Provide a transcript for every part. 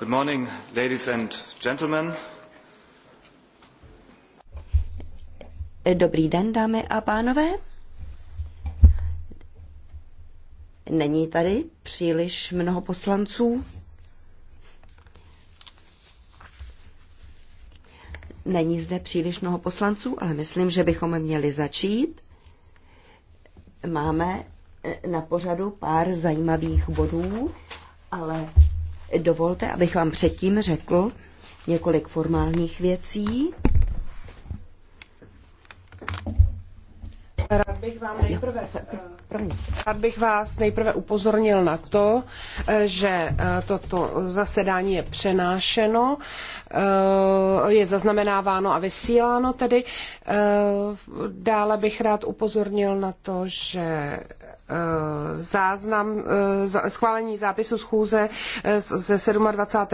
Good morning, ladies and gentlemen. Dobrý den, dámy a pánové. Není tady příliš mnoho poslanců. Není zde příliš mnoho poslanců, ale myslím, že bychom měli začít. Máme na pořadu pár zajímavých bodů, ale Dovolte, abych vám předtím řekl několik formálních věcí. Rád bych, vám nejprve, eh, rád bych vás nejprve upozornil na to, eh, že eh, toto zasedání je přenášeno Eh, je zaznamenáváno a vysíláno tedy. Eh, dále bych rád upozornil na to, že eh, záznam schválení zápisu schůze ze 27.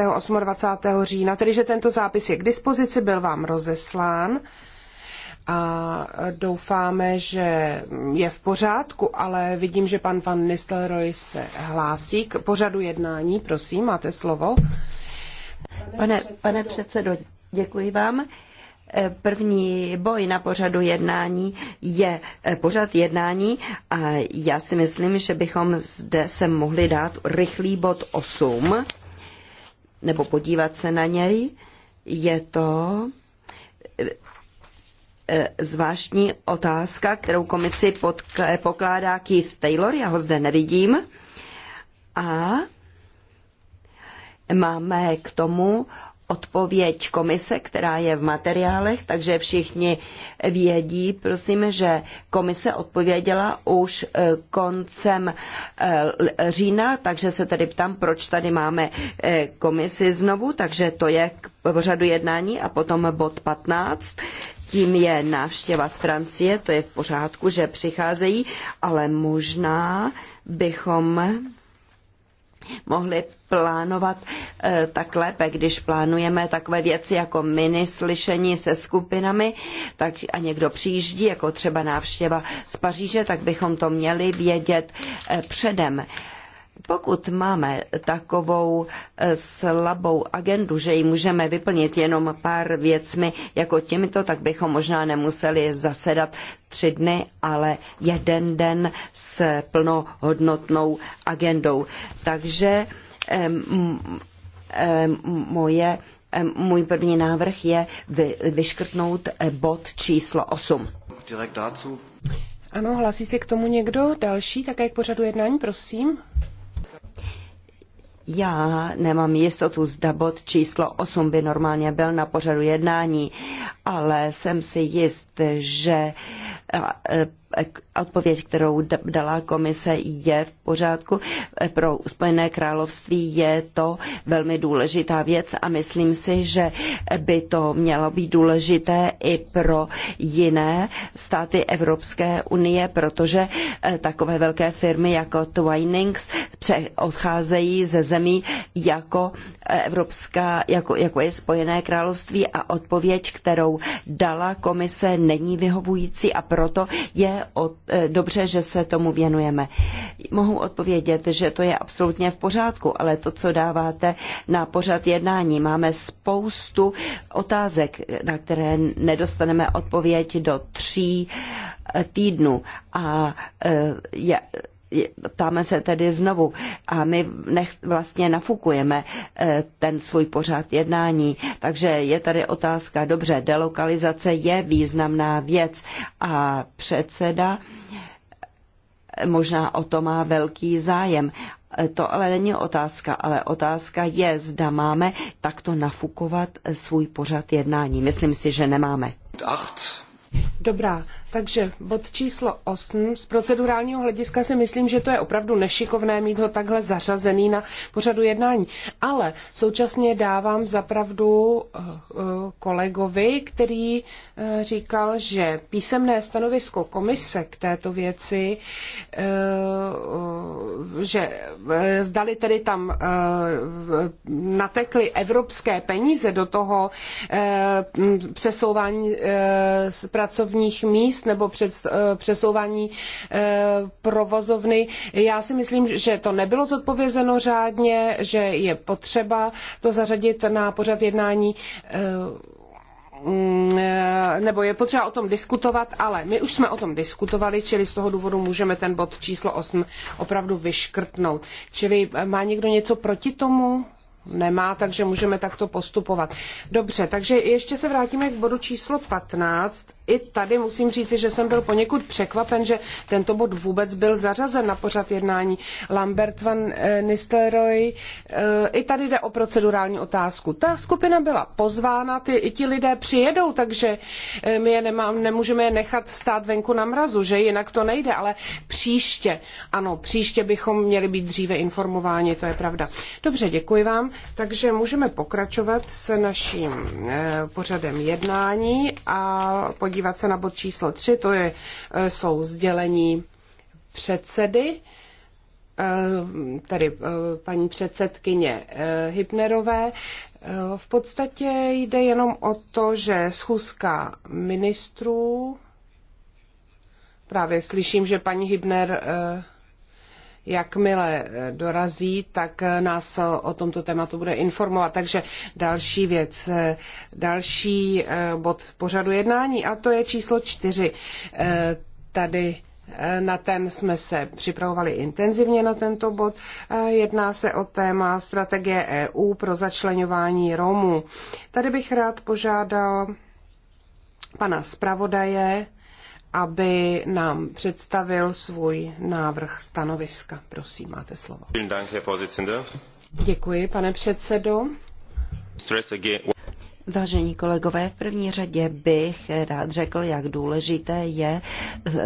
a 28. října, tedy že tento zápis je k dispozici, byl vám rozeslán a doufáme, že je v pořádku, ale vidím, že pan Van Nistelrooy se hlásí k pořadu jednání. Prosím, máte slovo. Pane, pane předsedo, děkuji vám. První boj na pořadu jednání je pořad jednání a já si myslím, že bychom zde se mohli dát rychlý bod 8 nebo podívat se na něj. Je to eh, eh, zvláštní otázka, kterou komisi pokládá Keith Taylor, já ho zde nevidím. A Máme k tomu odpověď komise, která je v materiálech, takže všichni vědí, prosím, že komise odpověděla už eh, koncem eh, října, takže se tedy ptám, proč tady máme eh, komisi znovu, takže to je k pořadu jednání a potom bod 15. Tím je návštěva z Francie, to je v pořádku, že přicházejí, ale možná bychom mohli plánovat e, tak lépe, když plánujeme takové věci jako mini slyšení se skupinami tak a někdo přijíždí, jako třeba návštěva z Paříže, tak bychom to měli vědět e, předem. E, pokud máme takovou eh, slabou agendu, že ji můžeme vyplnit jenom pár věcmi jako těmito, tak bychom možná nemuseli zasedat tři dny, ale jeden den s plnohodnotnou agendou. Takže moje, můj první návrh je vyškrtnout eh, bod číslo 8. Ano, hlasí se k tomu někdo další, také k pořadu jednání, prosím. Já nemám jistotu, zda bod číslo 8 by normálně byl na pořadu jednání, ale jsem si jist, že e, odpověď, kterou dala komise, je v pořádku. E, pro Spojené království je to velmi důležitá věc a myslím si, že by to mělo být důležité i pro jiné státy Evropské unie, protože e, takové velké firmy jako Twinings odcházejí ze zemí jako Evropská, jako, jako je Spojené království a odpověď, kterou dala komise, není vyhovující a proto je Eh, dobře, že se tomu věnujeme. Mohu odpovědět, že to je absolutně v pořádku, ale to, co dáváte na pořad jednání, máme spoustu otázek, na které nedostaneme odpověď do tří eh, týdnů. A eh, je, ptáme se tedy znovu a my nech, vlastně nafukujeme eh, ten svůj pořád jednání. Takže je tady otázka, dobře, delokalizace je významná věc a předseda eh, možná o to má velký zájem. Eh, to ale není otázka, ale otázka je, zda máme takto nafukovat svůj pořad jednání. Myslím si, že nemáme. Dobrá, takže bod číslo 8. Z procedurálního hlediska si myslím, že to je opravdu nešikovné mít ho takhle zařazený na pořadu jednání. Ale současně dávám zapravdu eh, eh, kolegovi, který eh, říkal, že písemné stanovisko komise k této věci, že zdali tedy tam natekly evropské peníze do toho přesouvání pracovních míst, míst nebo přes, eh, přesouvání eh, provozovny. Já si myslím, že to nebylo zodpovězeno řádně, že je potřeba to zařadit na pořad jednání eh, mm, nebo je potřeba o tom diskutovat, ale my už jsme o tom diskutovali, čili z toho důvodu můžeme ten bod číslo 8 opravdu vyškrtnout. Čili má někdo něco proti tomu? nemá, takže můžeme takto postupovat. Dobře, takže ještě se vrátíme k bodu číslo 15. I tady musím říci, že jsem byl poněkud překvapen, že tento bod vůbec byl zařazen na pořad jednání. Lambert van eh, Nistelrooy, eh, i tady jde o procedurální otázku. Ta skupina byla pozvána, ty, i ti lidé přijedou, takže eh, my je nemá, nemůžeme je nechat stát venku na mrazu, že jinak to nejde, ale příště, ano, příště bychom měli být dříve informováni, to je pravda. Dobře, děkuji vám takže můžeme pokračovat s naším eh, pořadem jednání a podívat se na bod číslo 3, to je, eh, jsou sdělení předsedy, eh, tedy paní předsedkyně Hypnerové. V podstatě jde jenom o to, že schůzka ministrů Právě slyším, že paní Hybner jakmile eh, dorazí, tak eh, nás eh, o tomto tématu bude informovat. Takže další věc, další bod pořadu jednání a to je číslo čtyři. Tady na ten jsme se připravovali intenzivně na tento bod. Jedná se o téma strategie EU pro začlenování Romů. Tady bych rád požádal pana zpravodaje, aby nám představil svůj návrh stanoviska. Prosím, máte slovo. Děkuji, pane předsedo. Vážení kolegové, v první řadě bych rád řekl, jak důležité je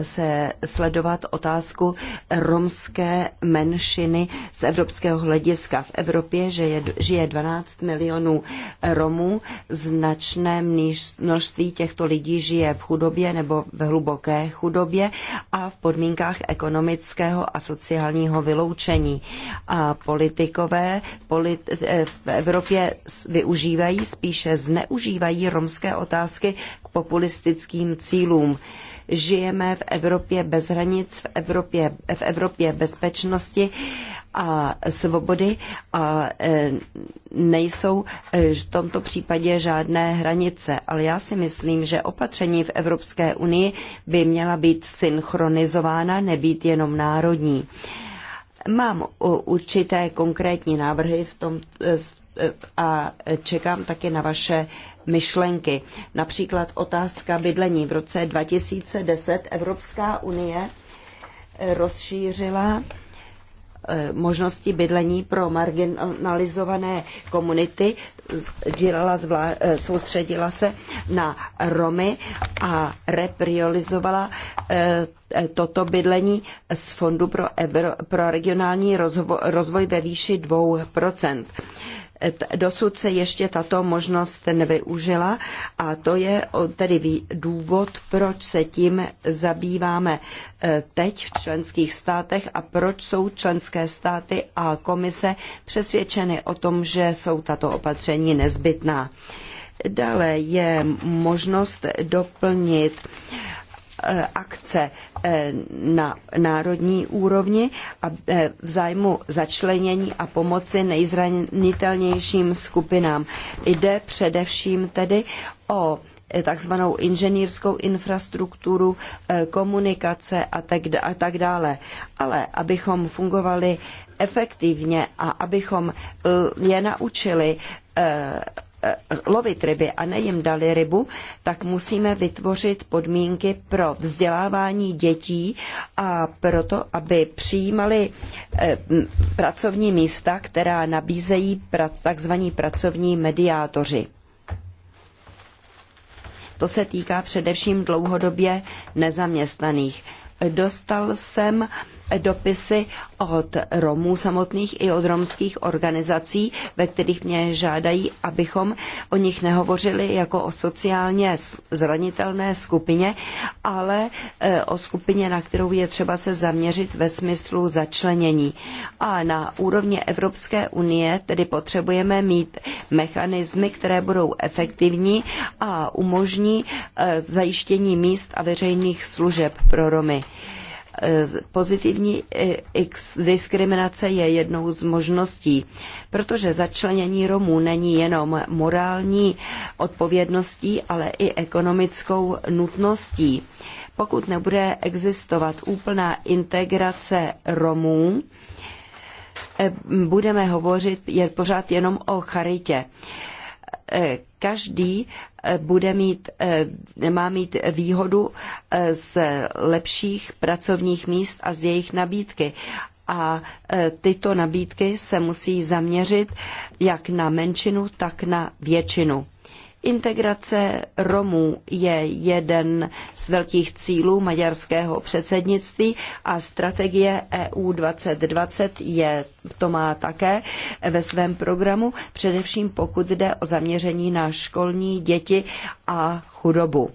se sledovat otázku romské menšiny z evropského hlediska. V Evropě že je, žije 12 milionů Romů, značné množství těchto lidí žije v chudobě nebo v hluboké chudobě a v podmínkách ekonomického a sociálního vyloučení. A politikové polit, eh, v Evropě využívají spíše zneužívají romské otázky k populistickým cílům. Žijeme v Evropě bez hranic, v Evropě, v Evropě bezpečnosti a svobody a e, nejsou e, v tomto případě žádné hranice. Ale já si myslím, že opatření v Evropské unii by měla být synchronizována, nebýt jenom národní. Mám určité konkrétní návrhy v, tom, v e, a čekám také na vaše myšlenky. Například otázka bydlení. V roce 2010 Evropská unie eh, rozšířila eh, možnosti bydlení pro marginalizované komunity, dělala zvlá- eh, soustředila se na Romy a repriorizovala toto bydlení z Fondu pro, Evro- pro regionální rozvo- rozvoj ve výši 2 Dosud se ještě tato možnost nevyužila a to je tedy důvod, proč se tím zabýváme eh, teď v členských státech a proč jsou členské státy a komise přesvědčeny o tom, že jsou tato opatření nezbytná. Dále je možnost doplnit eh, akce Eh, na národní úrovni a eh, v zájmu začlenění a pomoci nejzranitelnějším skupinám. Jde především tedy o eh, takzvanou inženýrskou infrastrukturu, komunikace a tak, a tak dále. Ale abychom fungovali efektivně a abychom je naučili Eh, lovit ryby a nejim dali rybu, tak musíme vytvořit podmínky pro vzdělávání dětí a proto, aby přijímali eh, pracovní místa, která nabízejí takzvaní pracovní mediátoři. To se týká především dlouhodobě nezaměstnaných. Dostal jsem dopisy od Romů samotných i od romských organizací, ve kterých mě žádají, abychom o nich nehovořili jako o sociálně zranitelné skupině, ale e, o skupině, na kterou je třeba se zaměřit ve smyslu začlenění. A na úrovni Evropské unie tedy potřebujeme mít mechanismy, které budou efektivní a umožní e, zajištění míst a veřejných služeb pro Romy. Eh, pozitivní eh, diskriminace je jednou z možností, protože začlenění Romů není jenom morální odpovědností, ale i ekonomickou nutností. Pokud nebude existovat úplná integrace Romů, eh, budeme hovořit je pořád jenom o charitě každý eh, bude mít, eh, má mít výhodu eh, z lepších pracovních míst a z jejich nabídky. A tyto nabídky se musí zaměřit jak na menšinu, tak na většinu. Integrace Romů je jeden z velkých cílů maďarského předsednictví a strategie EU 2020 je, to má také ve svém programu, především pokud jde o zaměření na školní děti a chudobu.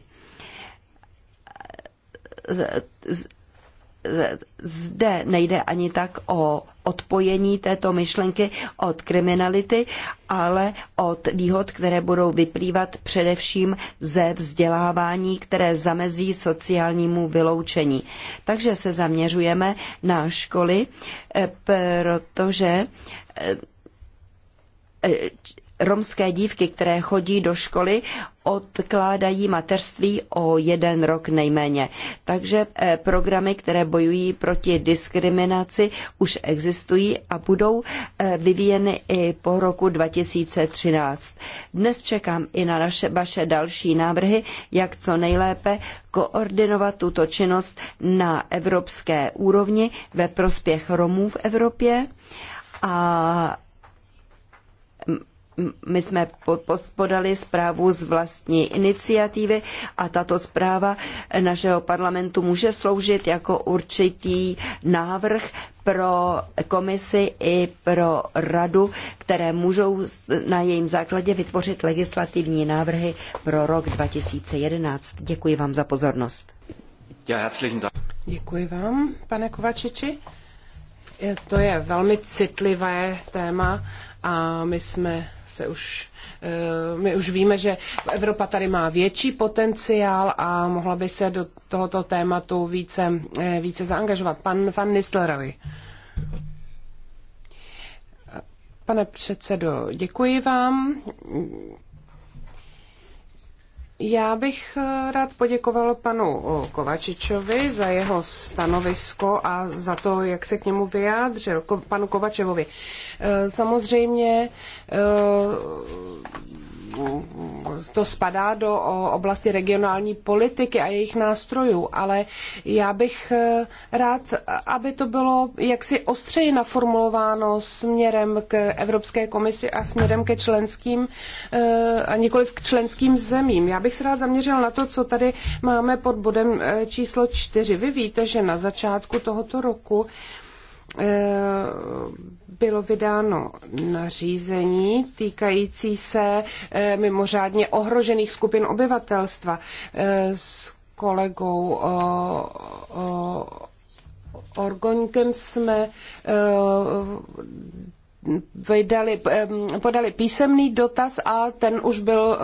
Zde nejde ani tak o odpojení této myšlenky od kriminality, ale od výhod, které budou vyplývat především ze vzdělávání, které zamezí sociálnímu vyloučení. Takže se zaměřujeme na školy, eh, protože eh, eh, romské dívky, které chodí do školy, odkládají mateřství o jeden rok nejméně. Takže eh, programy, které bojují proti diskriminaci, už existují a budou eh, vyvíjeny i po roku 2013. Dnes čekám i na naše, vaše další návrhy, jak co nejlépe koordinovat tuto činnost na evropské úrovni ve prospěch Romů v Evropě a my jsme podali zprávu z vlastní iniciativy a tato zpráva našeho parlamentu může sloužit jako určitý návrh pro komisi i pro radu, které můžou na jejím základě vytvořit legislativní návrhy pro rok 2011. Děkuji vám za pozornost. Děkuji vám, pane Kovačiči. To je velmi citlivé téma a my jsme se už, eh, my už víme, že Evropa tady má větší potenciál a mohla by se do tohoto tématu více, eh, více zaangažovat. Pan Van Nistelrooy. Pane předsedo, děkuji vám. Já bych eh, rád poděkoval panu Kovačičovi za jeho stanovisko a za to, jak se k němu vyjádřil, panu Kovačevovi. Samozřejmě Eh, to spadá do oblasti regionální politiky a jejich nástrojů, ale já bych eh, rád, aby to bylo jaksi ostřeji naformulováno směrem k Evropské komisi a směrem ke členským eh, a nikoliv k členským zemím. Já bych se rád zaměřil na to, co tady máme pod bodem číslo čtyři. Vy víte, že na začátku tohoto roku Eh, bylo vydáno nařízení týkající se eh, mimořádně ohrožených skupin obyvatelstva eh, s kolegou Orgoňkem jsme vydali, podali písemný dotaz a ten už byl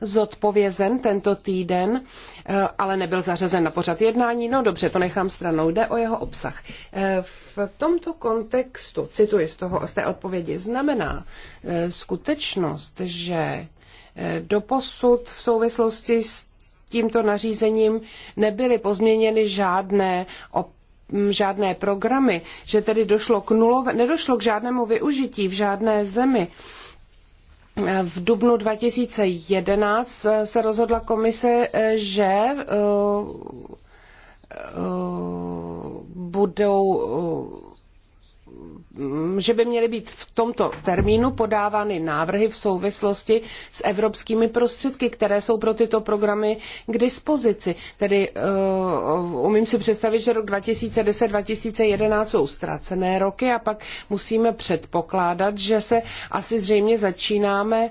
zodpovězen tento týden, e, ale nebyl zařazen na pořad jednání. No dobře, to nechám stranou, jde o jeho obsah. E, v tomto kontextu, cituji z, toho, z té odpovědi, znamená e, skutečnost, že doposud v souvislosti s tímto nařízením nebyly pozměněny žádné op- Mm, žádné programy, že tedy došlo k nulové, nedošlo k žádnému využití v žádné zemi. V dubnu 2011 se rozhodla komise, eh, že eh, eh, budou Mm, že by měly být v tomto termínu podávány návrhy v souvislosti s evropskými prostředky, které jsou pro tyto programy k dispozici. Tedy uh, umím si představit, že rok 2010-2011 jsou ztracené roky a pak musíme předpokládat, že se asi zřejmě začínáme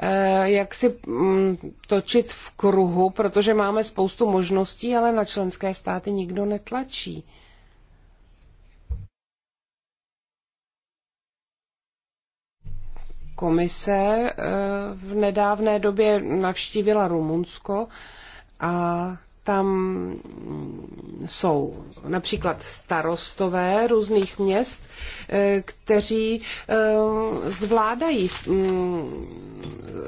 eh, jak jaksi mm, točit v kruhu, protože máme spoustu možností, ale na členské státy nikdo netlačí. komise eh, v nedávné době navštívila Rumunsko a tam jsou například starostové různých měst, eh, kteří eh, zvládají mm,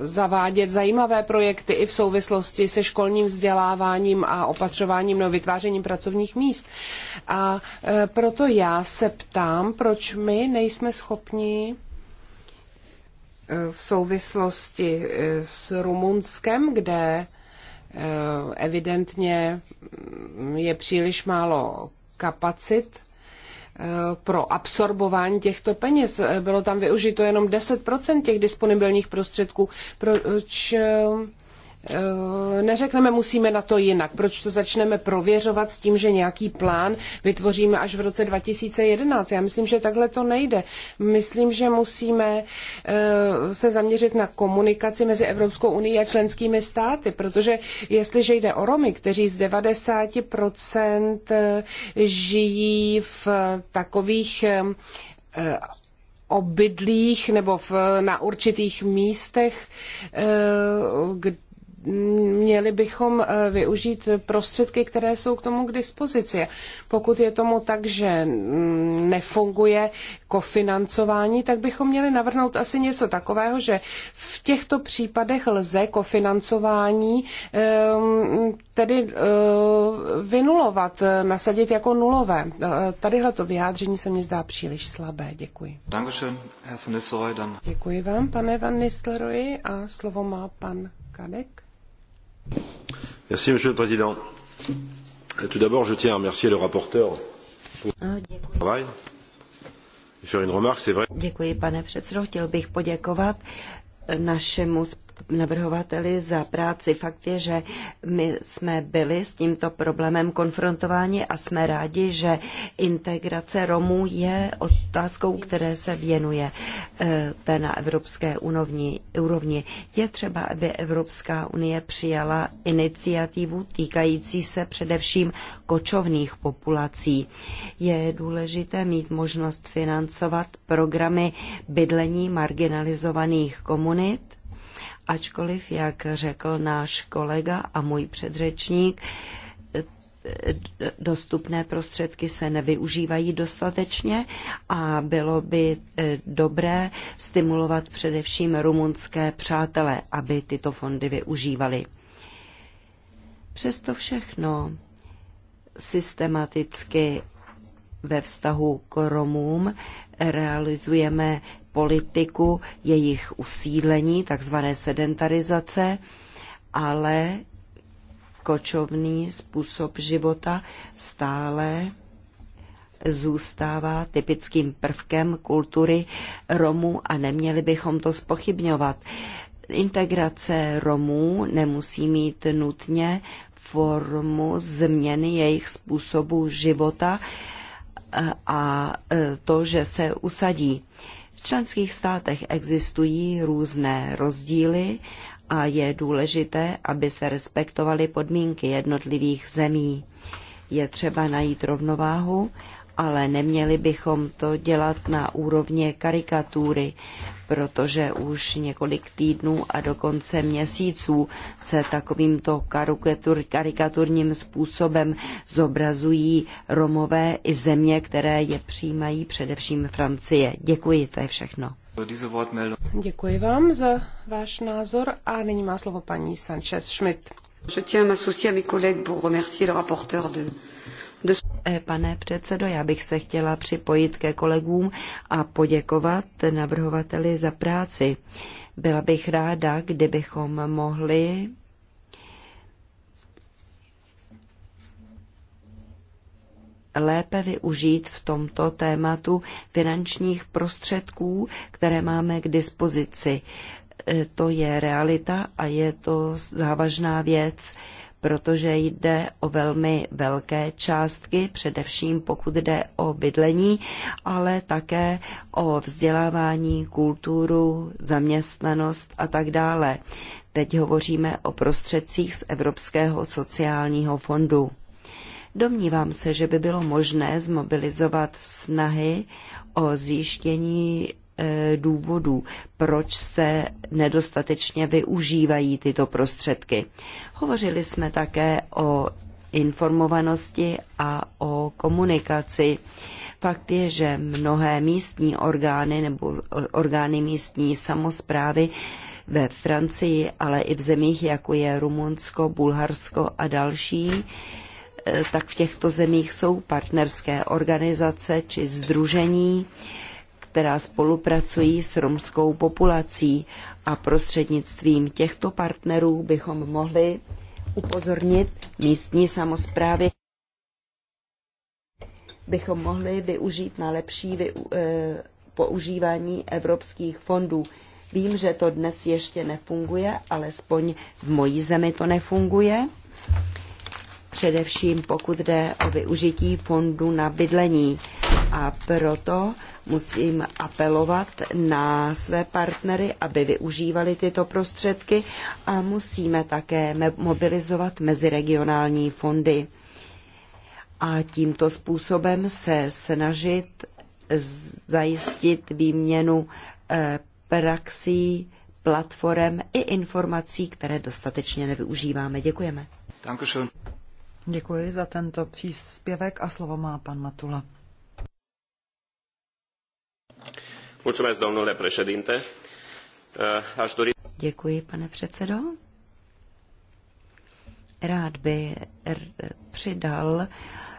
zavádět zajímavé projekty i v souvislosti se školním vzděláváním a opatřováním nebo vytvářením pracovních míst. A proto já se ptám, proč my nejsme schopni v souvislosti eh, s Rumunskem, kde eh, evidentně mm, je příliš málo kapacit eh, pro absorbování těchto peněz. Bylo tam využito jenom 10% těch disponibilních prostředků, proč Eh, neřekneme, musíme na to jinak. Proč to začneme prověřovat s tím, že nějaký plán vytvoříme až v roce 2011? Já myslím, že takhle to nejde. Myslím, že musíme eh, se zaměřit na komunikaci mezi Evropskou unii a členskými státy, protože jestliže jde o Romy, kteří z 90% eh, žijí v takových obydlích nebo v, na určitých místech, kde měli bychom eh, využít prostředky, které jsou k tomu k dispozici. Pokud je tomu tak, že mm, nefunguje kofinancování, tak bychom měli navrhnout asi něco takového, že v těchto případech lze kofinancování ehm, tedy eh, vynulovat, nasadit jako nulové. Eh, tadyhle to vyjádření se mi zdá příliš slabé. Děkuji. Děkuji vám, pane Van Nistelrooy, a slovo má pan Kadek. Merci, monsieur le président. Tout d'abord, je tiens à remercier le rapporteur pour ah, son travail. Děkuji, pane předsedo. Chtěl bych poděkovat našemu navrhovateli za práci. Fakt je, že my jsme byli s tímto problémem konfrontováni a jsme rádi, že integrace Romů je otázkou, které se věnuje eh, té na evropské úrovni. úrovni. Je třeba, aby Evropská unie přijala iniciativu týkající se především kočovných populací. Je důležité mít možnost financovat programy bydlení marginalizovaných komunit, ačkoliv, jak řekl náš kolega a můj předřečník, dostupné prostředky se nevyužívají dostatečně a bylo by eh, dobré stimulovat především rumunské přátele, aby tyto fondy využívali. Přesto všechno systematicky ve vztahu k Romům realizujeme politiku jejich usídlení, takzvané sedentarizace, ale kočovný způsob života stále zůstává typickým prvkem kultury Romů a neměli bychom to spochybňovat. Integrace Romů nemusí mít nutně formu změny jejich způsobu života eh, a eh, to, že se usadí členských státech existují různé rozdíly a je důležité, aby se respektovaly podmínky jednotlivých zemí. Je třeba najít rovnováhu, ale neměli bychom to dělat na úrovně karikatury protože už několik týdnů a dokonce měsíců se takovýmto karikaturním způsobem zobrazují Romové i země, které je přijímají, především Francie. Děkuji, to je všechno. Děkuji vám za váš názor a nyní má slovo paní Sanchez Schmidt. Je tiens m'associer à mes collègues pour remercier le rapporteur de Eh, pane předsedo, já bych se chtěla připojit ke kolegům a poděkovat navrhovateli za práci. Byla bych ráda, kdybychom mohli lépe využít v tomto tématu finančních prostředků, které máme k dispozici. Eh, to je realita a je to závažná věc protože jde o velmi velké částky, především pokud jde o bydlení, ale také o vzdělávání, kulturu, zaměstnanost a tak dále. Teď hovoříme o prostředcích z Evropského sociálního fondu. Domnívám se, že by bylo možné zmobilizovat snahy o zjištění Eh, důvodů, proč se nedostatečně využívají tyto prostředky. Hovořili jsme také o informovanosti a o komunikaci. Fakt je, že mnohé místní orgány nebo orgány místní samozprávy ve Francii, ale i v zemích, jako je Rumunsko, Bulharsko a další, eh, tak v těchto zemích jsou partnerské organizace či združení, která spolupracují s romskou populací a prostřednictvím těchto partnerů bychom mohli upozornit místní samozprávy, bychom mohli využít na lepší eh, používání evropských fondů. Vím, že to dnes ještě nefunguje, alespoň v mojí zemi to nefunguje. Především pokud jde o využití fondů na bydlení a proto musím apelovat na své partnery, aby využívali tyto prostředky a musíme také mobilizovat meziregionální fondy. A tímto způsobem se snažit zajistit výměnu eh, praxí, platform i informací, které dostatečně nevyužíváme. Děkujeme. Děkuji za tento příspěvek a slovo má pan Matula. Mulțumesc, domnule președinte. Eh, aș dori... Děkuji, pane předsedo. Rád by přidal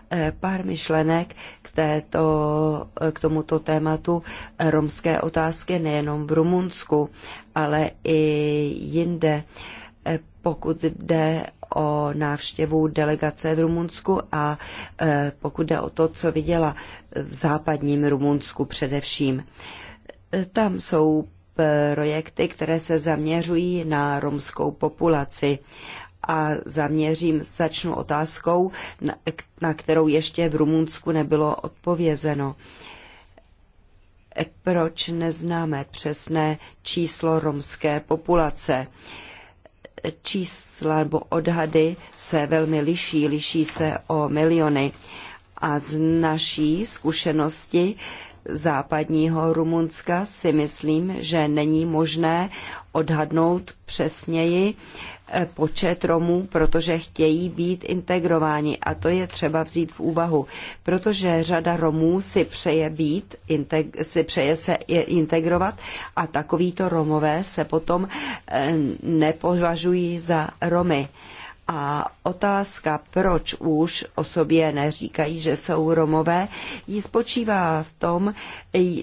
eh, pár myšlenek k, této, eh, k tomuto tématu romské otázky nejenom v Rumunsku, ale i jinde, pokud jde o návštěvu delegace v Rumunsku a e, pokud jde o to, co viděla v západním Rumunsku především. E, tam jsou projekty, které se zaměřují na romskou populaci a zaměřím, začnu otázkou, na kterou ještě v Rumunsku nebylo odpovězeno e, proč neznáme přesné číslo romské populace čísla nebo odhady se velmi liší, liší se o miliony. A z naší zkušenosti západního Rumunska si myslím, že není možné odhadnout přesněji, počet Romů, protože chtějí být integrováni a to je třeba vzít v úvahu, protože řada Romů si přeje být, si přeje se integrovat a takovýto Romové se potom eh, nepovažují za Romy. A otázka, proč už o sobě neříkají, že jsou Romové, ji spočívá v tom,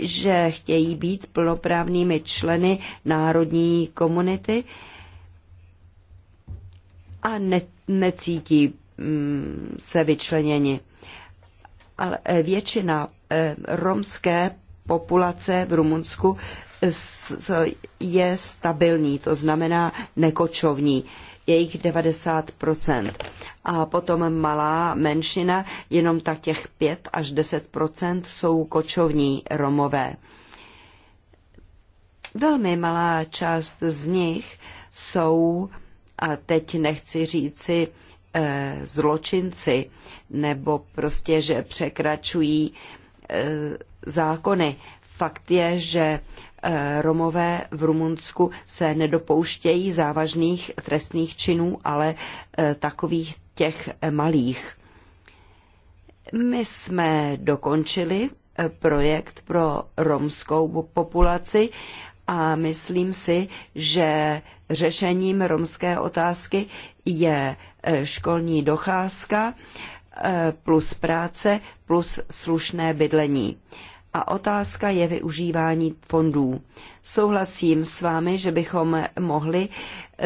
že chtějí být plnoprávnými členy národní komunity, a ne, necítí mm, se vyčleněni. Ale eh, většina eh, romské populace v Rumunsku je stabilní, to znamená nekočovní, jejich 90 A potom malá menšina, jenom tak těch 5 až 10 jsou kočovní Romové. Velmi malá část z nich jsou a teď nechci říci eh, zločinci nebo prostě, že překračují eh, zákony. Fakt je, že eh, Romové v Rumunsku se nedopouštějí závažných trestných činů, ale takových těch malých. My jsme dokončili projekt pro romskou populaci a myslím si, že řešením romské otázky je e, školní docházka e, plus práce plus slušné bydlení. A otázka je využívání fondů. Souhlasím s vámi, že bychom mohli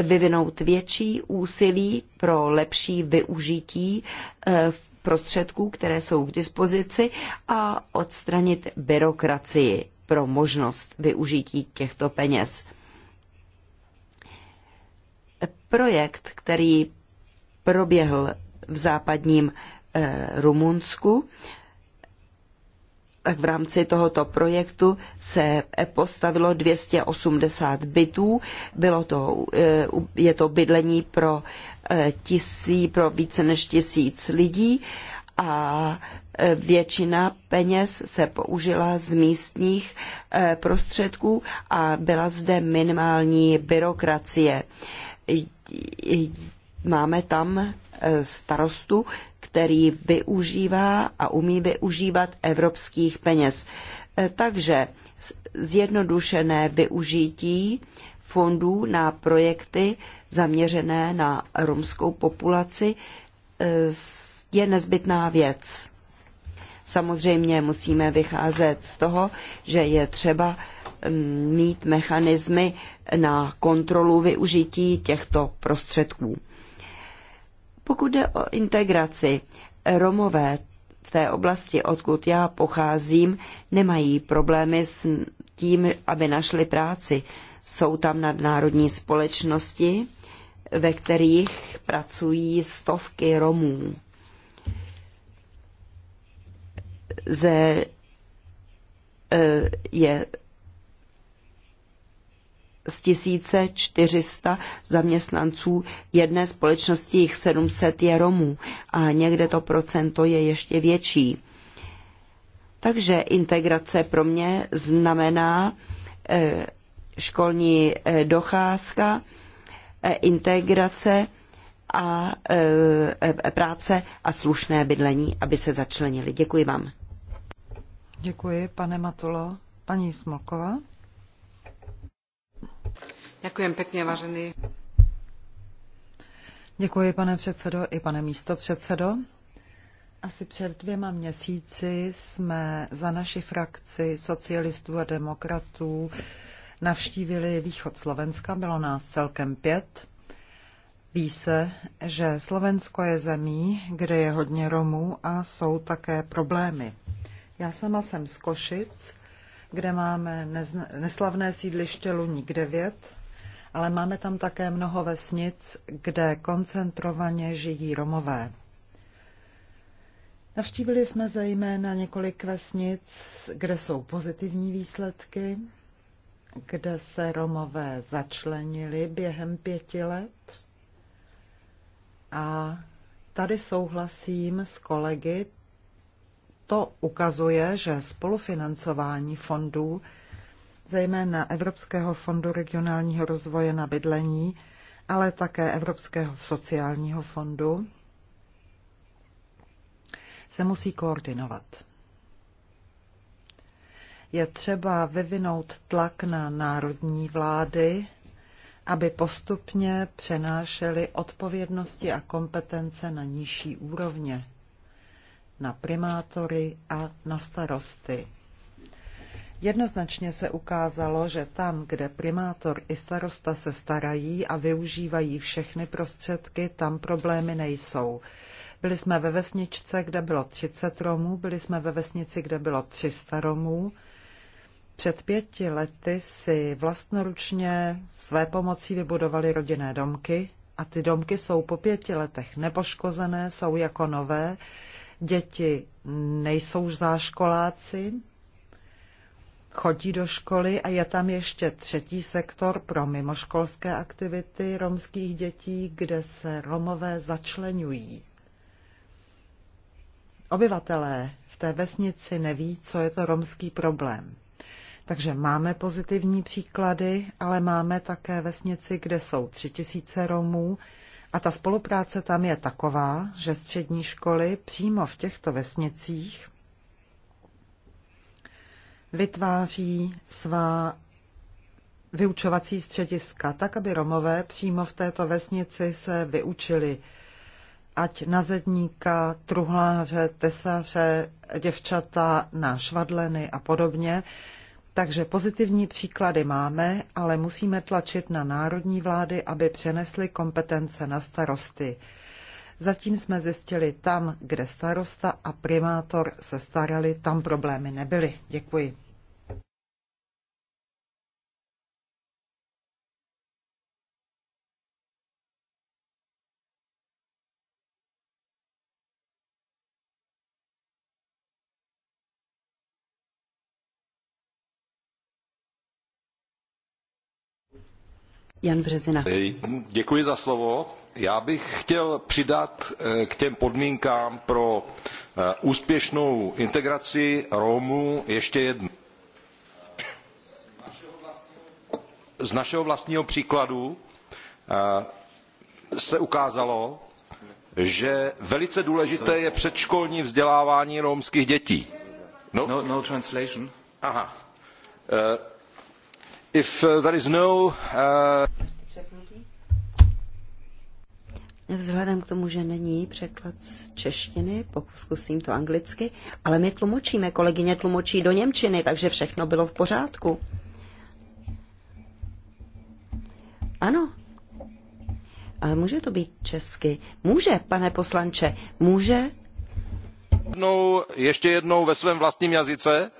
vyvinout větší úsilí pro lepší využití e, prostředků, které jsou k dispozici a odstranit byrokracii pro možnost využití těchto peněz. Projekt, který proběhl v západním eh, Rumunsku, tak v rámci tohoto projektu se eh, postavilo 280 bytů. Bylo to, eh, je to bydlení pro, tisí, pro více než tisíc lidí a většina peněz se použila z místních prostředků a byla zde minimální byrokracie máme tam e, starostu, který využívá a umí využívat evropských peněz. E, takže zjednodušené využití fondů na projekty zaměřené na romskou populaci e, je nezbytná věc. Samozřejmě musíme vycházet z toho, že je třeba mít mechanismy na kontrolu využití těchto prostředků. Pokud jde o integraci, Romové v té oblasti, odkud já pocházím, nemají problémy s tím, aby našli práci. Jsou tam nadnárodní společnosti, ve kterých pracují stovky Romů. Ze, eh, je z 1400 zaměstnanců jedné společnosti, jich 700 je Romů a někde to procento je ještě větší. Takže integrace pro mě znamená eh, školní eh, docházka, eh, integrace a e, práce a slušné bydlení, aby se začlenili. Děkuji vám. Děkuji, pane Matulo. Paní Smolková. Děkuji pane předsedo i pane místopředsedo. Asi před dvěma měsíci jsme za naši frakci socialistů a demokratů navštívili východ Slovenska, bylo nás celkem pět. Ví se, že Slovensko je zemí, kde je hodně Romů a jsou také problémy. Já sama jsem z Košic, kde máme neslavné sídliště Luník 9, ale máme tam také mnoho vesnic, kde koncentrovaně žijí Romové. Navštívili jsme zejména několik vesnic, kde jsou pozitivní výsledky, kde se Romové začlenili během pěti let. A tady souhlasím s kolegy, to ukazuje, že spolufinancování fondů zejména Evropského fondu regionálního rozvoje na bydlení, ale také Evropského sociálního fondu, se musí koordinovat. Je třeba vyvinout tlak na národní vlády, aby postupně přenášely odpovědnosti a kompetence na nižší úrovně, na primátory a na starosty. Jednoznačně se ukázalo, že tam, kde primátor i starosta se starají a využívají všechny prostředky, tam problémy nejsou. Byli jsme ve vesničce, kde bylo 30 Romů, byli jsme ve vesnici, kde bylo 300 Romů. Před pěti lety si vlastnoručně své pomocí vybudovali rodinné domky a ty domky jsou po pěti letech nepoškozené, jsou jako nové. Děti nejsou záškoláci, chodí do školy a je tam ještě třetí sektor pro mimoškolské aktivity romských dětí, kde se Romové začlenují. Obyvatelé v té vesnici neví, co je to romský problém. Takže máme pozitivní příklady, ale máme také vesnici, kde jsou tři tisíce Romů a ta spolupráce tam je taková, že střední školy přímo v těchto vesnicích vytváří svá vyučovací střediska, tak aby Romové přímo v této vesnici se vyučili ať na zedníka, truhláře, tesaře, děvčata na švadleny a podobně. Takže pozitivní příklady máme, ale musíme tlačit na národní vlády, aby přenesly kompetence na starosty. Zatím jsme zjistili tam, kde starosta a primátor se starali, tam problémy nebyly. Děkuji. Jan Březina. Děkuji za slovo. Já bych chtěl přidat eh, k těm podmínkám pro eh, úspěšnou integraci Romů ještě jednu. Z našeho vlastního příkladu eh, se ukázalo, že velice důležité je předškolní vzdělávání romských dětí. No, no, no translation. Aha. Uh, no, uh, Vzhledem k tomu, že není překlad z češtiny, pokusím to anglicky, ale my tlumočíme, kolegyně tlumočí do Němčiny, takže všechno bylo v pořádku. Ano, ale může to být česky? Může, pane poslanče, může? Jednou, ještě jednou ve svém vlastním jazyce.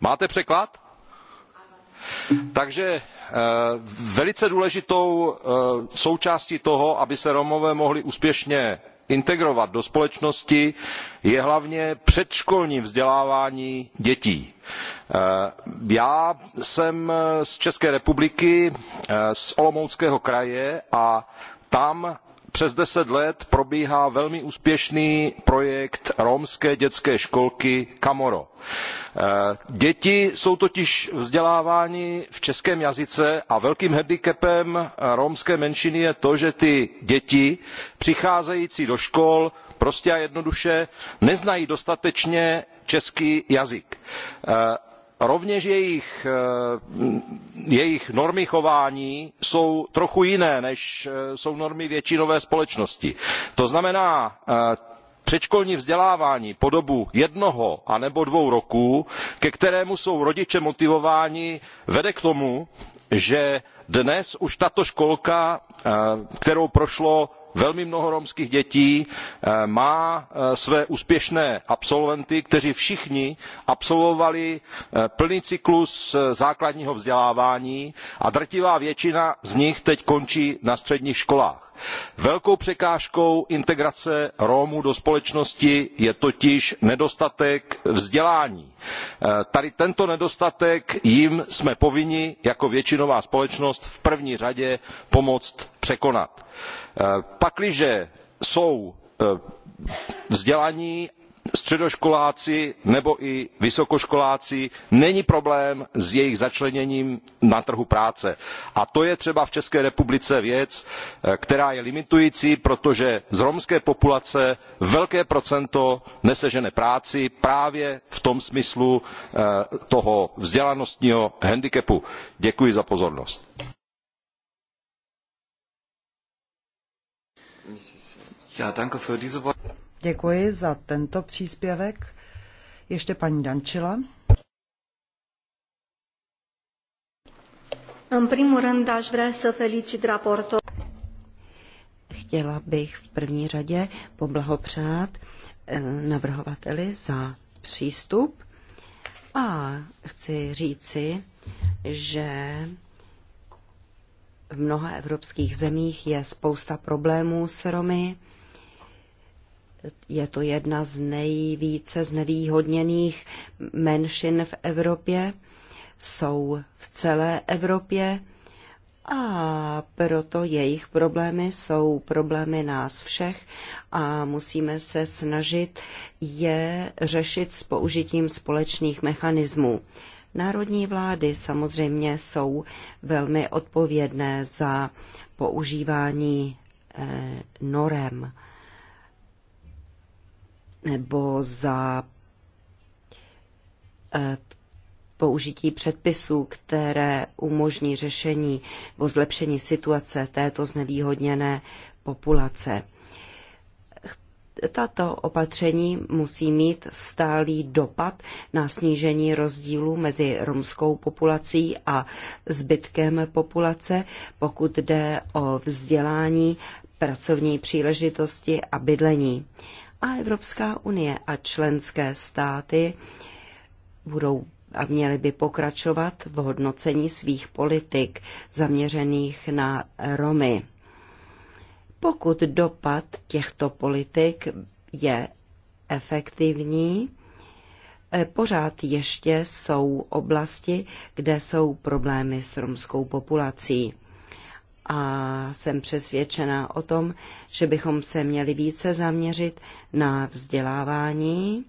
Máte překlad? Takže eh, velice důležitou eh, součástí toho, aby se Romové mohli úspěšně integrovat do společnosti je hlavně předškolní vzdělávání dětí. Eh, já jsem z České republiky, z Olomouckého kraje a tam přes deset let probíhá velmi úspěšný projekt romské dětské školky Kamoro. Eh, děti jsou totiž vzdělávány v českém jazyce a velkým handicapem romské menšiny je to, že ty děti přicházející do škol prostě a jednoduše neznají dostatečně český jazyk eh, rovněž jejich, eh, jejich normy chování jsou trochu jiné, než eh, jsou normy většinové společnosti. To znamená, eh, předškolní vzdělávání po dobu jednoho nebo dvou roků, ke kterému jsou rodiče motivováni, vede k tomu, že dnes už tato školka, kterou prošlo velmi mnoho romských dětí eh, má eh, své úspěšné absolventy, kteří všichni absolvovali eh, plný cyklus základního vzdělávání a drtivá většina z nich teď končí na středních školách velkou překážkou integrace romů do společnosti je totiž nedostatek vzdělání. Eh, tady tento nedostatek jim jsme povinni jako většinová společnost v první řadě pomoct překonat. Eh, pakliže jsou eh, vzdělaní středoškoláci nebo i vysokoškoláci není problém s jejich začleněním na trhu práce. A to je třeba v České republice věc, eh, která je limitující, protože z romské populace velké procento nesežene práci právě v tom smyslu eh, toho vzdělanostního handicapu. Děkuji za pozornost. Ja, danke für diese Worte. Děkuji za tento příspěvek. Ještě paní Dančila. În primul rând aș vrea Chtěla bych v první řadě poblahopřát eh, navrhovateli za přístup a chci říci, že v mnoha evropských zemích je spousta problémů s Romy je to jedna z nejvíce znevýhodněných menšin v Evropě. Jsou v celé Evropě a proto jejich problémy jsou problémy nás všech a musíme se snažit je řešit s použitím společných mechanismů. Národní vlády samozřejmě jsou velmi odpovědné za používání eh, norem nebo za eh, použití předpisů, které umožní řešení nebo zlepšení situace této znevýhodněné populace. Tato opatření musí mít stálý dopad na snížení rozdílu mezi romskou populací a zbytkem populace, pokud jde o vzdělání, pracovní příležitosti a bydlení a Evropská unie a členské státy budou a měly by pokračovat v hodnocení svých politik zaměřených na Romy. Pokud dopad těchto politik je efektivní, eh, pořád ještě jsou oblasti, kde jsou problémy s romskou populací a jsem přesvědčená o tom, že bychom se měli více zaměřit na vzdělávání,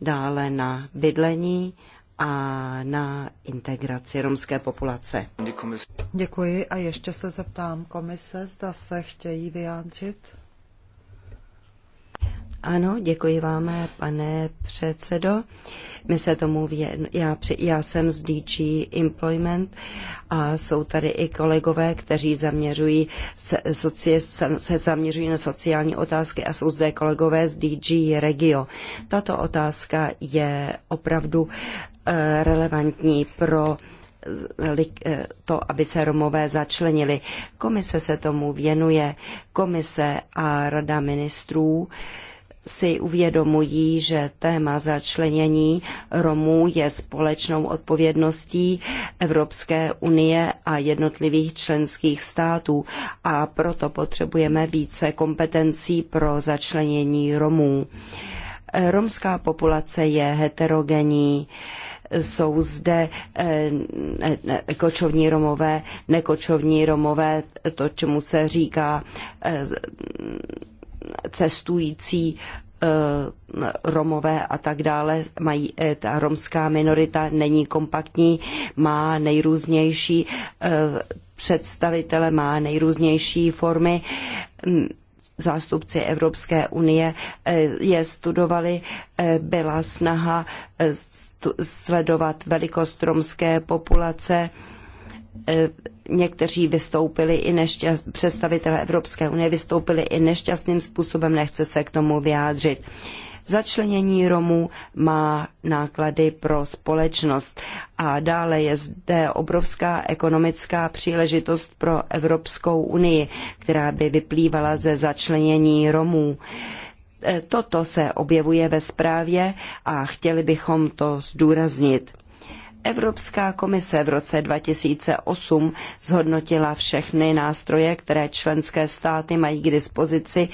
dále na bydlení a na integraci romské populace. Děkuji a ještě se zeptám komise, zda se chtějí vyjádřit. Ano, děkuji vám, pane předsedo. My se tomu věn... já, při... já jsem z DG Employment a jsou tady i kolegové, kteří zaměřují se, soci... se zaměřují na sociální otázky a jsou zde kolegové z DG Regio. Tato otázka je opravdu eh, relevantní pro eh, eh, to, aby se Romové začlenili. Komise se tomu věnuje, komise a rada ministrů uh, si uvědomují, že téma začlenění Romů je společnou odpovědností Evropské unie a jednotlivých členských států a proto potřebujeme více kompetencí pro začlenění Romů. Romská populace je heterogenní jsou zde eh, kočovní Romové, nekočovní Romové, to, čemu se říká eh, cestující eh, Romové a tak dále, mají, eh, ta romská minorita není kompaktní, má nejrůznější eh, představitele, má nejrůznější formy. Mm, zástupci Evropské unie je studovali, byla snaha sledovat velikost romské populace, E, někteří vystoupili i nešťast, představitelé Evropské unie vystoupili i nešťastným způsobem, nechce se k tomu vyjádřit. Začlenění Romů má náklady pro společnost a dále je zde obrovská ekonomická příležitost pro Evropskou unii, která by vyplývala ze začlenění Romů. E, toto se objevuje ve zprávě a chtěli bychom to zdůraznit. Evropská komise v roce 2008 zhodnotila všechny nástroje, které členské státy mají k dispozici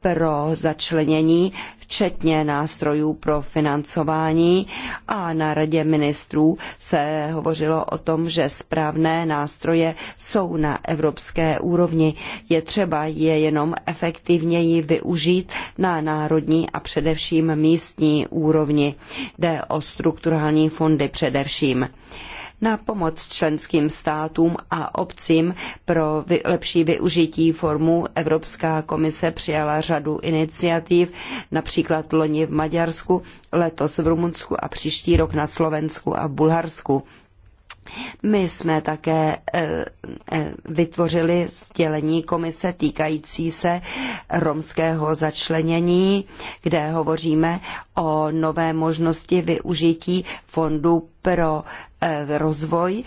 pro začlenění, včetně nástrojů pro financování a na radě ministrů se hovořilo o tom, že správné nástroje jsou na evropské úrovni. Je třeba je jenom efektivněji využít na národní a především místní úrovni. Jde o strukturální fondy především na pomoc členským státům a obcím pro lepší využití formu Evropská komise přijala řadu iniciativ, například loni v Maďarsku, letos v Rumunsku a příští rok na Slovensku a v Bulharsku. My jsme také eh, eh, vytvořili sdělení komise týkající se romského začlenění, kde hovoříme o nové možnosti využití fondu pro eh, rozvoj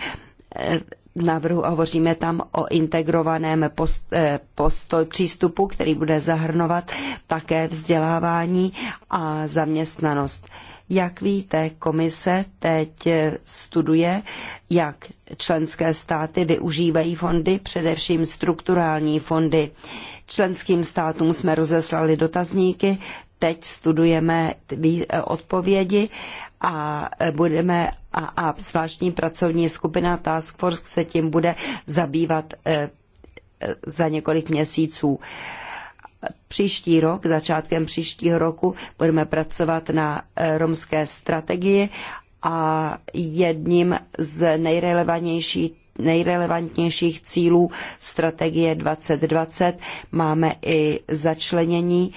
návrhu hovoříme tam o integrovaném post, eh, postoj přístupu, který bude zahrnovat také vzdělávání a zaměstnanost. Jak víte, komise teď studuje, jak členské státy využívají fondy, především strukturální fondy. Členským státům jsme rozeslali dotazníky, teď studujeme eh, odpovědi a eh, budeme a, a zvláštní pracovní skupina Task Force se tím bude zabývat eh, za několik měsíců. Příští rok, začátkem příštího roku, budeme pracovat na romské strategii a jedním z nejrelevantnějších nejrelevantnějších cílů strategie 2020 máme i začlenění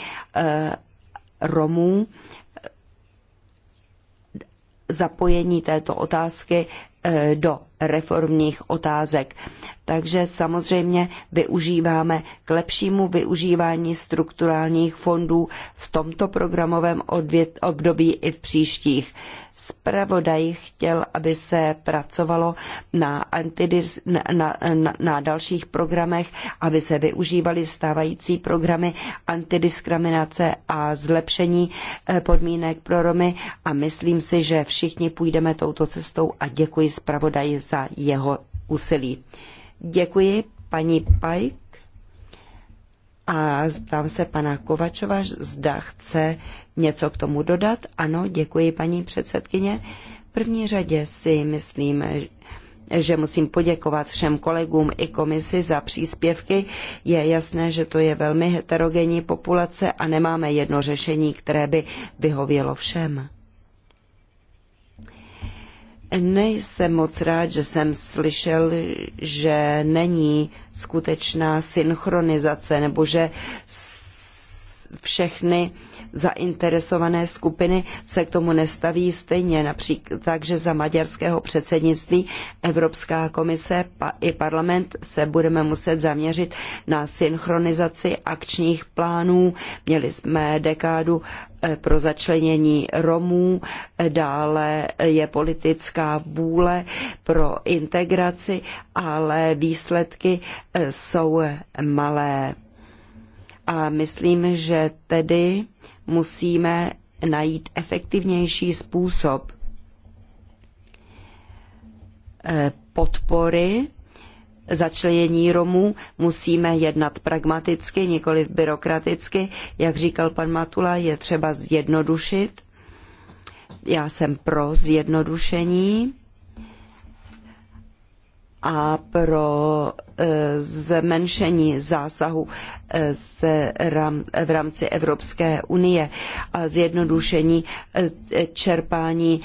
Romů zapojení této otázky eh, do reformních otázek. Takže samozřejmě využíváme k lepšímu využívání strukturálních fondů v tomto programovém období i v příštích zpravodaj chtěl, aby se pracovalo na, antidis, na, na, na, na dalších programech, aby se využívaly stávající programy antidiskriminace a zlepšení eh, podmínek pro Romy a myslím si, že všichni půjdeme touto cestou a děkuji zpravodaji za jeho úsilí. Děkuji paní Pajk a zdám se pana Kovačova, zda chce něco k tomu dodat. Ano, děkuji paní předsedkyně. V první řadě si myslím, že musím poděkovat všem kolegům i komisi za příspěvky. Je jasné, že to je velmi heterogenní populace a nemáme jedno řešení, které by vyhovělo všem. Nejsem moc rád, že jsem slyšel, že není skutečná synchronizace nebo že všechny zainteresované skupiny se k tomu nestaví stejně. Například takže za maďarského předsednictví Evropská komise pa, i parlament se budeme muset zaměřit na synchronizaci akčních plánů. Měli jsme dekádu eh, pro začlenění Romů, eh, dále je politická vůle pro integraci, ale výsledky eh, jsou malé. A myslím, že tedy musíme najít efektivnější způsob eh, podpory začlenění Romů musíme jednat pragmaticky, nikoli byrokraticky. Jak říkal pan Matula, je třeba zjednodušit. Já jsem pro zjednodušení a pro e, zmenšení zásahu e, v rámci Evropské unie a zjednodušení e, čerpání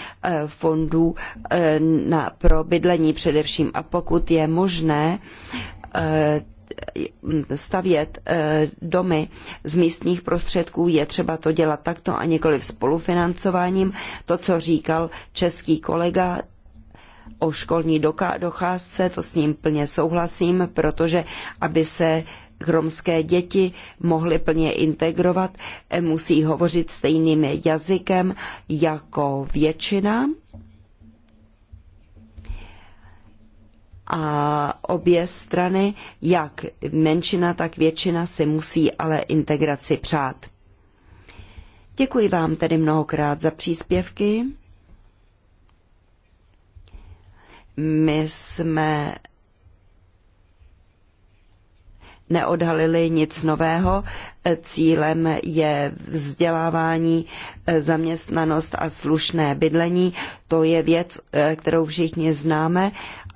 fondů pro bydlení především. A pokud je možné stavět domy z místních prostředků, je třeba to dělat takto a nikoli spolufinancováním. To, co říkal český kolega, o školní docházce, to s ním plně souhlasím, protože aby se romské děti mohly plně integrovat, eh, musí hovořit stejným jazykem jako většina. A obě strany, jak menšina, tak většina, si musí ale integraci přát. Děkuji vám tedy mnohokrát za příspěvky. My jsme neodhalili nic nového. Cílem je vzdělávání, eh, zaměstnanost a slušné bydlení. To je věc, eh, kterou všichni známe,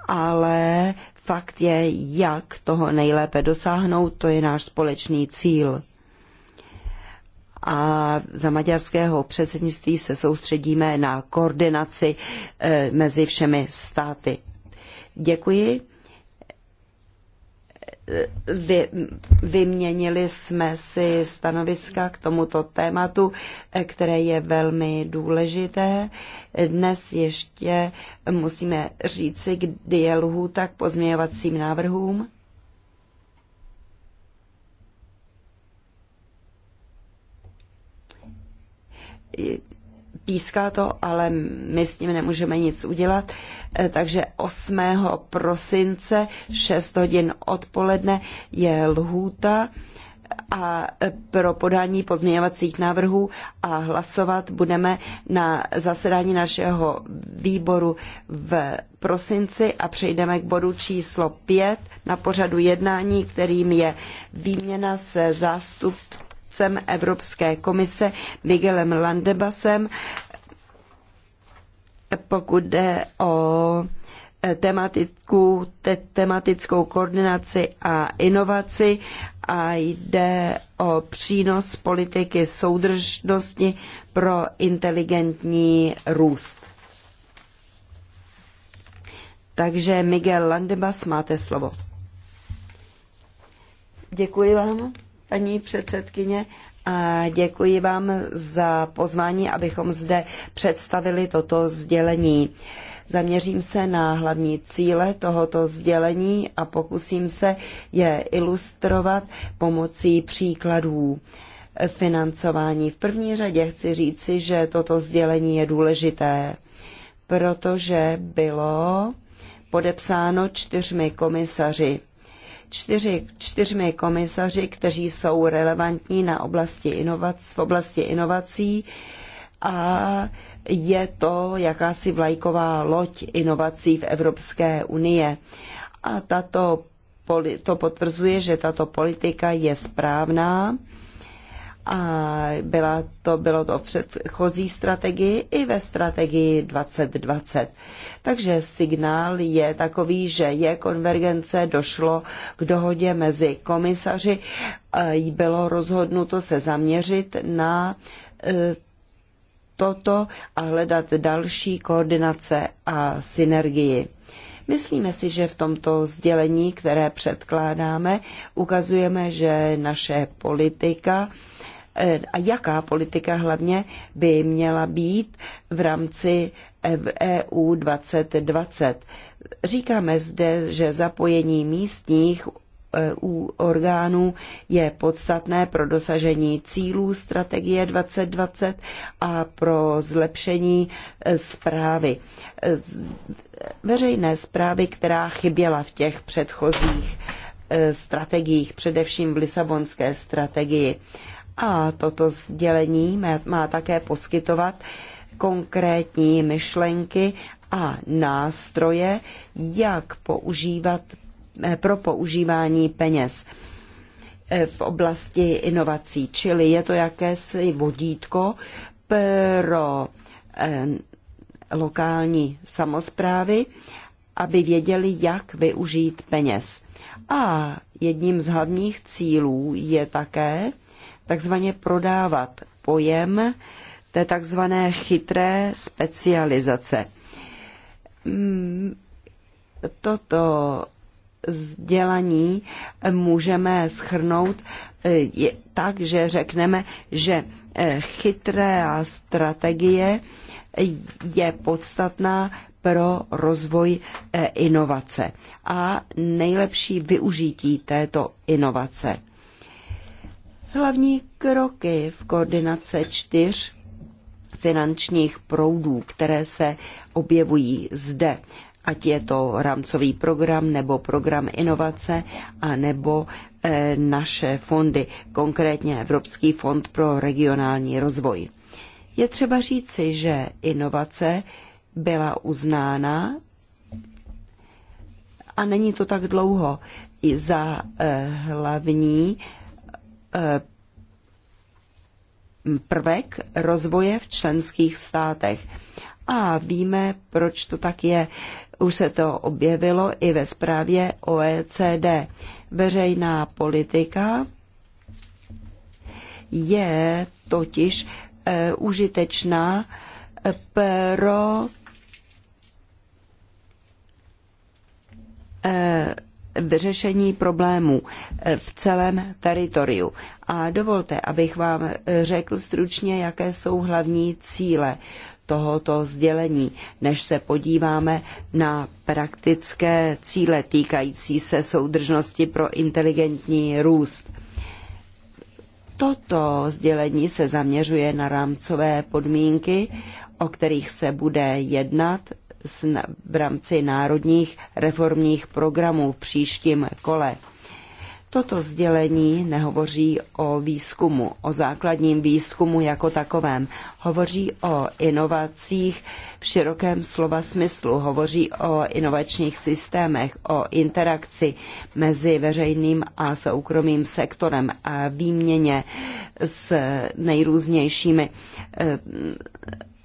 ale fakt je, jak toho nejlépe dosáhnout, to je náš společný cíl a za maďarského předsednictví se soustředíme na koordinaci eh, mezi všemi státy. Děkuji. Eh, vy, vyměnili jsme si stanoviska k tomuto tématu, eh, které je velmi důležité. Dnes ještě musíme říci, kdy je lhůta k pozměňovacím návrhům. píská to, ale my s tím nemůžeme nic udělat. E, takže 8. prosince 6 hodin odpoledne je lhůta e, a pro podání pozměňovacích návrhů a hlasovat budeme na zasedání našeho výboru v prosinci a přejdeme k bodu číslo 5 na pořadu jednání, kterým je výměna se zástupci zástupcem Evropské komise Miguelem Landebasem, pokud jde o eh, tematickou, te, tematickou koordinaci a inovaci a jde o přínos politiky soudržnosti pro inteligentní růst. Takže Miguel Landebas, máte slovo. Děkuji vám paní předsedkyně, a děkuji vám za pozvání, abychom zde představili toto sdělení. Zaměřím se na hlavní cíle tohoto sdělení a pokusím se je ilustrovat pomocí příkladů financování. V první řadě chci říci, že toto sdělení je důležité, protože bylo podepsáno čtyřmi komisaři čtyři, čtyřmi komisaři, kteří jsou relevantní na oblasti inovac, v oblasti inovací a je to jakási vlajková loď inovací v Evropské unie. A tato, to potvrzuje, že tato politika je správná a byla to, bylo to v předchozí strategii i ve strategii 2020. Takže signál je takový, že je konvergence, došlo k dohodě mezi komisaři, bylo rozhodnuto se zaměřit na e, toto a hledat další koordinace a synergii. Myslíme si, že v tomto sdělení, které předkládáme, ukazujeme, že naše politika Eh, a jaká politika hlavně by měla být v rámci EU eh, e 2020. Říkáme zde, že zapojení místních EU eh, orgánů je podstatné pro dosažení cílů strategie 2020 a pro zlepšení zprávy. Veřejné zprávy, která chyběla v těch předchozích strategiích, především v Lisabonské strategii. A toto sdělení má také poskytovat konkrétní myšlenky a nástroje, jak používat eh, pro používání peněz eh, v oblasti inovací. Čili je to jakési vodítko pro eh, lokální samozprávy, aby věděli, jak využít peněz. A jedním z hlavních cílů je také takzvaně prodávat pojem té takzvané chytré specializace. Mm, toto sdělení můžeme schrnout e, tak, že řekneme, že a e, strategie je podstatná pro rozvoj e, inovace a nejlepší využití této inovace hlavní kroky v koordinace čtyř finančních proudů, které se objevují zde, ať je to rámcový program nebo program inovace a nebo e, naše fondy, konkrétně Evropský fond pro regionální rozvoj. Je třeba říci, že inovace byla uznána a není to tak dlouho za e, hlavní e, Eh, prvek rozvoje v členských státech. A víme, proč to tak je. Už se to objevilo i ve zprávě OECD. Veřejná politika je totiž eh, užitečná eh, pro vyřešení problémů eh, v celém teritoriu. A dovolte, abych vám eh, řekl stručně, jaké jsou hlavní cíle tohoto sdělení, než se podíváme na praktické cíle týkající se soudržnosti pro inteligentní růst. Toto sdělení se zaměřuje na rámcové podmínky, o kterých se bude jednat v rámci národních reformních programů v příštím kole. Toto sdělení nehovoří o výzkumu, o základním výzkumu jako takovém. Hovoří o inovacích v širokém slova smyslu, hovoří o inovačních systémech, o interakci mezi veřejným a soukromým sektorem a výměně s nejrůznějšími eh,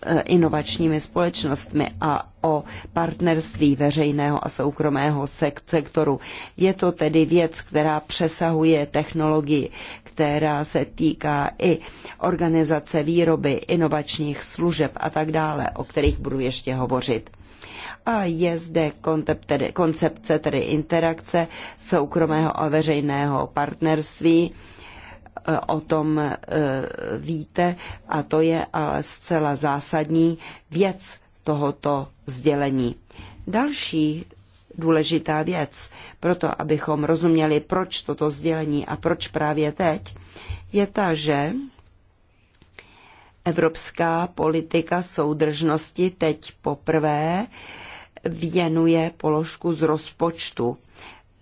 E, inovačními společnostmi a o partnerství veřejného a soukromého sektoru. Je to tedy věc, která přesahuje technologii, která se týká i organizace výroby, inovačních služeb a tak dále, o kterých budu ještě hovořit. A je zde koncepce tedy interakce soukromého a veřejného partnerství, o tom e, víte a to je ale zcela zásadní věc tohoto sdělení. Další důležitá věc, proto abychom rozuměli, proč toto sdělení a proč právě teď, je ta, že evropská politika soudržnosti teď poprvé věnuje položku z rozpočtu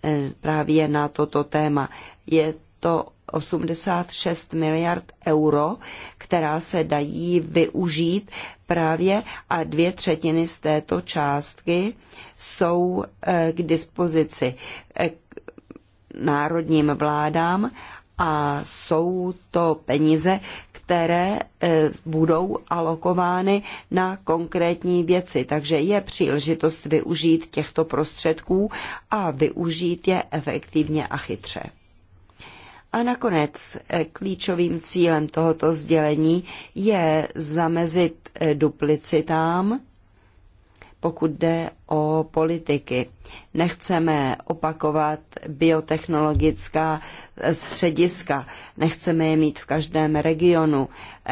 e, právě na toto téma. Je to 186 miliard euro, která se dají využít právě a dvě třetiny z této částky jsou eh, k dispozici eh, národním vládám a jsou to peníze, které eh, budou alokovány na konkrétní věci. Takže je příležitost využít těchto prostředků a využít je efektivně a chytře. A nakonec eh, klíčovým cílem tohoto sdělení je zamezit eh, duplicitám, pokud jde o politiky. Nechceme opakovat biotechnologická eh, střediska, nechceme je mít v každém regionu,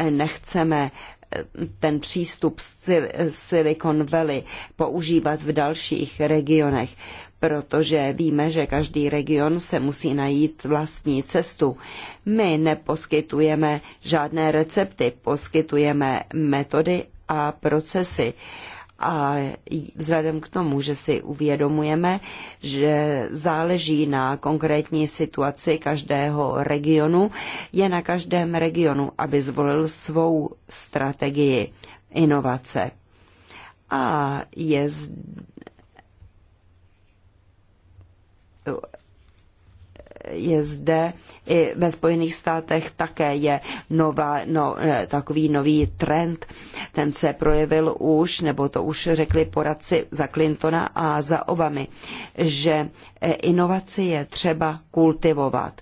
nechceme ten přístup Silicon Valley používat v dalších regionech protože víme, že každý region se musí najít vlastní cestu. My neposkytujeme žádné recepty, poskytujeme metody a procesy. A vzhledem k tomu, že si uvědomujeme, že záleží na konkrétní situaci každého regionu, je na každém regionu, aby zvolil svou strategii inovace. A je zde je zde i ve Spojených státech také je nová, no, eh, takový nový trend. Ten se projevil už, nebo to už řekli poradci za Clintona a za Obamy, že eh, inovaci je třeba kultivovat.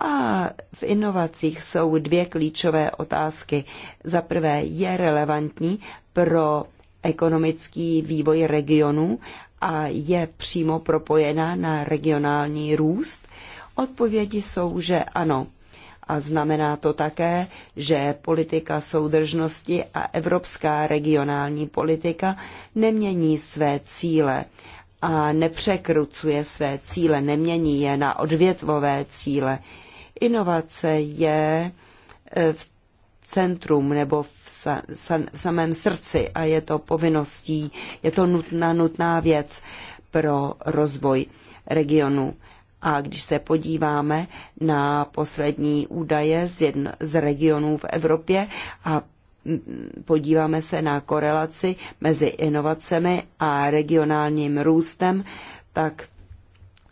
A v inovacích jsou dvě klíčové otázky. Za prvé, je relevantní pro ekonomický vývoj regionu a je přímo propojená na regionální růst? Odpovědi jsou, že ano. A znamená to také, že politika soudržnosti a evropská regionální politika nemění své cíle a nepřekrucuje své cíle, nemění je na odvětvové cíle. Inovace je e, v centrum nebo v, sa, sa, v samém srdci a je to povinností, je to nutná, nutná věc pro rozvoj regionu. A když se podíváme na poslední údaje z, jedno, z regionů v Evropě a podíváme se na korelaci mezi inovacemi a regionálním růstem, tak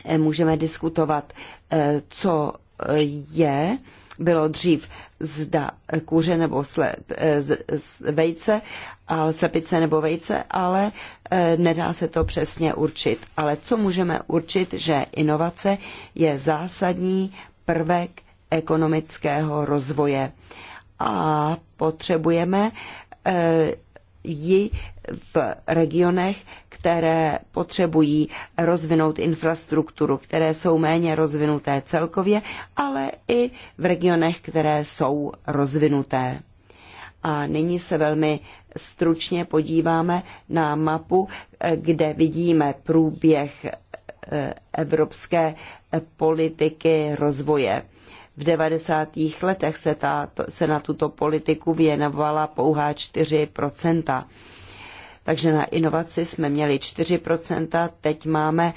eh, můžeme diskutovat, eh, co eh, je bylo dřív, zda kůře nebo slep, eh, vejce, ale slepice nebo vejce, ale eh, nedá se to přesně určit. Ale co můžeme určit, že inovace je zásadní prvek ekonomického rozvoje. A potřebujeme eh, ji v regionech, které potřebují rozvinout infrastrukturu, které jsou méně rozvinuté celkově, ale i v regionech, které jsou rozvinuté. A nyní se velmi stručně podíváme na mapu, kde vidíme průběh eh, evropské eh, politiky rozvoje. V 90. letech se, ta, se na tuto politiku věnovala pouhá 4 takže na inovaci jsme měli 4%, teď máme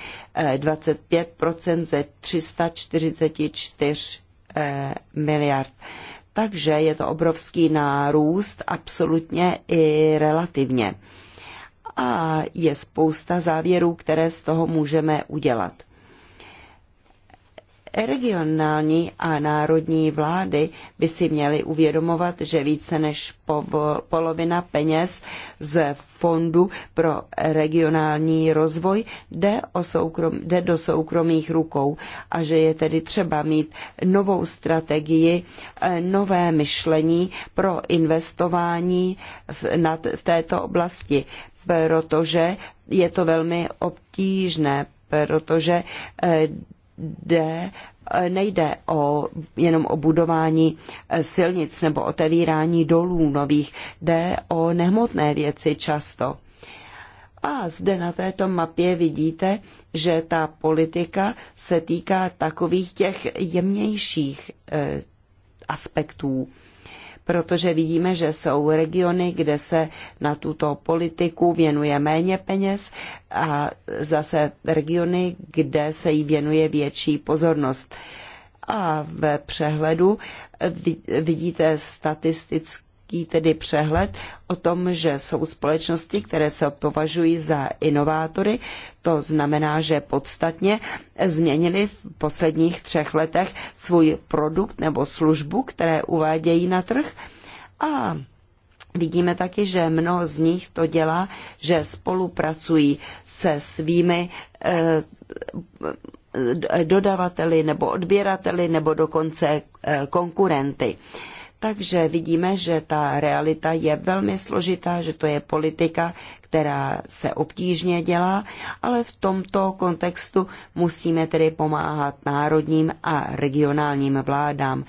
25% eh, ze 344 eh, miliard. Takže je to obrovský nárůst absolutně i relativně. A je spousta závěrů, které z toho můžeme udělat. Regionální a národní vlády by si měly uvědomovat, že více než polovina peněz z Fondu pro regionální rozvoj jde, o soukrom, jde do soukromých rukou a že je tedy třeba mít novou strategii, eh, nové myšlení pro investování v, na, v této oblasti, protože je to velmi obtížné, protože eh, jde, nejde o, jenom o budování eh, silnic nebo otevírání dolů nových, jde o nehmotné věci často. A zde na této mapě vidíte, že ta politika se týká takových těch jemnějších eh, aspektů protože vidíme, že jsou regiony, kde se na tuto politiku věnuje méně peněz a zase regiony, kde se jí věnuje větší pozornost. A ve přehledu vidíte statisticky, nějaký tedy přehled o tom, že jsou společnosti, které se považují za inovátory. To znamená, že podstatně změnili v posledních třech letech svůj produkt nebo službu, které uvádějí na trh. A Vidíme taky, že mnoho z nich to dělá, že spolupracují se svými eh, dodavateli nebo odběrateli nebo dokonce eh, konkurenty. Takže vidíme, že ta realita je velmi složitá, že to je politika, která se obtížně dělá, ale v tomto kontextu musíme tedy pomáhat národním a regionálním vládám.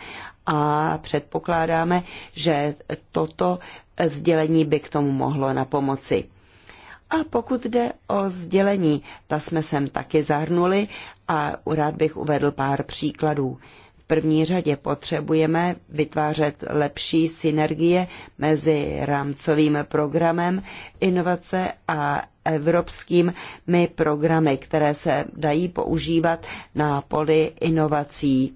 A předpokládáme, že toto sdělení by k tomu mohlo na pomoci. A pokud jde o sdělení, ta jsme sem taky zahrnuli a rád bych uvedl pár příkladů první řadě potřebujeme vytvářet lepší synergie mezi rámcovým programem inovace a evropskými programy, které se dají používat na poli inovací.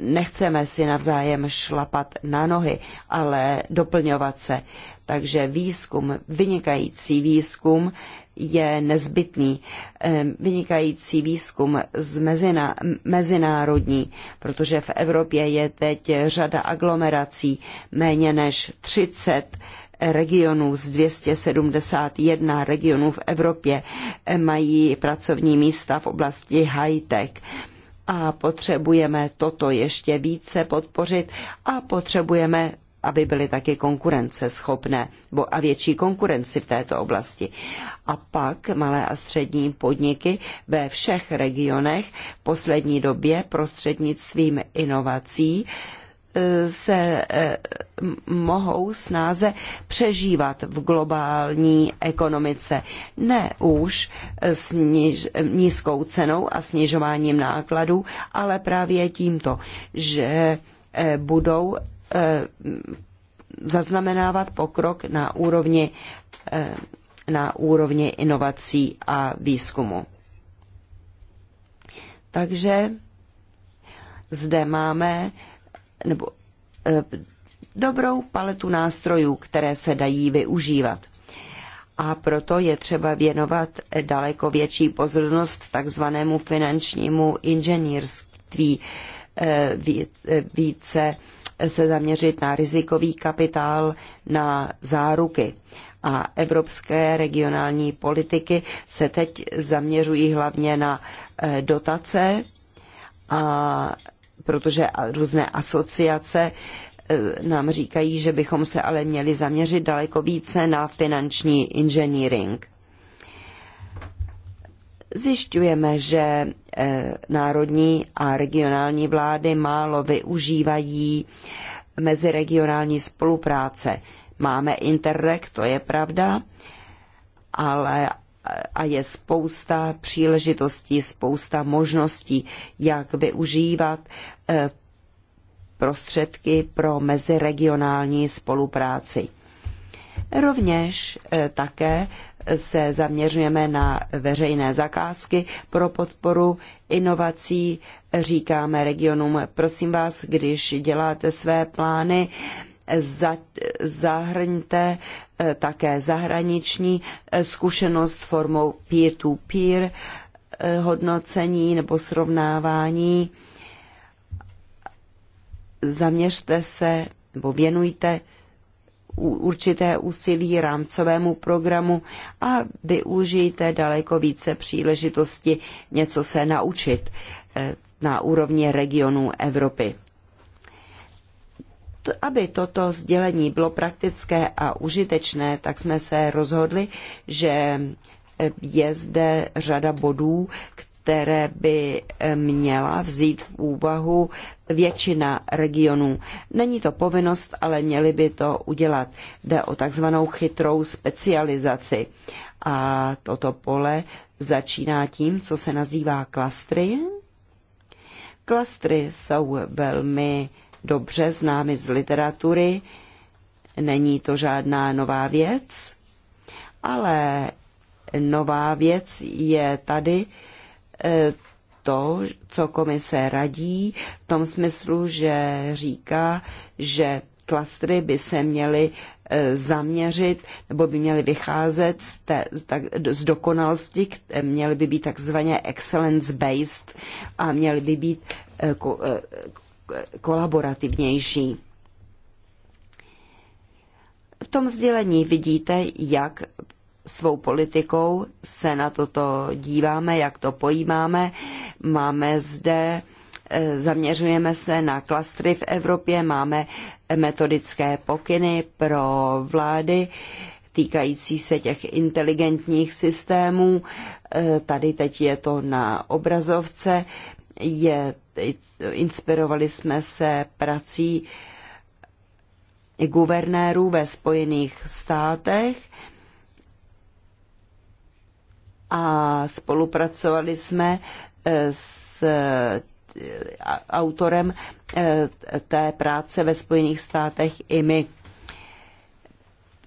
Nechceme si navzájem šlapat na nohy, ale doplňovat se. Takže výzkum, vynikající výzkum, je nezbytný. Ehm, vynikající výzkum z mezina, mezinárodní, protože v Evropě je teď řada aglomerací, méně než 30 regionů z 271 regionů v Evropě ehm, mají pracovní místa v oblasti high-tech a potřebujeme toto ještě více podpořit a potřebujeme aby byly taky konkurenceschopné a větší konkurenci v této oblasti. A pak malé a střední podniky ve všech regionech v poslední době prostřednictvím inovací e, se e, mohou snáze přežívat v globální ekonomice. Ne už s nízkou cenou a snižováním nákladů, ale právě tímto, že e, budou Eh, zaznamenávat pokrok na úrovni, eh, na úrovni inovací a výzkumu. Takže zde máme nebo, eh, dobrou paletu nástrojů, které se dají využívat. A proto je třeba věnovat daleko větší pozornost takzvanému finančnímu inženýrství, více se zaměřit na rizikový kapitál, na záruky. A evropské regionální politiky se teď zaměřují hlavně na eh, dotace, a protože různé asociace eh, nám říkají, že bychom se ale měli zaměřit daleko více na finanční engineering. Zjišťujeme, že eh, národní a regionální vlády málo využívají meziregionální spolupráce. Máme Interreg, to je pravda, ale eh, a je spousta příležitostí, spousta možností, jak využívat eh, prostředky pro meziregionální spolupráci. Rovněž také se zaměřujeme na veřejné zakázky pro podporu inovací. Říkáme regionům, prosím vás, když děláte své plány, zahrňte eh, také zahraniční eh, zkušenost formou peer to -peer hodnocení nebo srovnávání. Zaměřte se nebo věnujte určité úsilí rámcovému programu a využijte daleko více příležitosti něco se naučit eh, na úrovni regionů Evropy. Aby toto sdělení bylo praktické a užitečné, tak jsme se rozhodli, že eh, je zde řada bodů, které které by eh, měla vzít v úvahu většina regionů. Není to povinnost, ale měli by to udělat. Jde o takzvanou chytrou specializaci. A toto pole začíná tím, co se nazývá klastry. Klastry jsou velmi dobře známy z literatury, není to žádná nová věc, ale nová věc je tady, E, to, co komise radí, v tom smyslu, že říká, že klastry by se měly e, zaměřit nebo by měly vycházet z, té, z, tak, z dokonalosti, měly by být takzvaně excellence-based a měly by být e, ko, kolaborativnější. V tom sdělení vidíte, jak svou politikou se na toto díváme, jak to pojímáme. Máme zde, eh, zaměřujeme se na klastry v Evropě, máme metodické pokyny pro vlády týkající se těch inteligentních systémů. Eh, tady teď je to na obrazovce. Je, inspirovali jsme se prací guvernérů ve Spojených státech a spolupracovali jsme e, s e, autorem e, té práce ve Spojených státech i my.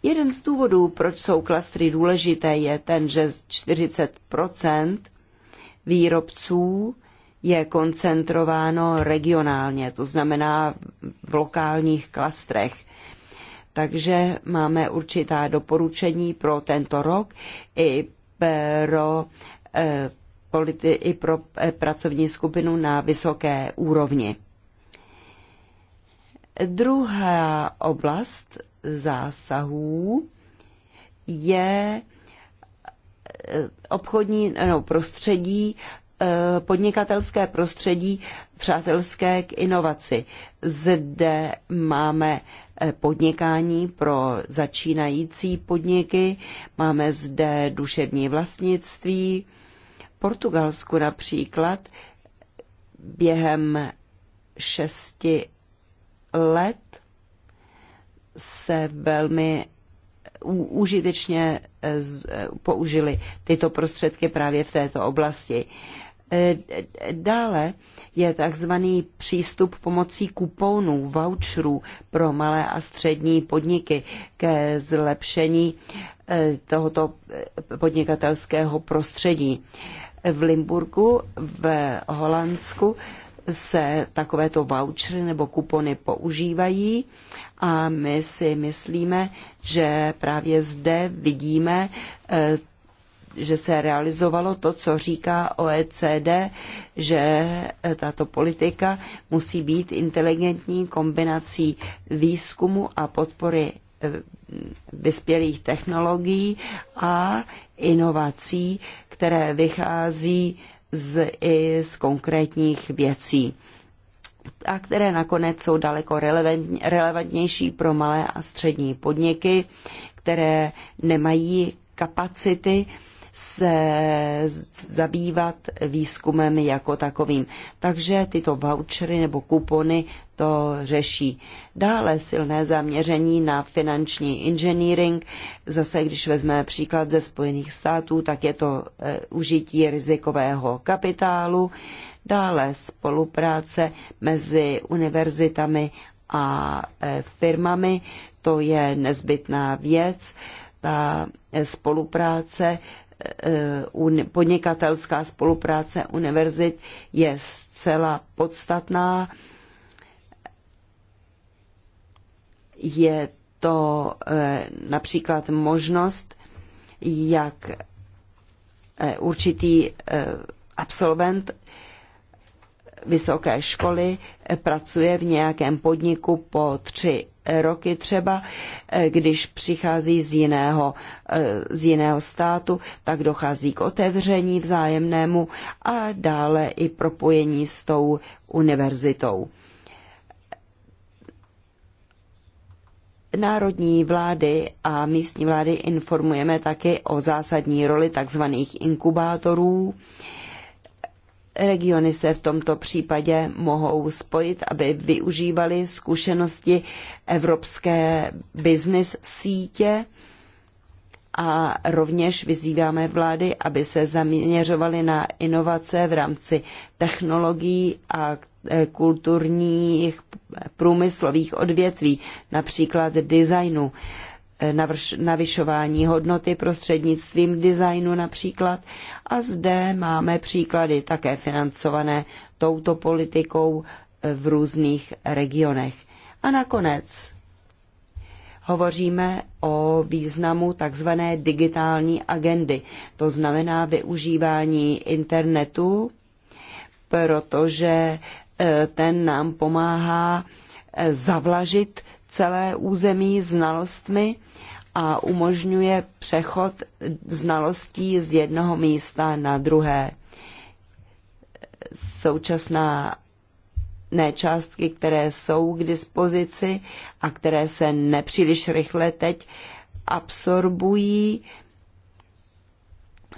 Jeden z důvodů, proč jsou klastry důležité, je ten, že 40 výrobců je koncentrováno regionálně, to znamená v lokálních klastrech. Takže máme určitá doporučení pro tento rok i pro eh, politi- i pro eh, pracovní skupinu na vysoké úrovni. Druhá oblast zásahů je eh, obchodní no, prostředí, podnikatelské prostředí přátelské k inovaci. Zde máme podnikání pro začínající podniky, máme zde duševní vlastnictví. V Portugalsku například během šesti let se velmi užitečně eh, eh, použili tyto prostředky právě v této oblasti. E, dále je takzvaný přístup pomocí kuponů, voucherů pro malé a střední podniky ke zlepšení e, tohoto e, podnikatelského prostředí. V Limburgu, v Holandsku se takovéto vouchery nebo kupony používají a my si myslíme, že právě zde vidíme že se realizovalo to, co říká OECD, že e, tato politika musí být inteligentní kombinací výzkumu a podpory e, vyspělých technologií a inovací, které vychází z, i z konkrétních věcí a které nakonec jsou daleko relevantnější pro malé a střední podniky, které nemají kapacity se zabývat výzkumem jako takovým. Takže tyto vouchery nebo kupony to řeší. Dále silné zaměření na finanční engineering. Zase, když vezmeme příklad ze Spojených států, tak je to e, užití rizikového kapitálu. Dále spolupráce mezi univerzitami a e, firmami. To je nezbytná věc. Ta eh, spolupráce Eh, podnikatelská spolupráce univerzit je zcela podstatná. Je to eh, například možnost, jak eh, určitý absolvent vysoké školy pracuje v nějakém podniku po tři roky třeba, eh, když přichází z jiného, eh, z jiného státu, tak dochází k otevření vzájemnému a dále i propojení s tou univerzitou. Národní vlády a místní vlády informujeme také o zásadní roli tzv. inkubátorů, Regiony se v tomto případě mohou spojit, aby využívali zkušenosti evropské business sítě a rovněž vyzýváme vlády, aby se zaměřovaly na inovace v rámci technologií a kulturních průmyslových odvětví, například designu navyšování hodnoty prostřednictvím designu například. A zde máme příklady také financované touto politikou v různých regionech. A nakonec hovoříme o významu tzv. digitální agendy. To znamená využívání internetu, protože eh, ten nám pomáhá eh, zavlažit celé území znalostmi a umožňuje přechod znalostí z jednoho místa na druhé. Současná ne částky, které jsou k dispozici a které se nepříliš rychle teď absorbují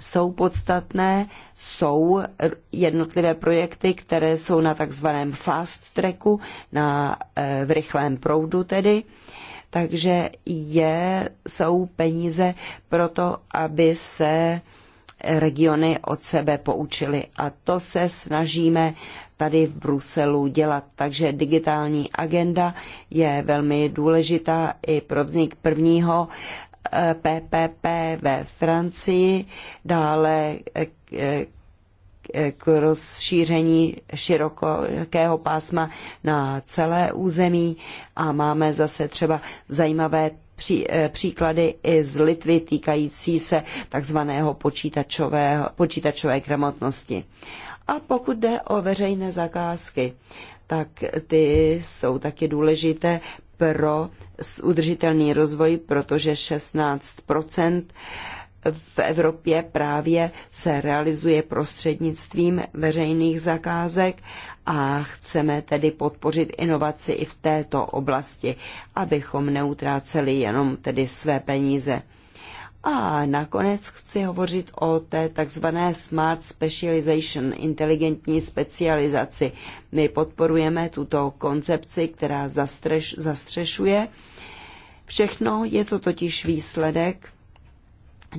jsou podstatné, jsou jednotlivé projekty, které jsou na takzvaném fast tracku, na, eh, v rychlém proudu tedy, takže je, jsou peníze pro to, aby se regiony od sebe poučily. A to se snažíme tady v Bruselu dělat. Takže digitální agenda je velmi důležitá i pro vznik prvního PPP ve Francii, dále k rozšíření širokého pásma na celé území a máme zase třeba zajímavé pří, eh, příklady i z Litvy týkající se takzvaného počítačového, počítačové gramotnosti. A pokud jde o veřejné zakázky, tak ty jsou taky důležité pro udržitelný rozvoj, protože 16 v Evropě právě se realizuje prostřednictvím veřejných zakázek a chceme tedy podpořit inovaci i v této oblasti, abychom neutráceli jenom tedy své peníze. A nakonec chci hovořit o té takzvané smart specialization, inteligentní specializaci. My podporujeme tuto koncepci, která zastřeš, zastřešuje. Všechno je to totiž výsledek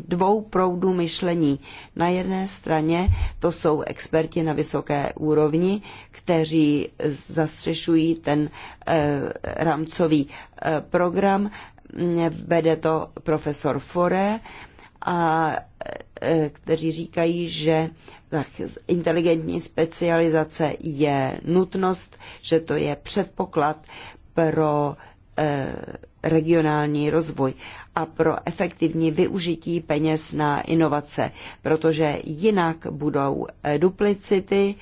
dvou proudů myšlení. Na jedné straně to jsou experti na vysoké úrovni, kteří zastřešují ten e, rámcový e, program vede to profesor Fore, a, e, kteří říkají, že inteligentní specializace je nutnost, že to je předpoklad pro e, regionální rozvoj a pro efektivní využití peněz na inovace, protože jinak budou duplicity,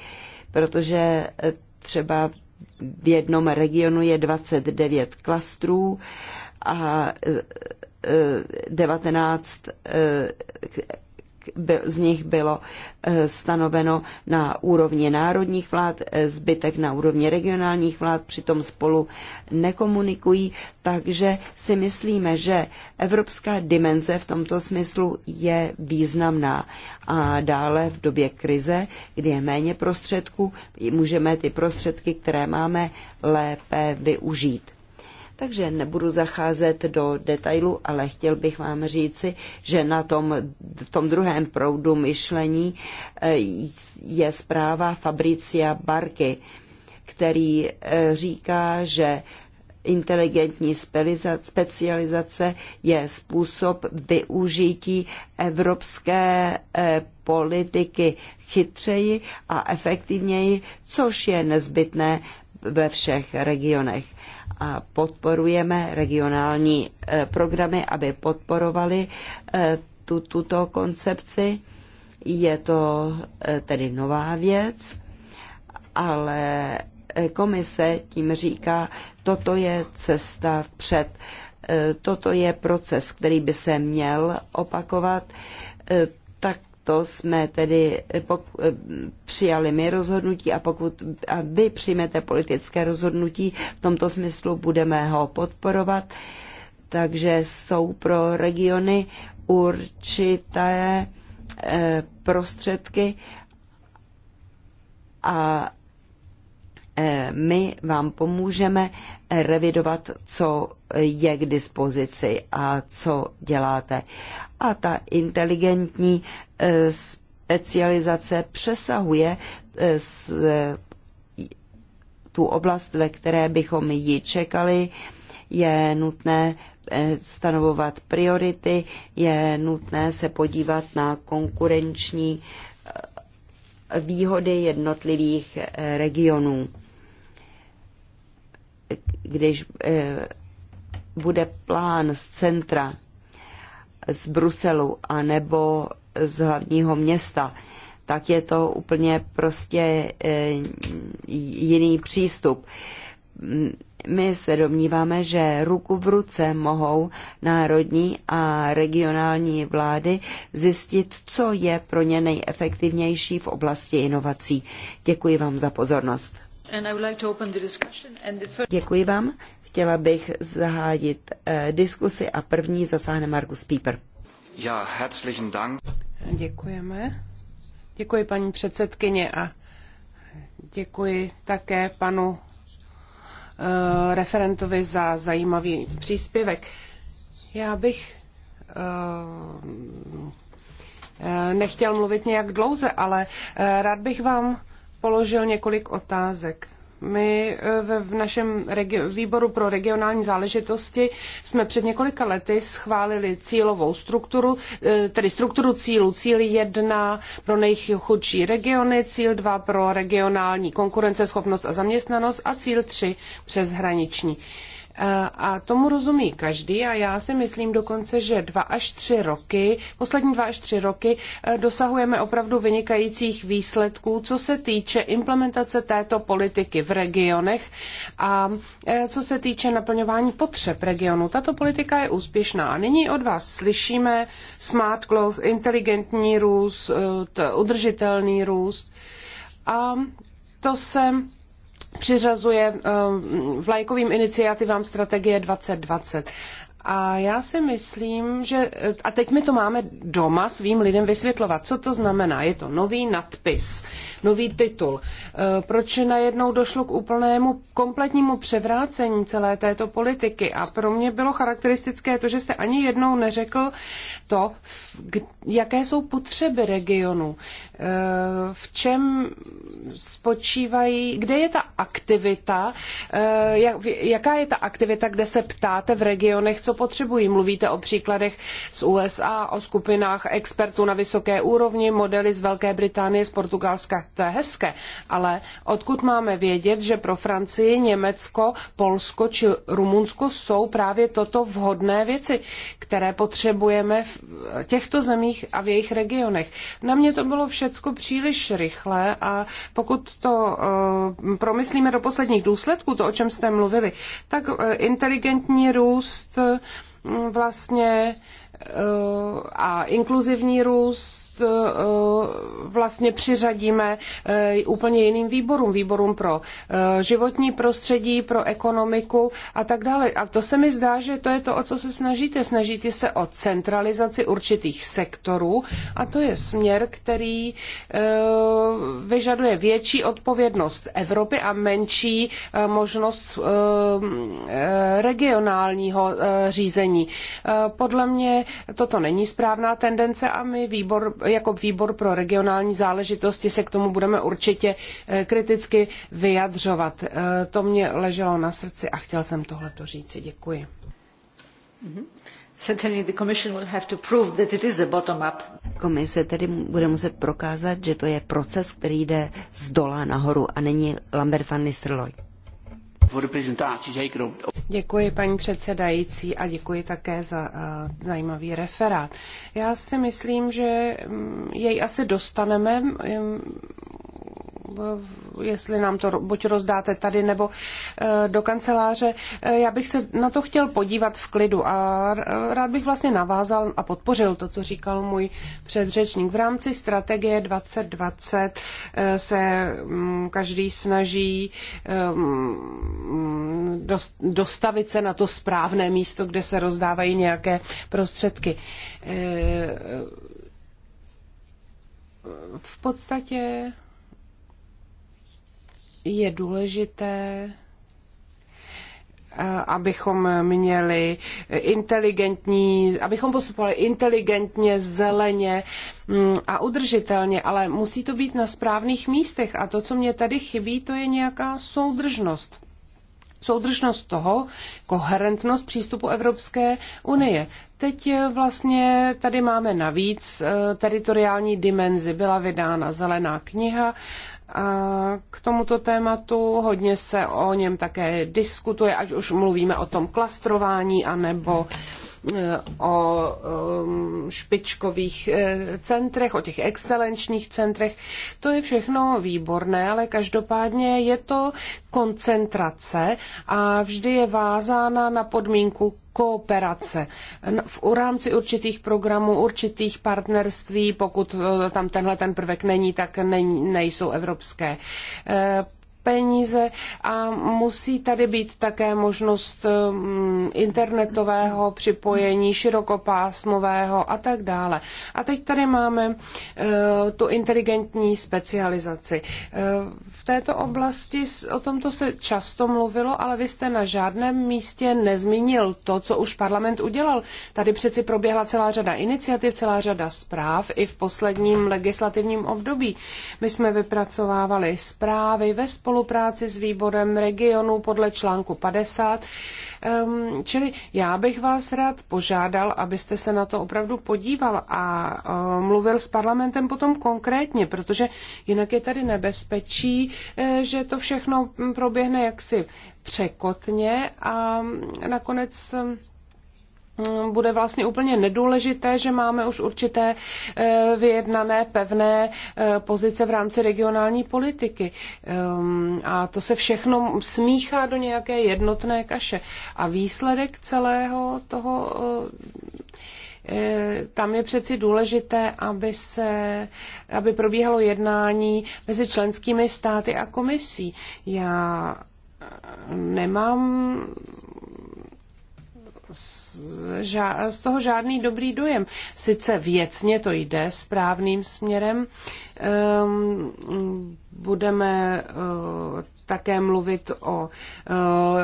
protože e, třeba v jednom regionu je 29 klastrů a 19 e, e, e, z nich bylo stanoveno na úrovni národních vlád, zbytek na úrovni regionálních vlád, přitom spolu nekomunikují, takže si myslíme, že evropská dimenze v tomto smyslu je významná. A dále v době krize, kdy je méně prostředků, můžeme ty prostředky, které máme, lépe využít. Takže nebudu zacházet do detailu, ale chtěl bych vám říci, že na tom, v tom druhém proudu myšlení eh, je zpráva Fabricia Barky, který eh, říká, že inteligentní specializace je způsob využití evropské eh, politiky chytřeji a efektivněji, což je nezbytné ve všech regionech. A podporujeme regionální eh, programy, aby podporovali eh, tu, tuto koncepci. Je to eh, tedy nová věc, ale komise tím říká, toto je cesta vpřed, toto je proces, který by se měl opakovat to jsme tedy eh, eh, přijali my rozhodnutí a pokud a vy přijmete politické rozhodnutí, v tomto smyslu budeme ho podporovat. Takže jsou pro regiony určité eh, prostředky a my vám pomůžeme revidovat, co je k dispozici a co děláte. A ta inteligentní E, specializace přesahuje z e, e, tu oblast, ve které bychom ji čekali, je nutné stanovovat priority, je nutné se podívat na konkurenční výhody jednotlivých regionů. Když bude plán z centra, z Bruselu, anebo z hlavního města, tak je to úplně prostě e, jiný přístup. My se domníváme, že ruku v ruce mohou národní a regionální vlády zjistit, co je pro ně nejefektivnější v oblasti inovací. Děkuji vám za pozornost. Děkuji vám. Chtěla bych zahájit eh, diskusi a první zasáhne Markus Pieper. Ja, herzlichen Dank. Děkujeme. Děkuji paní předsedkyně a děkuji také panu eh, referentovi za zajímavý příspěvek. Já bych eh, nechtěl mluvit nějak dlouze, ale eh, rád bych vám položil několik otázek. My eh, v našem výboru pro regionální záležitosti jsme před několika lety schválili cílovou strukturu, eh, tedy strukturu cílů. Cíl 1 pro nejchudší regiony, cíl 2 pro regionální konkurenceschopnost a zaměstnanost a cíl 3 přeshraniční. hraniční a tomu rozumí každý a já si myslím dokonce, že dva až tři roky, poslední dva až tři roky e, dosahujeme opravdu vynikajících výsledků, co se týče implementace této politiky v regionech a e, co se týče naplňování potřeb regionu. Tato politika je úspěšná. A nyní od vás slyšíme smart growth, inteligentní růst, e, udržitelný růst a to se přiřazuje eh, vlajkovým iniciativám strategie 2020. A já si myslím, že, a teď my to máme doma svým lidem vysvětlovat, co to znamená. Je to nový nadpis, nový titul. E, proč najednou došlo k úplnému kompletnímu převrácení celé této politiky? A pro mě bylo charakteristické to, že jste ani jednou neřekl to, jaké jsou potřeby regionu, e, v čem spočívají, kde je ta aktivita, e, jaká je ta aktivita, kde se ptáte v regionech, co potřebují. Mluvíte o příkladech z USA, o skupinách expertů na vysoké úrovni, modely z Velké Británie, z Portugalska. To je hezké, ale odkud máme vědět, že pro Francii, Německo, Polsko či Rumunsko jsou právě toto vhodné věci, které potřebujeme v těchto zemích a v jejich regionech. Na mě to bylo všecko příliš rychlé a pokud to eh, promyslíme do posledních důsledků, to, o čem jste mluvili, tak eh, inteligentní růst, vlastně eh, a inkluzivní růst Eh, vlastně přiřadíme eh, úplně jiným výborům, výborům pro eh, životní prostředí, pro ekonomiku a tak dále. A to se mi zdá, že to je to, o co se snažíte. Snažíte se o centralizaci určitých sektorů a to je směr, který vyžaduje větší odpovědnost Evropy a menší možnost regionálního řízení. Podle mě toto není správná tendence a my výbor jako výbor pro regionální záležitosti se k tomu budeme určitě eh, kriticky vyjadřovat. Eh, to mě leželo na srdci a chtěl jsem tohle to říci. Děkuji. Komise tedy bude muset prokázat, že to je proces, který jde z dola nahoru a není Lambert van Nistelrooy. Děkuji paní předsedající a děkuji také za eh, zajímavý referát. Já si myslím, že mm, jej asi dostaneme mm, jestli nám to buď rozdáte tady nebo eh, do kanceláře. Eh, já bych se na to chtěl podívat v klidu a rád bych vlastně navázal a podpořil to, co říkal můj předřečník. V rámci strategie 2020 eh, se mm, každý snaží mm, dostavit se na to správné místo, kde se rozdávají nějaké prostředky v podstatě je důležité eh, abychom měli inteligentní, abychom postupovali inteligentně, zeleně mm, a udržitelně, ale musí to být na správných místech a to, co mě tady chybí, to je nějaká soudržnost. Soudržnost toho, koherentnost přístupu Evropské unie. Teď eh, vlastně tady máme navíc eh, teritoriální dimenzi. Byla vydána zelená kniha, a k tomuto tématu hodně se o něm také diskutuje, ať už mluvíme o tom klastrování anebo o um, špičkových eh, centrech, o těch excelenčních centrech. To je všechno výborné, ale každopádně je to koncentrace a vždy je vázána na podmínku kooperace v rámci určitých programů, určitých partnerství, pokud eh, tam tenhle ten prvek není, tak nejsou evropské eh, peníze a musí tady být také možnost um, internetového připojení, širokopásmového a tak dále. A teď tady máme uh, tu inteligentní specializaci. Uh, v této oblasti o tomto se často mluvilo, ale vy jste na žádném místě nezmínil to, co už parlament udělal. Tady přeci proběhla celá řada iniciativ, celá řada zpráv i v posledním legislativním období. My jsme vypracovávali zprávy ve spolupráci spolupráci s výborem regionu podle článku 50. Ehm, čili já bych vás rád požádal, abyste se na to opravdu podíval a ehm, mluvil s parlamentem potom konkrétně, protože jinak je tady nebezpečí, eh, že to všechno hm, proběhne jaksi překotně a nakonec hm, Mm, bude vlastně úplně nedůležité, že máme už určité eh, vyjednané pevné eh, pozice v rámci regionální politiky. Ehm, a to se všechno smíchá do nějaké jednotné kaše. A výsledek celého toho eh, tam je přeci důležité, aby, se, aby probíhalo jednání mezi členskými státy a komisí. Já nemám s z toho žádný dobrý dojem. Sice věcně to jde správným směrem, ehm, budeme eh, také mluvit o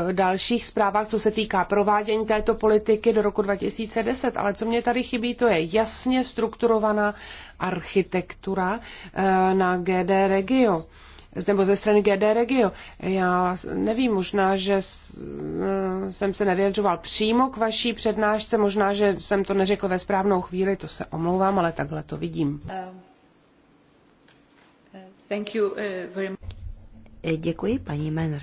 eh, dalších zprávách, co se týká provádění této politiky do roku 2010, ale co mě tady chybí, to je jasně strukturovaná architektura eh, na GD Regio nebo ze strany GD Regio. Já nevím, možná, že eh, jsem se nevyjadřoval přímo k vaší přednášce, možná, že jsem to neřekl ve správnou chvíli, to se omlouvám, ale takhle to vidím. Um, uh, uh, eh, děkuji, paní Menr.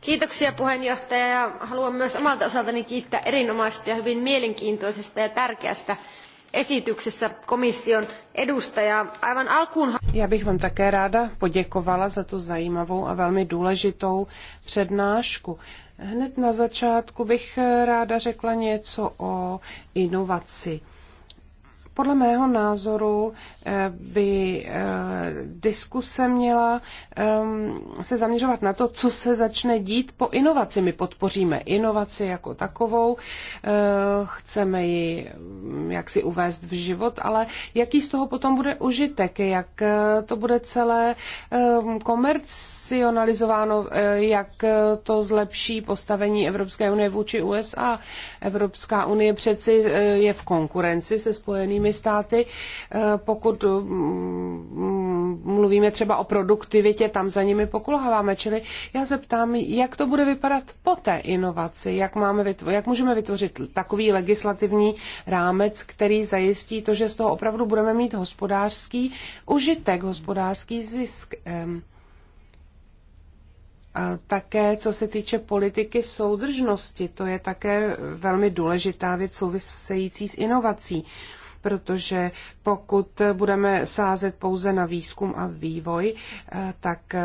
Kiitoksia puheenjohtaja ja haluan myös omalta osaltani kiittää erinomaisesta ja hyvin mielenkiintoisesta ja tärkeästä esityksessä komission edustaja. Aivan alkuun... Já bych vám také ráda poděkovala za tu zajímavou a velmi důležitou přednášku. Hned na začátku bych ráda řekla něco o inovaci. Podle mého názoru eh, by eh, diskuse měla ehm, se zaměřovat na to, co se začne dít po inovaci. My podpoříme inovaci jako takovou, eh, chceme ji mm, jak si uvést v život, ale jaký z toho potom bude užitek, jak to bude celé ehm, komercionalizováno, jak to zlepší postavení Evropské unie vůči USA. Evropská unie přeci eh, je v konkurenci se Spojenými státy. Eh, pokud mm, mm, mluvíme třeba o produktivitě, tam za nimi pokulháváme. Čili já se ptám, jak to bude vypadat po té inovaci, jak, máme vytvo- jak můžeme vytvořit takový legislativní rámec, který zajistí to, že z toho opravdu budeme mít hospodářský užitek, hospodářský zisk. Um, a také co se týče politiky soudržnosti, to je také velmi důležitá věc související s inovací, protože pokud budeme sázet pouze na výzkum a vývoj, eh, tak eh,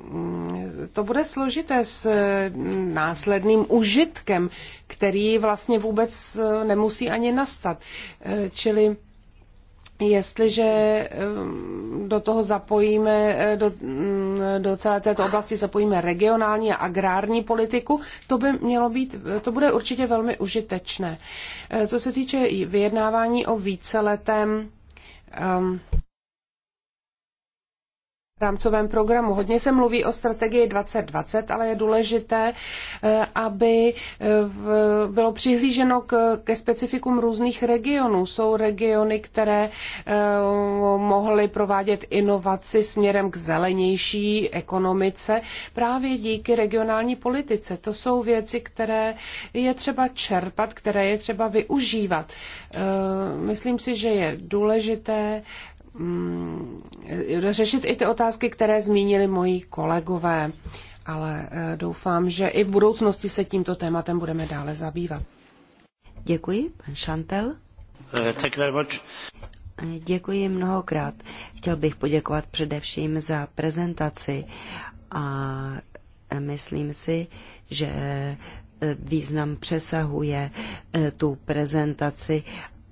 mm, to bude složité s eh, následným užitkem, který vlastně vůbec nemusí ani nastat. Čili jestliže ehm, do toho zapojíme, eh, do, mm, do celé této oblasti zapojíme regionální a agrární politiku, to by mělo být, to bude určitě velmi užitečné. Eh, co se týče vyjednávání o víceletém um, rámcovém programu. Hodně se mluví o strategii 2020, ale je důležité, eh, aby eh, bylo přihlíženo ke specifikům různých regionů. Jsou regiony, které eh, mohly provádět inovaci směrem k zelenější ekonomice právě díky regionální politice. To jsou věci, které je třeba čerpat, které je třeba využívat. Myslím si, že je důležité Mm, řešit i ty otázky, které zmínili moji kolegové, ale eh, doufám, že i v budoucnosti se tímto tématem budeme dále zabývat. Děkuji, pan Šantel. Eh, thank you very much. Eh, děkuji mnohokrát. Chtěl bych poděkovat především za prezentaci a myslím si, že význam přesahuje tu prezentaci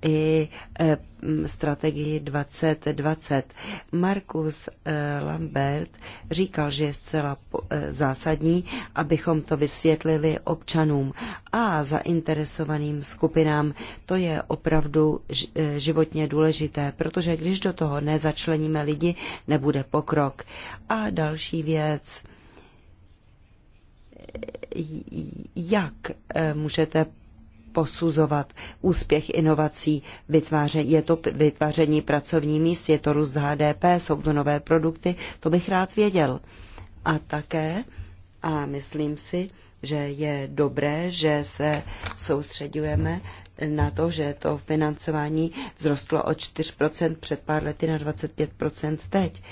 i e, strategii 2020. Markus e, Lambert říkal, že je zcela e, zásadní, abychom to vysvětlili občanům a zainteresovaným skupinám. To je opravdu životně důležité, protože když do toho nezačleníme lidi, nebude pokrok. A další věc, jak můžete posuzovat úspěch inovací, je to vytváření pracovní míst, je to růst HDP, jsou to nové produkty, to bych rád věděl. A také, a myslím si, že je dobré, že se soustředujeme na to, že to financování vzrostlo o 4% před pár lety na 25% teď.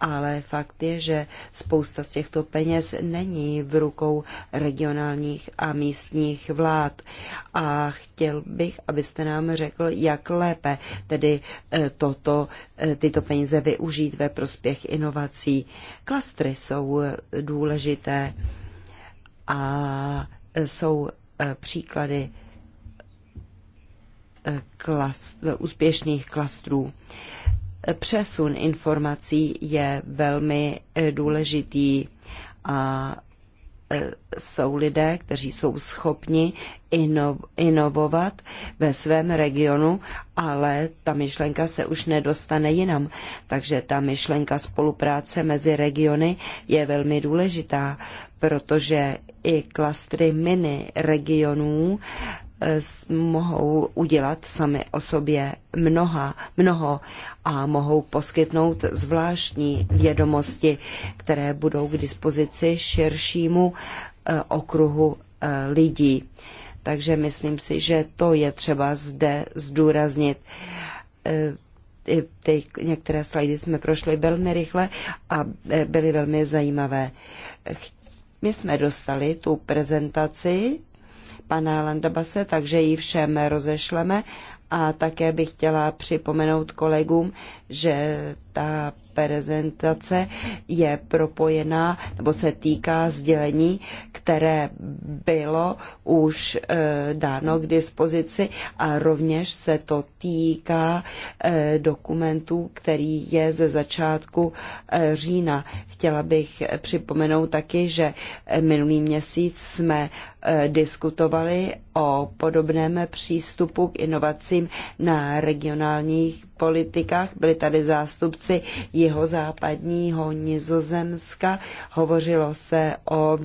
Ale fakt je, že spousta z těchto peněz není v rukou regionálních a místních vlád. A chtěl bych, abyste nám řekl, jak lépe tedy eh, toto, eh, tyto peníze využít ve prospěch inovací. Klastry jsou eh, důležité a jsou příklady klas, úspěšných klastrů. Přesun informací je velmi eh, důležitý a eh, jsou lidé, kteří jsou schopni inovovat ve svém regionu, ale ta myšlenka se už nedostane jinam. Takže ta myšlenka spolupráce mezi regiony je velmi důležitá, protože i klastry mini regionů mohou udělat sami o sobě mnoha, mnoho a mohou poskytnout zvláštní vědomosti, které budou k dispozici širšímu e, okruhu e, lidí. Takže myslím si, že to je třeba zde zdůraznit. E, ty některé slajdy jsme prošli velmi rychle a byly velmi zajímavé. My jsme dostali tu prezentaci pana Landabase, takže ji všem rozešleme. A také bych chtěla připomenout kolegům, že ta prezentace je propojená nebo se týká sdělení, které bylo už e, dáno k dispozici a rovněž se to týká e, dokumentů, který je ze začátku e, října. Chtěla bych připomenout taky, že minulý měsíc jsme e, diskutovali o podobném přístupu k inovacím na regionálních politikách. Byli tady zástupci jihozápadního Nizozemska. Hovořilo se o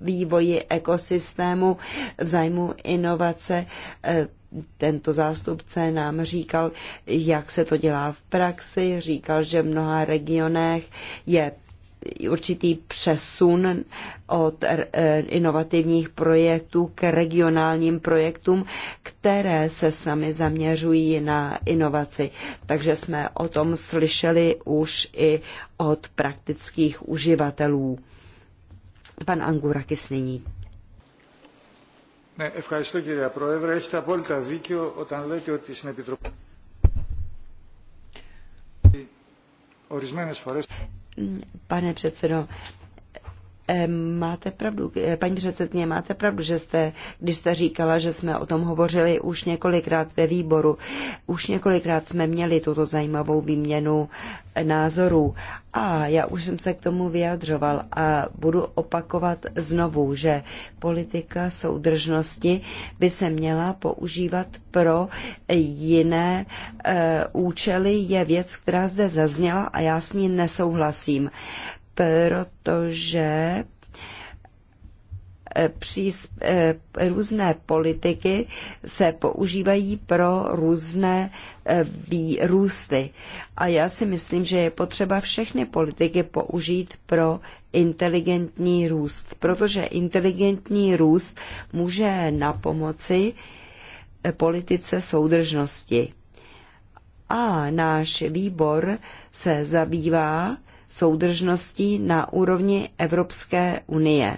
vývoji ekosystému v zájmu inovace e, tento zástupce nám říkal, jak se to dělá v praxi, říkal, že v mnoha regionech je určitý přesun od eh, inovativních projektů k regionálním projektům, které se sami zaměřují na inovaci. Takže jsme o tom slyšeli už i od praktických uživatelů. Pan Angurakis nyní. Ναι, ευχαριστώ κυρία Πρόεδρε. Έχετε απόλυτα δίκιο όταν λέτε ότι στην Επιτροπή ορισμένες φορές... Pane předsedo, Máte pravdu, eh, paní předsedně, máte pravdu, že jste, když jste říkala, že jsme o tom hovořili už několikrát ve výboru, už několikrát jsme měli tuto zajímavou výměnu eh, názorů a já už jsem se k tomu vyjadřoval a budu opakovat znovu, že politika soudržnosti by se měla používat pro jiné e, účely. Je věc, která zde zazněla a já s ní nesouhlasím protože eh, přís, eh, různé politiky se používají pro různé eh, výrůsty. A já si myslím, že je potřeba všechny politiky použít pro inteligentní růst, protože inteligentní růst může na pomoci politice soudržnosti. A náš výbor se zabývá soudržností na úrovni Evropské unie.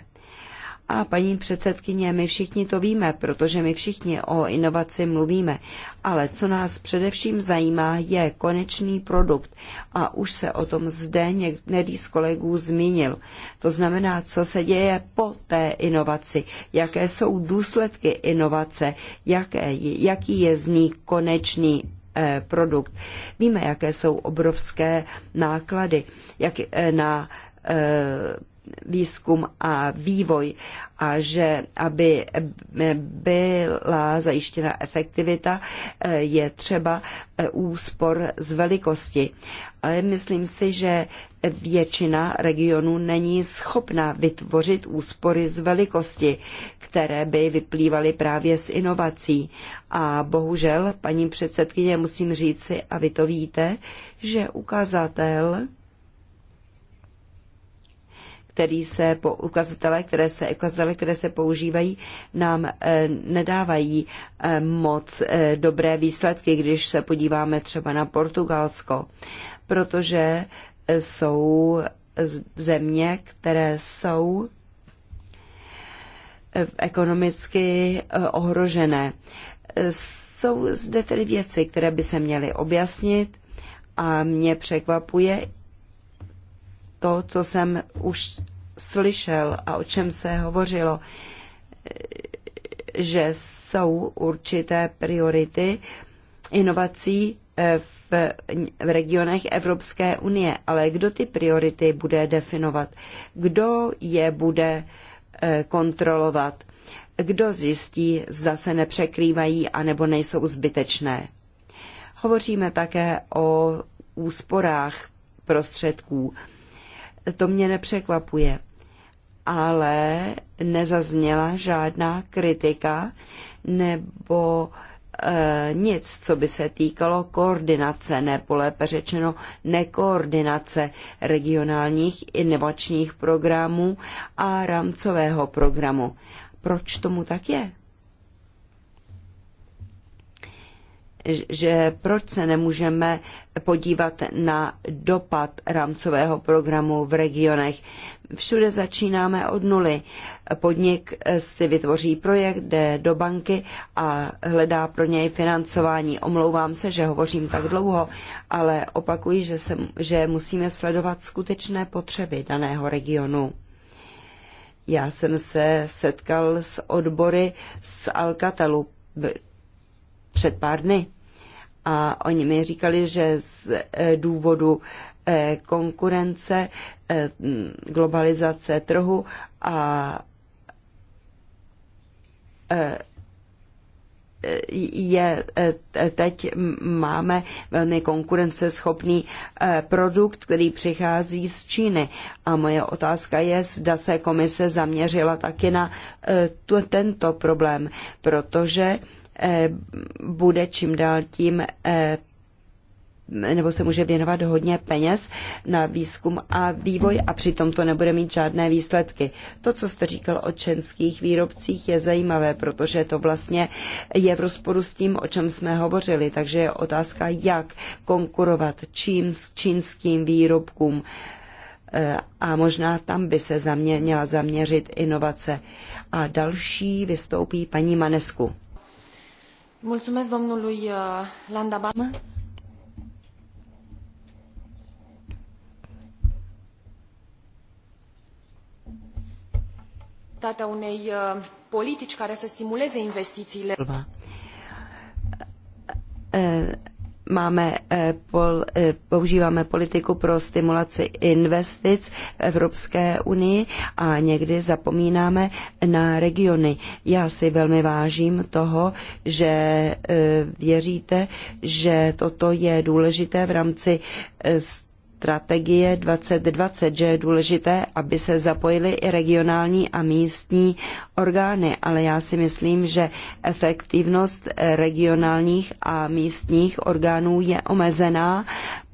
A paní předsedkyně, my všichni to víme, protože my všichni o inovaci mluvíme. Ale co nás především zajímá, je konečný produkt. A už se o tom zde některý z kolegů zmínil. To znamená, co se děje po té inovaci, jaké jsou důsledky inovace, jaké, jaký je z ní konečný Eh, produkt. Víme, jaké jsou obrovské náklady jak eh, na eh, výzkum a vývoj a že aby byla zajištěna efektivita, je třeba úspor z velikosti ale myslím si, že většina regionů není schopna vytvořit úspory z velikosti, které by vyplývaly právě z inovací. A bohužel, paní předsedkyně, musím říci, a vy to víte, že ukazatel který se po ukazatele, které se, ukazatele, které se používají, nám e, nedávají e, moc e, dobré výsledky, když se podíváme třeba na Portugalsko. E, protože jsou země, které jsou eh, ekonomicky eh, ohrožené. Jsou zde tedy věci, které by se měly objasnit a mě překvapuje to, co jsem už slyšel a o čem se hovořilo, že jsou určité priority inovací v eh, v, v regionech Evropské unie, ale kdo ty priority bude definovat, kdo je bude eh, kontrolovat, kdo zjistí, zda se nepřekrývají anebo nejsou zbytečné. Hovoříme také o úsporách prostředků. To mě nepřekvapuje, ale nezazněla žádná kritika nebo E, nic, co by se týkalo koordinace, nebo lépe řečeno nekoordinace regionálních inovačních programů a rámcového programu. Proč tomu tak je? že proč se nemůžeme podívat na dopad rámcového programu v regionech. Všude začínáme od nuly. Podnik si vytvoří projekt, jde do banky a hledá pro něj financování. Omlouvám se, že hovořím tak dlouho, ale opakuji, že, se, že musíme sledovat skutečné potřeby daného regionu. Já jsem se setkal s odbory z Alcatelu před pár dny. A oni mi říkali, že z eh, důvodu eh, konkurence, eh, globalizace trhu a je teď máme velmi konkurenceschopný produkt, který přichází z Číny. A moje otázka je, zda se komise zaměřila taky na tento problém, protože bude čím dál tím eh, nebo se může věnovat hodně peněz na výzkum a vývoj a přitom to nebude mít žádné výsledky. To, co jste říkal o čenských výrobcích, je zajímavé, protože to vlastně je v rozporu s tím, o čem jsme hovořili. Takže je otázka, jak konkurovat čím s čínským výrobkům eh, a možná tam by se zamě, měla zaměřit inovace. A další vystoupí paní Manesku. Mulțumesc domnului uh, Landabama. necesitatea unei uh, politici care să stimuleze investițiile máme, eh, pol, eh, používáme politiku pro stimulaci investic v Evropské unii a někdy zapomínáme na regiony. Já si velmi vážím toho, že eh, věříte, že toto je důležité v rámci strategie 2020, že je důležité, aby se zapojily i regionální a místní orgány, ale já si myslím, že efektivnost regionálních a místních orgánů je omezená,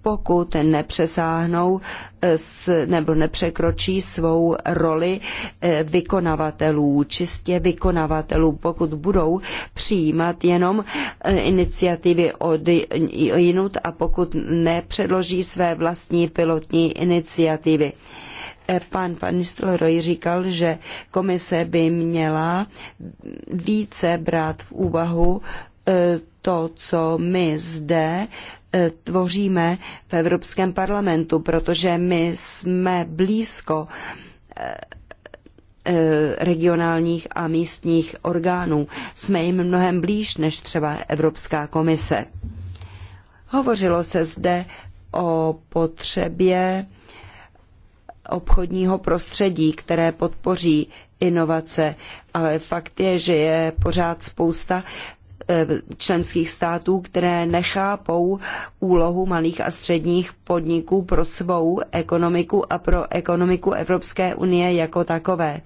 pokud nepřesáhnou eh, s, nebo nepřekročí svou roli eh, vykonavatelů, čistě vykonavatelů, pokud budou přijímat jenom eh, iniciativy od jinut a pokud nepředloží své vlastní pilotní iniciativy pan Van Nistelrooy říkal, že komise by měla více brát v úvahu to, co my zde Eh, tvoříme v Evropském parlamentu, protože my jsme blízko eh, eh, regionálních a místních orgánů. Jsme jim mnohem blíž než třeba Evropská komise. Hovořilo se zde o potřebě obchodního prostředí, které podpoří inovace, ale fakt je, že je pořád spousta Eh, členských států, které nechápou úlohu malých a středních podniků pro svou ekonomiku a pro ekonomiku Evropské unie jako takové.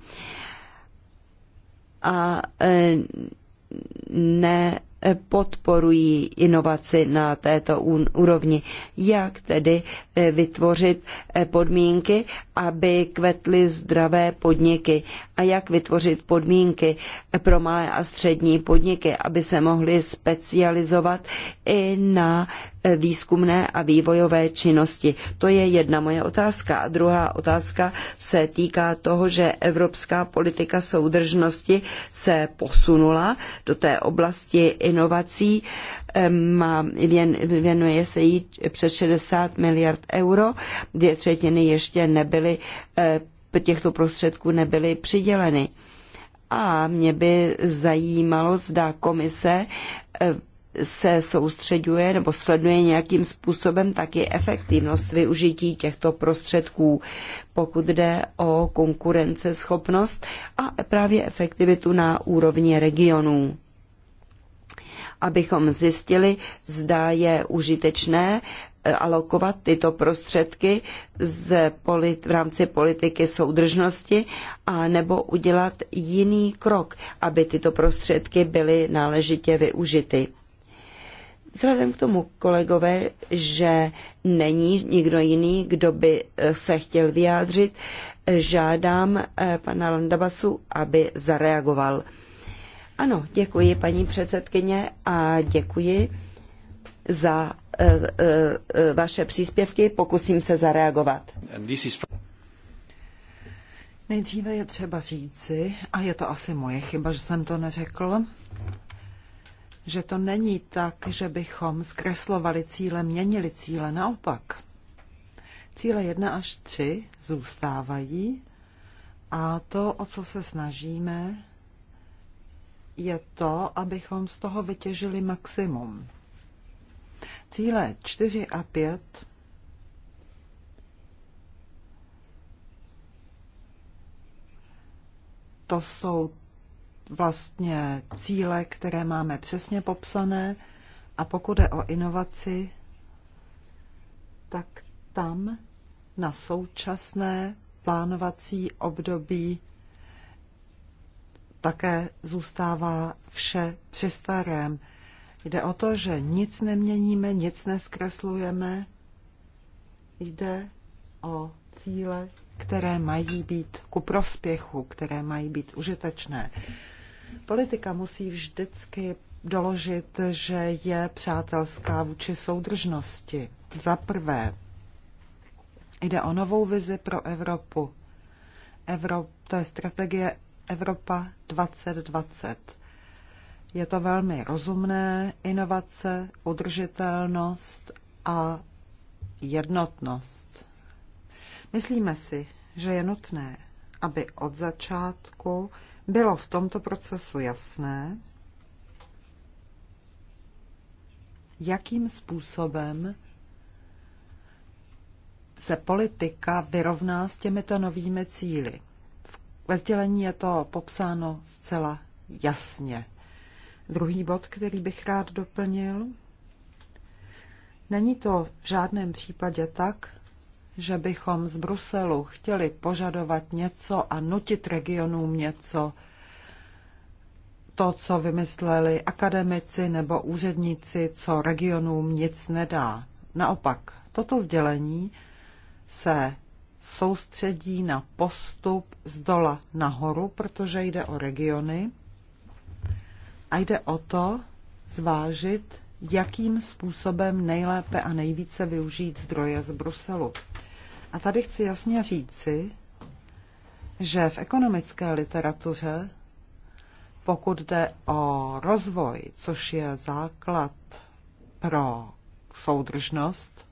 A eh, nepodporují inovaci na této úrovni. Jak tedy eh, vytvořit podmínky, aby kvetly zdravé podniky a jak vytvořit podmínky pro malé a střední podniky, aby se mohly specializovat i na výzkumné a vývojové činnosti. To je jedna moje otázka. A druhá otázka se týká toho, že evropská politika soudržnosti se posunula do té oblasti inovací má, věn, věnuje se jí přes 60 miliard euro, dvě třetiny ještě nebyly, eh, těchto prostředků nebyly přiděleny. A mě by zajímalo, zda komise eh, se soustředuje nebo sleduje nějakým způsobem taky efektivnost využití těchto prostředků, pokud jde o konkurenceschopnost a právě efektivitu na úrovni regionů abychom zjistili, zda je užitečné eh, alokovat tyto prostředky z polit, v rámci politiky soudržnosti a nebo udělat jiný krok, aby tyto prostředky byly náležitě využity. Vzhledem k tomu, kolegové, že není nikdo jiný, kdo by eh, se chtěl vyjádřit, eh, žádám pana Landabasu, aby zareagoval. Ano, děkuji paní předsedkyně a děkuji za e, e, e, vaše příspěvky. Pokusím se zareagovat. Nejdříve je třeba říci, a je to asi moje chyba, že jsem to neřekl, že to není tak, že bychom zkreslovali cíle, měnili cíle, naopak. Cíle 1 až 3 zůstávají a to, o co se snažíme, je to, abychom z toho vytěžili maximum. Cíle 4 a 5 to jsou vlastně cíle, které máme přesně popsané a pokud je o inovaci, tak tam na současné plánovací období také zůstává vše při starém. Jde o to, že nic neměníme, nic neskreslujeme. Jde o cíle, které mají být ku prospěchu, které mají být užitečné. Politika musí vždycky doložit, že je přátelská vůči soudržnosti. Za prvé, jde o novou vizi pro Evropu. Evrop, to je strategie Evropa 2020. Je to velmi rozumné, inovace, udržitelnost a jednotnost. Myslíme si, že je nutné, aby od začátku bylo v tomto procesu jasné, jakým způsobem se politika vyrovná s těmito novými cíly. Ve sdělení je to popsáno zcela jasně. Druhý bod, který bych rád doplnil, není to v žádném případě tak, že bychom z Bruselu chtěli požadovat něco a nutit regionům něco, to, co vymysleli akademici nebo úředníci, co regionům nic nedá. Naopak, toto sdělení se soustředí na postup z dola nahoru, protože jde o regiony a jde o to zvážit, jakým způsobem nejlépe a nejvíce využít zdroje z Bruselu. A tady chci jasně říci, že v ekonomické literatuře, pokud jde o rozvoj, což je základ pro soudržnost,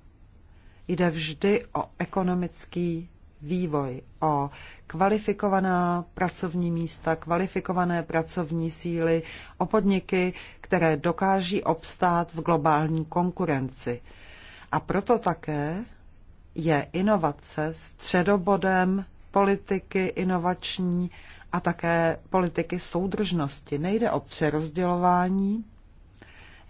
Jde vždy o ekonomický vývoj, o kvalifikovaná pracovní místa, kvalifikované pracovní síly, o podniky, které dokáží obstát v globální konkurenci. A proto také je inovace středobodem politiky inovační a také politiky soudržnosti. Nejde o přerozdělování,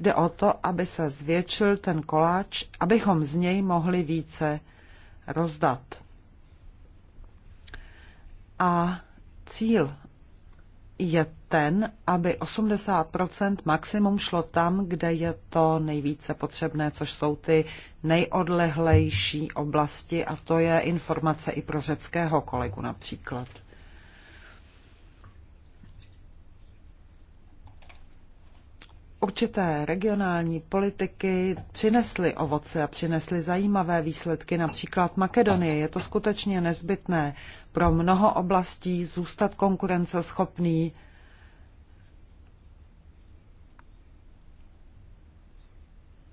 Jde o to, aby se zvětšil ten koláč, abychom z něj mohli více rozdat. A cíl je ten, aby 80% maximum šlo tam, kde je to nejvíce potřebné, což jsou ty nejodlehlejší oblasti a to je informace i pro řeckého kolegu například. určité regionální politiky přinesly ovoce a přinesly zajímavé výsledky, například Makedonie. Je to skutečně nezbytné pro mnoho oblastí zůstat konkurenceschopný.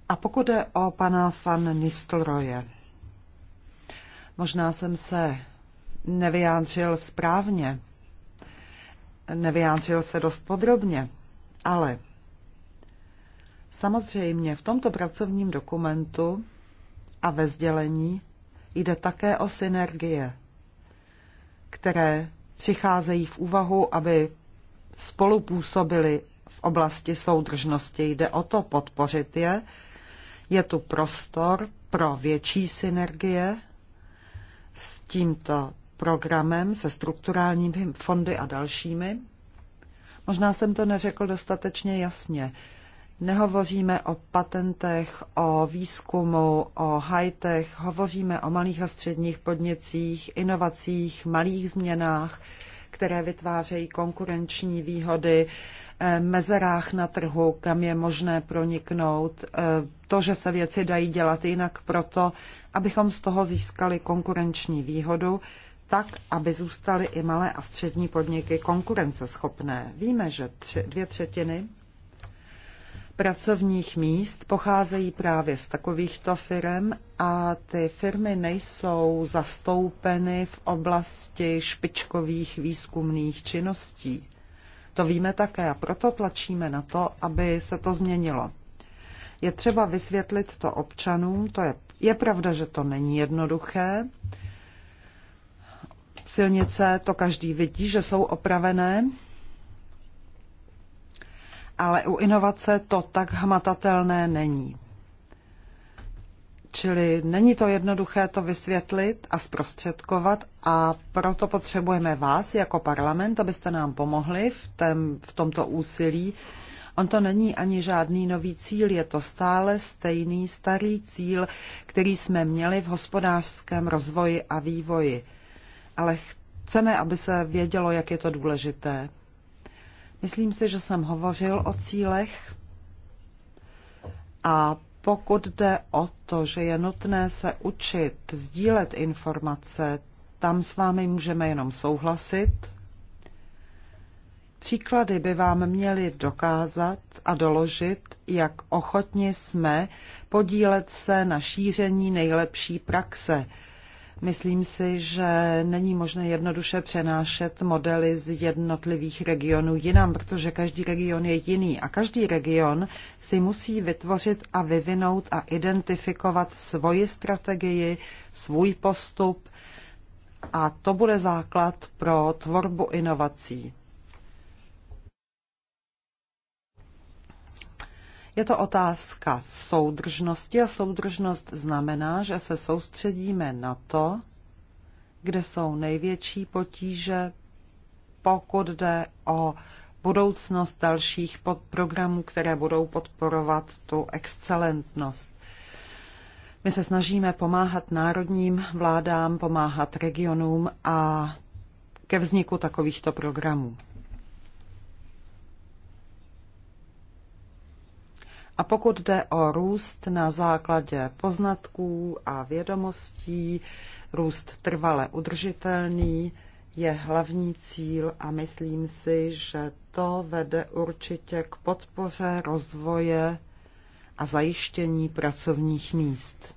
A pokud je o pana van Nistelroje, možná jsem se nevyjádřil správně, nevyjádřil se dost podrobně, ale Samozřejmě v tomto pracovním dokumentu a ve sdělení jde také o synergie, které přicházejí v úvahu, aby spolupůsobili v oblasti soudržnosti. Jde o to podpořit je. Je tu prostor pro větší synergie s tímto programem, se strukturálními fondy a dalšími. Možná jsem to neřekl dostatečně jasně. Nehovoříme o patentech, o výzkumu, o high-tech, hovoříme o malých a středních podnicích, inovacích, malých změnách, které vytvářejí konkurenční výhody, eh, mezerách na trhu, kam je možné proniknout, eh, to, že se věci dají dělat jinak proto, abychom z toho získali konkurenční výhodu, tak, aby zůstaly i malé a střední podniky konkurenceschopné. Víme, že tři, dvě třetiny pracovních míst pocházejí právě z takovýchto firm a ty firmy nejsou zastoupeny v oblasti špičkových výzkumných činností. To víme také a proto tlačíme na to, aby se to změnilo. Je třeba vysvětlit to občanům, to je, je pravda, že to není jednoduché. Silnice, to každý vidí, že jsou opravené, ale u inovace to tak hmatatelné není. Čili není to jednoduché to vysvětlit a zprostředkovat a proto potřebujeme vás jako parlament, abyste nám pomohli v, tém, v tomto úsilí. On to není ani žádný nový cíl, je to stále stejný starý cíl, který jsme měli v hospodářském rozvoji a vývoji. Ale chceme, aby se vědělo, jak je to důležité. Myslím si, že jsem hovořil o cílech a pokud jde o to, že je nutné se učit sdílet informace, tam s vámi můžeme jenom souhlasit. Příklady by vám měly dokázat a doložit, jak ochotni jsme podílet se na šíření nejlepší praxe. Myslím si, že není možné jednoduše přenášet modely z jednotlivých regionů jinam, protože každý region je jiný a každý region si musí vytvořit a vyvinout a identifikovat svoji strategii, svůj postup a to bude základ pro tvorbu inovací. Je to otázka soudržnosti a soudržnost znamená, že se soustředíme na to, kde jsou největší potíže, pokud jde o budoucnost dalších programů, které budou podporovat tu excelentnost. My se snažíme pomáhat národním vládám, pomáhat regionům a ke vzniku takovýchto programů. A pokud jde o růst na základě poznatků a vědomostí, růst trvale udržitelný je hlavní cíl a myslím si, že to vede určitě k podpoře rozvoje a zajištění pracovních míst.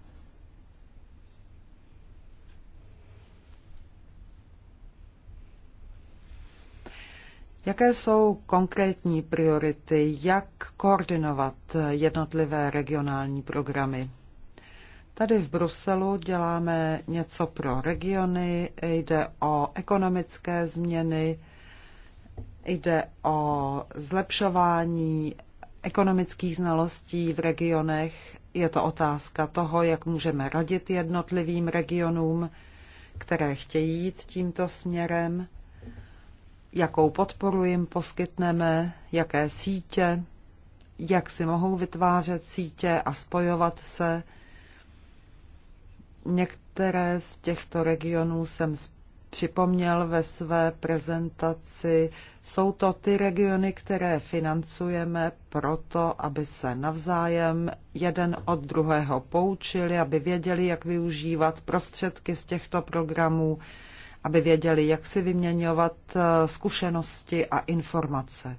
Jaké jsou konkrétní priority, jak koordinovat jednotlivé regionální programy? Tady v Bruselu děláme něco pro regiony, jde o ekonomické změny, jde o zlepšování ekonomických znalostí v regionech. Je to otázka toho, jak můžeme radit jednotlivým regionům, které chtějí jít tímto směrem jakou podporu jim poskytneme, jaké sítě, jak si mohou vytvářet sítě a spojovat se. Některé z těchto regionů jsem připomněl ve své prezentaci. Jsou to ty regiony, které financujeme proto, aby se navzájem jeden od druhého poučili, aby věděli, jak využívat prostředky z těchto programů aby věděli, jak si vyměňovat eh, zkušenosti a informace.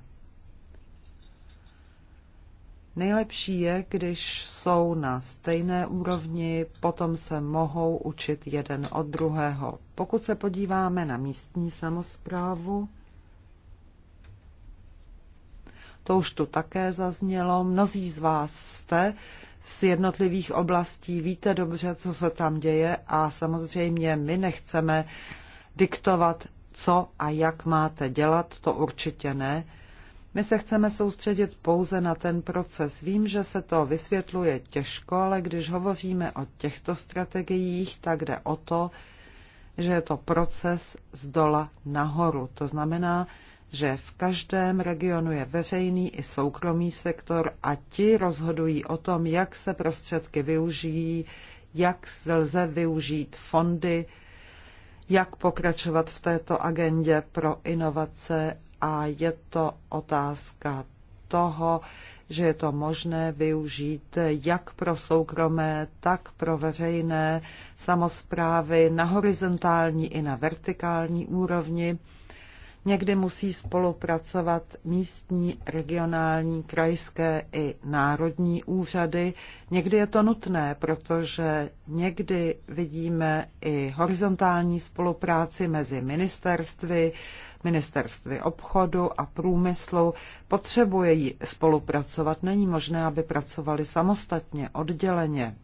Nejlepší je, když jsou na stejné úrovni, potom se mohou učit jeden od druhého. Pokud se podíváme na místní samozprávu, to už tu také zaznělo. Mnozí z vás jste z jednotlivých oblastí, víte dobře, co se tam děje a samozřejmě my nechceme diktovat, co a jak máte dělat, to určitě ne. My se chceme soustředit pouze na ten proces. Vím, že se to vysvětluje těžko, ale když hovoříme o těchto strategiích, tak jde o to, že je to proces z dola nahoru. To znamená, že v každém regionu je veřejný i soukromý sektor a ti rozhodují o tom, jak se prostředky využijí, jak lze využít fondy, jak pokračovat v této agendě pro inovace a je to otázka toho, že je to možné využít jak pro soukromé, tak pro veřejné samozprávy na horizontální i na vertikální úrovni. Někdy musí spolupracovat místní, regionální, krajské i národní úřady. Někdy je to nutné, protože někdy vidíme i horizontální spolupráci mezi ministerstvy, ministerstvy obchodu a průmyslu. Potřebuje jí spolupracovat. Není možné, aby pracovali samostatně, odděleně.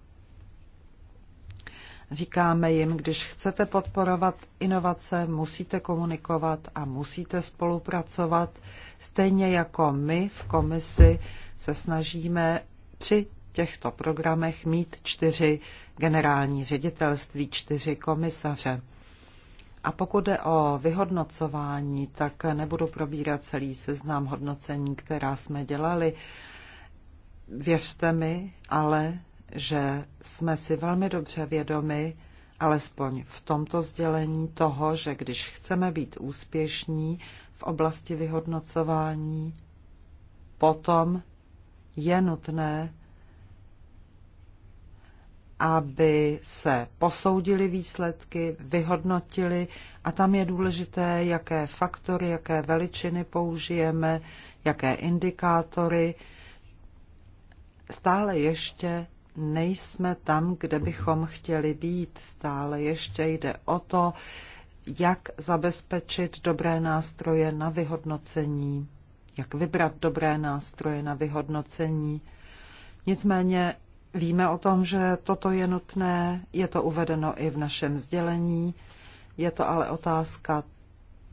Říkáme jim, když chcete podporovat inovace, musíte komunikovat a musíte spolupracovat, stejně jako my v komisi se snažíme při těchto programech mít čtyři generální ředitelství, čtyři komisaře. A pokud jde o vyhodnocování, tak nebudu probírat celý seznam hodnocení, která jsme dělali. Věřte mi, ale že jsme si velmi dobře vědomi, alespoň v tomto sdělení toho, že když chceme být úspěšní v oblasti vyhodnocování, potom je nutné, aby se posoudili výsledky, vyhodnotili a tam je důležité, jaké faktory, jaké veličiny použijeme, jaké indikátory. Stále ještě nejsme tam, kde bychom chtěli být. Stále ještě jde o to, jak zabezpečit dobré nástroje na vyhodnocení, jak vybrat dobré nástroje na vyhodnocení. Nicméně víme o tom, že toto je nutné, je to uvedeno i v našem sdělení, je to ale otázka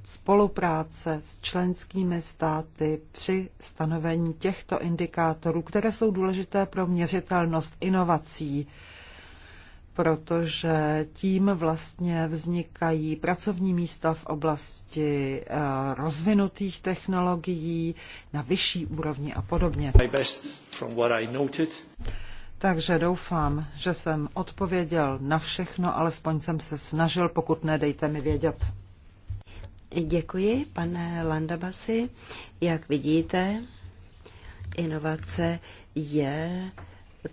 spolupráce s členskými státy při stanovení těchto indikátorů, které jsou důležité pro měřitelnost inovací, protože tím vlastně vznikají pracovní místa v oblasti eh, rozvinutých technologií na vyšší úrovni a podobně. Takže doufám, že jsem odpověděl na všechno, alespoň jsem se snažil, pokud nedejte mi vědět. Děkuji, pane Landabasi. Jak vidíte, inovace je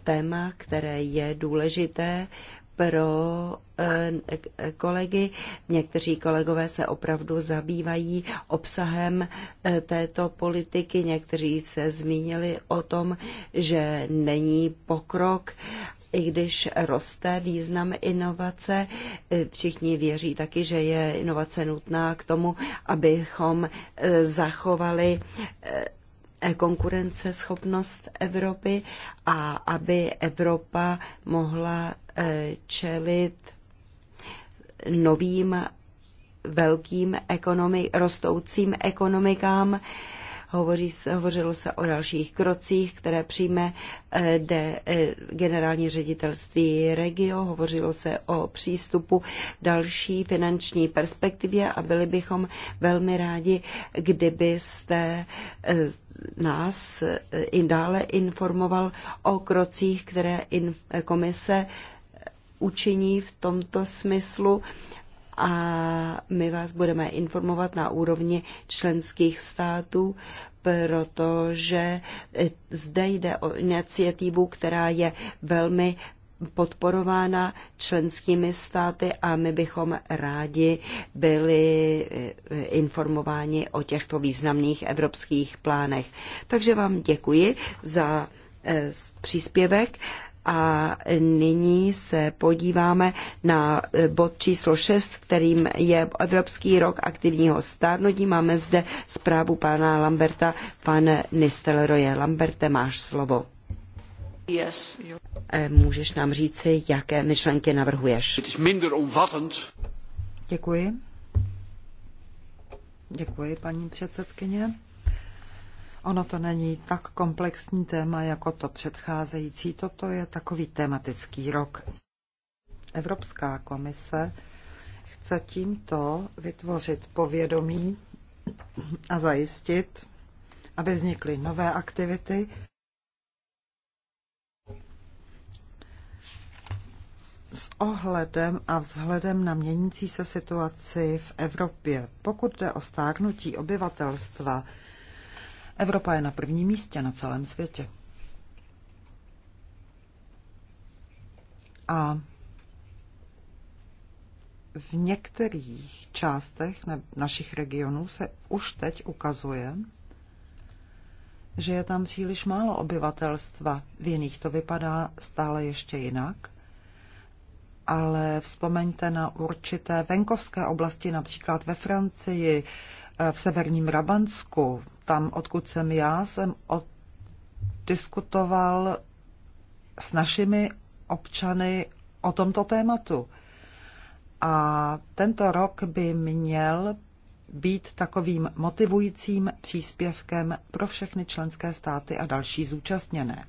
téma, které je důležité pro eh, kolegy. Někteří kolegové se opravdu zabývají obsahem eh, této politiky, někteří se zmínili o tom, že není pokrok i když roste význam inovace, eh, všichni věří taky, že je inovace nutná k tomu, abychom eh, zachovali eh, konkurenceschopnost Evropy a aby Evropa mohla čelit novým velkým ekonomi- rostoucím ekonomikám, Hovoří, hovořilo se o dalších krocích, které přijme eh, de, eh, generální ředitelství regio. Hovořilo se o přístupu další finanční perspektivě a byli bychom velmi rádi, kdybyste eh, nás i dále informoval o krocích, které komise učiní v tomto smyslu a my vás budeme informovat na úrovni členských států, protože e, zde jde o iniciativu, která je velmi podporována členskými státy a my bychom rádi byli e, informováni o těchto významných evropských plánech. Takže vám děkuji za e, příspěvek. A nyní se podíváme na eh, bod číslo 6, kterým je Evropský rok aktivního stárnutí. Máme zde zprávu pana Lamberta. Pan Nistelroje Lamberte, máš slovo. Yes. Eh, můžeš nám říci, jaké myšlenky navrhuješ? Děkuji. Děkuji, paní předsedkyně. Ono to není tak komplexní téma jako to předcházející. Toto je takový tematický rok. Evropská komise chce tímto vytvořit povědomí a zajistit, aby vznikly nové aktivity, s ohledem a vzhledem na měnící se situaci v Evropě. Pokud jde o stárnutí obyvatelstva, Evropa je na prvním místě na celém světě. A v některých částech našich regionů se už teď ukazuje, že je tam příliš málo obyvatelstva. V jiných to vypadá stále ještě jinak. Ale vzpomeňte na určité venkovské oblasti, například ve Francii, v severním Rabansku, tam, odkud jsem já, jsem diskutoval s našimi občany o tomto tématu. A tento rok by měl být takovým motivujícím příspěvkem pro všechny členské státy a další zúčastněné.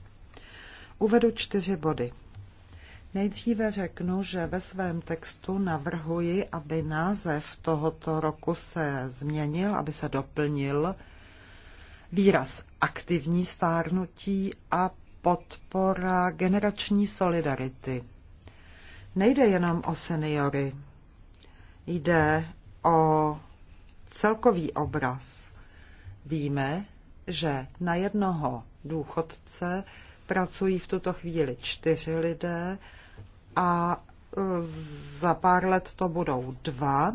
Uvedu čtyři body. Nejdříve řeknu, že ve svém textu navrhuji, aby název tohoto roku se změnil, aby se doplnil výraz aktivní stárnutí a podpora generační solidarity. Nejde jenom o seniory, jde o celkový obraz. Víme, že na jednoho důchodce pracují v tuto chvíli čtyři lidé, a e, za pár let to budou dva.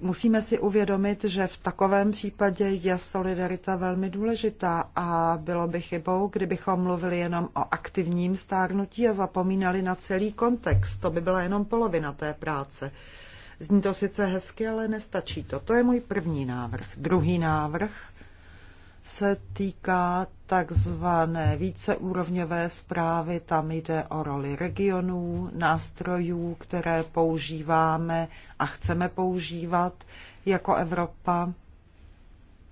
Musíme si uvědomit, že v takovém případě je solidarita velmi důležitá a bylo by chybou, kdybychom mluvili jenom o aktivním stárnutí a zapomínali na celý kontext. To by byla jenom polovina té práce. Zní to sice hezky, ale nestačí to. To je můj první návrh. Druhý návrh se týká takzvané víceúrovňové zprávy. Tam jde o roli regionů, nástrojů, které používáme a chceme používat jako Evropa.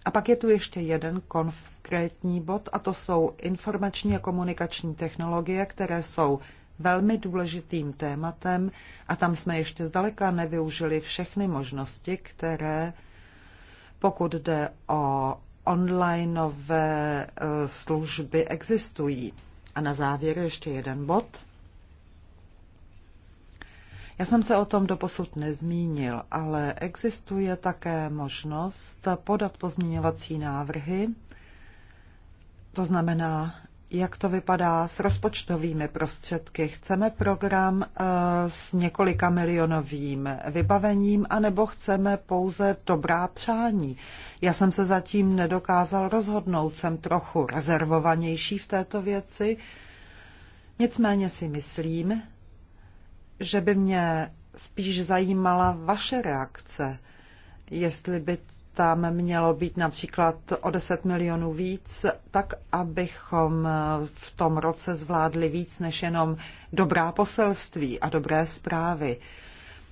A pak je tu ještě jeden konkrétní bod, a to jsou informační a komunikační technologie, které jsou velmi důležitým tématem a tam jsme ještě zdaleka nevyužili všechny možnosti, které pokud jde o onlineové eh, služby existují. A na závěr ještě jeden bod. Já jsem se o tom doposud nezmínil, ale existuje také možnost podat pozměňovací návrhy. To znamená, jak to vypadá s rozpočtovými prostředky. Chceme program eh, s několika milionovým vybavením, anebo chceme pouze dobrá přání. Já jsem se zatím nedokázal rozhodnout, jsem trochu rezervovanější v této věci. Nicméně si myslím, že by mě spíš zajímala vaše reakce, jestli by tam mělo být například o 10 milionů víc, tak abychom v tom roce zvládli víc než jenom dobrá poselství a dobré zprávy.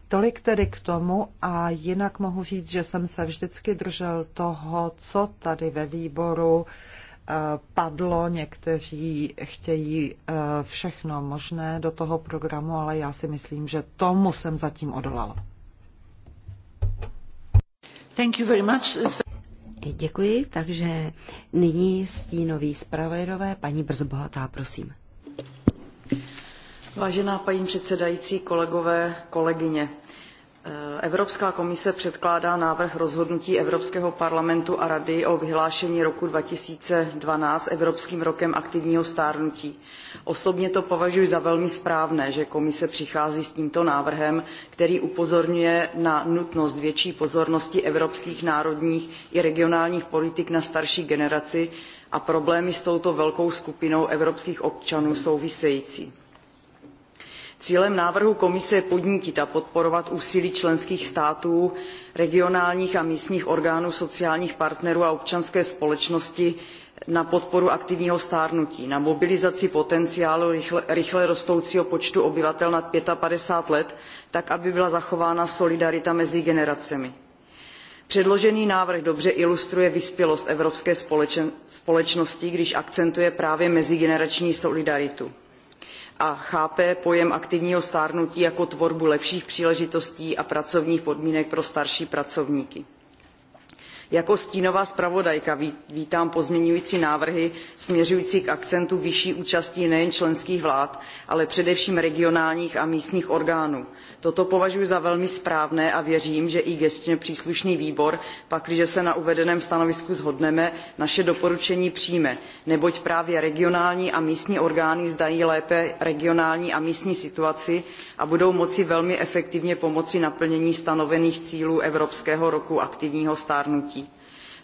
Tolik tedy k tomu a jinak mohu říct, že jsem se vždycky držel toho, co tady ve výboru eh, padlo. Někteří chtějí eh, všechno možné do toho programu, ale já si myslím, že tomu jsem zatím odolala. Thank you very much. Děkuji, takže nyní stínový zpravodajové, paní Brzbohatá, prosím. Vážená paní předsedající, kolegové, kolegyně, Eh, Evropská komise předkládá návrh rozhodnutí Evropského parlamentu a Rady o vyhlášení roku 2012 Evropským rokem aktivního stárnutí. Osobně to považuji za velmi správné, že komise přichází s tímto návrhem, který upozorňuje na nutnost větší pozornosti evropských národních i regionálních politik na starší generaci a problémy s touto velkou skupinou evropských občanů související Cílem návrhu komise je podnítit a podporovat úsilí členských států, regionálních a místních orgánů sociálních partnerů a občanské společnosti na podporu aktivního stárnutí, na mobilizaci potenciálu rychle, rychle rostoucího počtu obyvatel nad 55 let, tak aby byla zachována solidarita mezi generacemi. Předložený návrh dobře ilustruje vyspělost evropské společen, společnosti, když akcentuje právě mezigenerační solidaritu a chápe pojem aktivního stárnutí jako tvorbu lepších příležitostí a pracovních podmínek pro starší pracovníky jako stínová zpravodajka vítám pozměňující návrhy směřující k akcentu vyšší účasti nejen členských vlád, ale především regionálních a místních orgánů. Toto považuji za velmi správné a věřím, že i gesčně příslušný výbor, pakliže se na uvedeném stanovisku shodneme, naše doporučení přijme, neboť právě regionální a místní orgány znají lépe regionální a místní situaci a budou moci velmi efektivně pomoci naplnění stanovených cílů Evropského roku aktivního stárnutí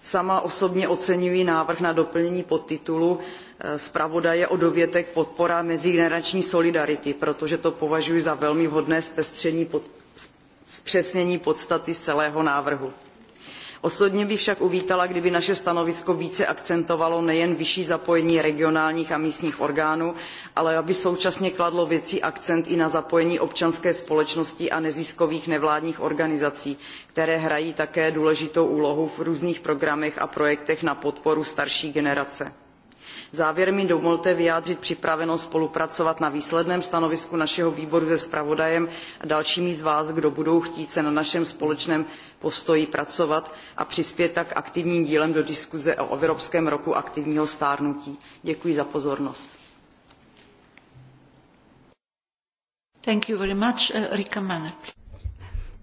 Sama osobně oceňuji návrh na doplnění podtitulu eh, zpravodaje o dovětek podpora mezigenerační solidarity, protože to považuji za velmi vhodné zpestření pod, zpřesnění podstaty z celého návrhu Osobně bych však uvítala, kdyby naše stanovisko více akcentovalo nejen vyšší zapojení regionálních a místních orgánů, ale aby současně kladlo věcí akcent i na zapojení občanské společnosti a neziskových nevládních organizací, které hrají také důležitou úlohu v různých programech a projektech na podporu starší generace. Závěrem mi dovolte vyjádřit připravenost spolupracovat na výsledném stanovisku našeho výboru se zpravodajem a dalšími z vás, kdo budou chtít se na našem společném postoji pracovat a přispět tak aktivním dílem do diskuze o Evropském roku aktivního stárnutí. Děkuji za pozornost. Thank you very much, uh, Rika Manner.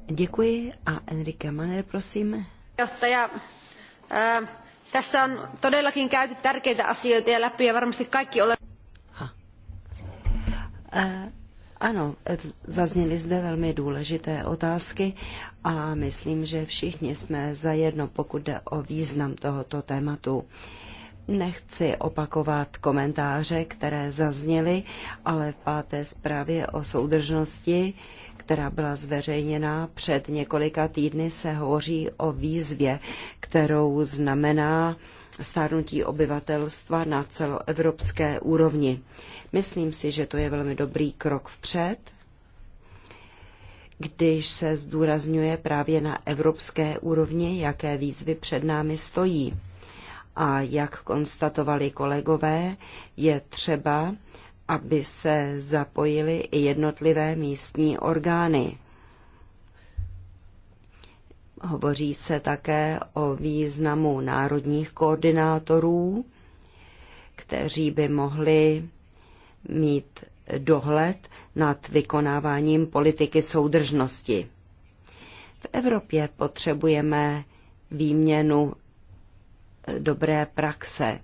Děkuji a Enrika Manner, prosím. Johtaja, äh, eh, Tässä on todellakin käyty tärkeitä asioita ja läpi ja varmasti kaikki olemme... Eh, ano, eh, zazněly zde velmi důležité otázky a myslím, že všichni jsme zajedno, pokud jde o význam tohoto tématu. Nechci opakovat komentáře, které zazněly, ale v páté zprávě o soudržnosti která byla zveřejněna před několika týdny, se hovoří o výzvě, kterou znamená stárnutí obyvatelstva na celoevropské úrovni. Myslím si, že to je velmi dobrý krok vpřed, když se zdůrazňuje právě na evropské úrovni, jaké výzvy před námi stojí. A jak konstatovali kolegové, je třeba aby se zapojily i jednotlivé místní orgány. Hovoří se také o významu národních koordinátorů, kteří by mohli mít dohled nad vykonáváním politiky soudržnosti. V Evropě potřebujeme výměnu dobré praxe,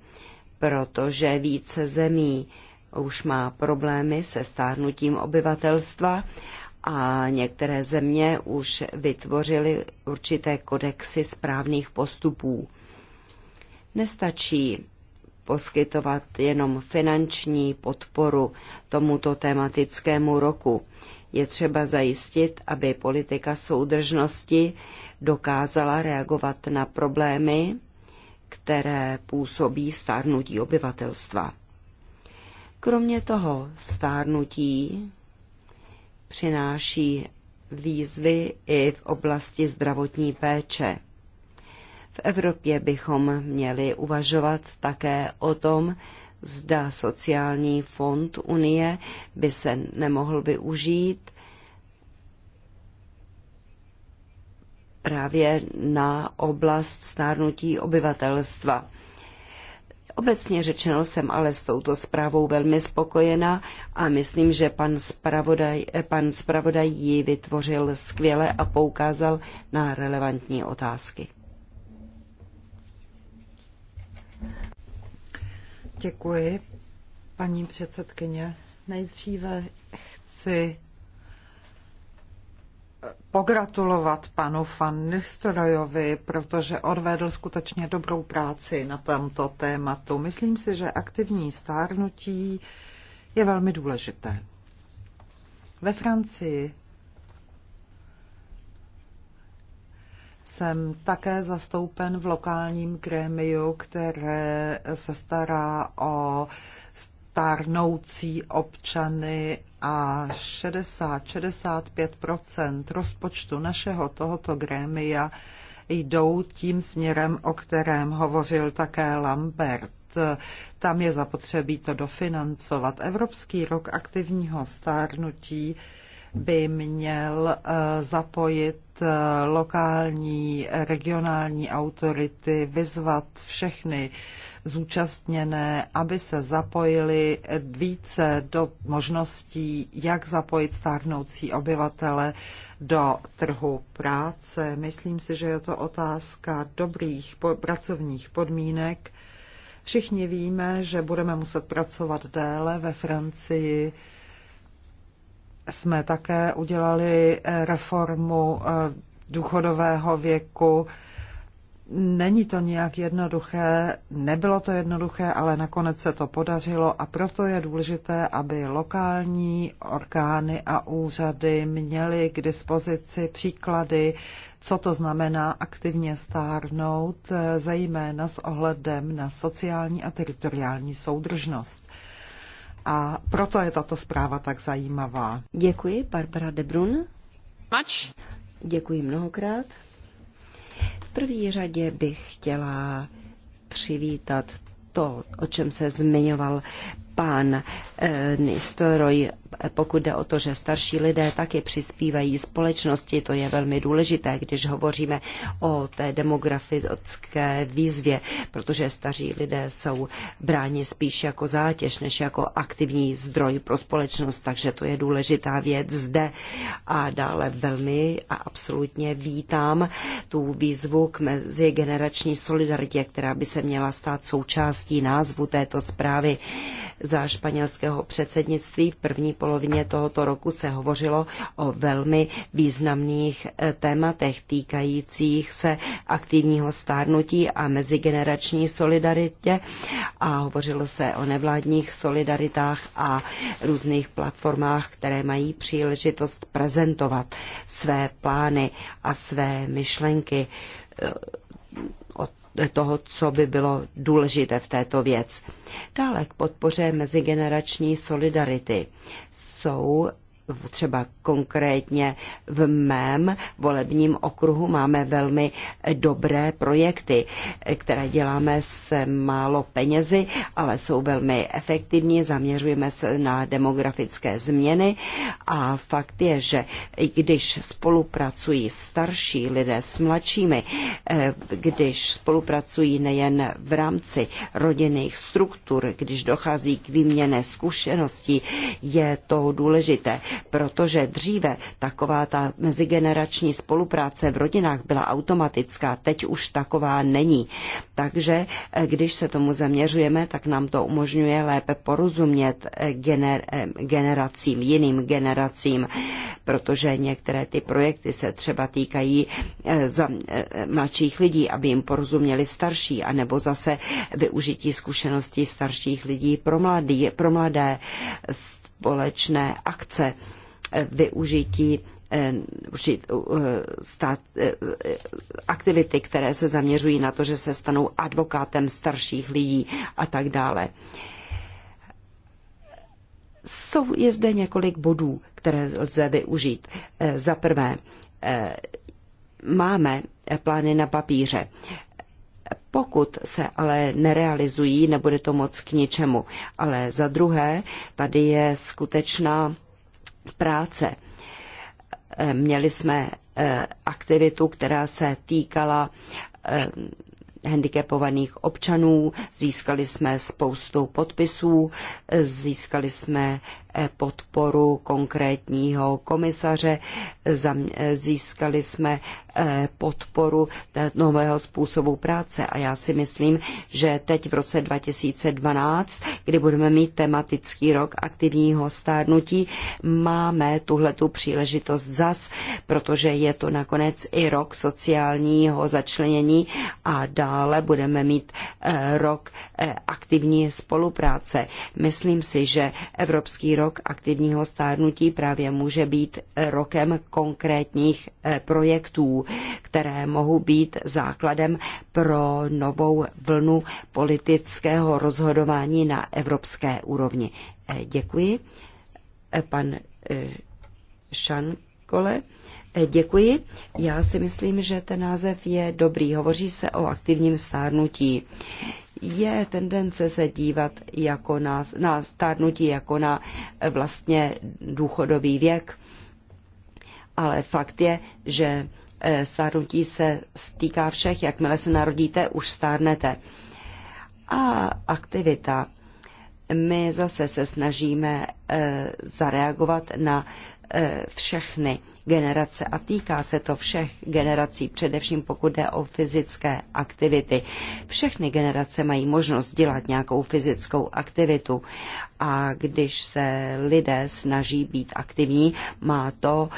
protože více zemí už má problémy se stárnutím obyvatelstva a některé země už vytvořily určité kodexy správných postupů. Nestačí poskytovat jenom finanční podporu tomuto tematickému roku. Je třeba zajistit, aby politika soudržnosti dokázala reagovat na problémy, které působí stárnutí obyvatelstva. Kromě toho stárnutí přináší výzvy i v oblasti zdravotní péče. V Evropě bychom měli uvažovat také o tom, zda sociální fond Unie by se nemohl využít právě na oblast stárnutí obyvatelstva. Obecně řečeno jsem ale s touto zprávou velmi spokojená a myslím, že pan zpravodaj, eh, pan zpravodaj ji vytvořil skvěle a poukázal na relevantní otázky. Děkuji, paní předsedkyně. Nejdříve chci pogratulovat panu Van Nistelrooyovi, protože odvedl skutečně dobrou práci na tomto tématu. Myslím si, že aktivní stárnutí je velmi důležité. Ve Francii jsem také zastoupen v lokálním krémiu, které se stará o stárnoucí občany a 60-65 rozpočtu našeho tohoto grémia jdou tím směrem, o kterém hovořil také Lambert. Tam je zapotřebí to dofinancovat. Evropský rok aktivního stárnutí by měl eh, zapojit eh, lokální, regionální autority, vyzvat všechny zúčastněné, aby se zapojili více do možností, jak zapojit stárnoucí obyvatele do trhu práce. Myslím si, že je to otázka dobrých pracovních podmínek. Všichni víme, že budeme muset pracovat déle ve Francii jsme také udělali eh, reformu eh, důchodového věku. Není to nějak jednoduché, nebylo to jednoduché, ale nakonec se to podařilo a proto je důležité, aby lokální orgány a úřady měly k dispozici příklady, co to znamená aktivně stárnout, eh, zejména s ohledem na sociální a teritoriální soudržnost a proto je tato zpráva tak zajímavá. Děkuji, Barbara Debrun. Mač. Děkuji mnohokrát. V první řadě bych chtěla přivítat to, o čem se zmiňoval pan e, Nistelrooy pokud jde o to, že starší lidé taky přispívají společnosti, to je velmi důležité, když hovoříme o té demografické výzvě, protože staří lidé jsou bráni spíš jako zátěž, než jako aktivní zdroj pro společnost, takže to je důležitá věc zde. A dále velmi a absolutně vítám tu výzvu k mezigenerační solidaritě, která by se měla stát součástí názvu této zprávy za španělského předsednictví v první polovině tohoto roku se hovořilo o velmi významných eh, tématech týkajících se aktivního stárnutí a mezigenerační solidaritě a hovořilo se o nevládních solidaritách a různých platformách, které mají příležitost prezentovat své plány a své myšlenky eh, toho, co by bylo důležité v této věc. Dále k podpoře mezigenerační solidarity jsou třeba konkrétně v mém volebním okruhu máme velmi dobré projekty, které děláme s málo penězi, ale jsou velmi efektivní, zaměřujeme se na demografické změny a fakt je, že když spolupracují starší lidé s mladšími, eh, když spolupracují nejen v rámci rodinných struktur, když dochází k výměně zkušeností, je to důležité protože dříve taková ta mezigenerační spolupráce v rodinách byla automatická, teď už taková není. Takže eh, když se tomu zaměřujeme, tak nám to umožňuje lépe porozumět eh, gener, eh, generacím, jiným generacím, protože některé ty projekty se třeba týkají za mladších lidí, aby jim porozuměli starší, anebo zase využití zkušeností starších lidí pro, mladý, pro mladé společné akce eh, využití eh, eh, aktivity, které se zaměřují na to, že se stanou advokátem starších lidí a tak dále. Jsou je zde několik bodů, které lze využít. Za prvé, máme plány na papíře. Pokud se ale nerealizují, nebude to moc k ničemu. Ale za druhé, tady je skutečná práce. Eh, měli jsme eh, aktivitu, která se týkala eh, handicapovaných občanů, získali jsme spoustu podpisů, získali jsme podporu konkrétního komisaře, získali jsme Eh, podporu nového způsobu práce. A já si myslím, že teď v roce 2012, kdy budeme mít tematický rok aktivního stárnutí, máme tuhle tu příležitost zas, protože je to nakonec i rok sociálního začlenění a dále budeme mít eh, rok eh, aktivní spolupráce. Myslím si, že Evropský rok aktivního stárnutí právě může být rokem konkrétních projektů které mohou být základem pro novou vlnu politického rozhodování na evropské úrovni. Eh, děkuji. Eh, pan Šankole. Eh, děkuji. Já si myslím, že ten název je dobrý. Hovoří se o aktivním stárnutí. Je tendence se dívat jako na, na stárnutí jako na vlastně důchodový věk, ale fakt je, že Eh, stárnutí se stýká všech, jakmile se narodíte, už stárnete. A aktivita. My zase se snažíme eh, zareagovat na eh, všechny generace a týká se to všech generací, především pokud jde o fyzické aktivity. Všechny generace mají možnost dělat nějakou fyzickou aktivitu a když se lidé snaží být aktivní, má to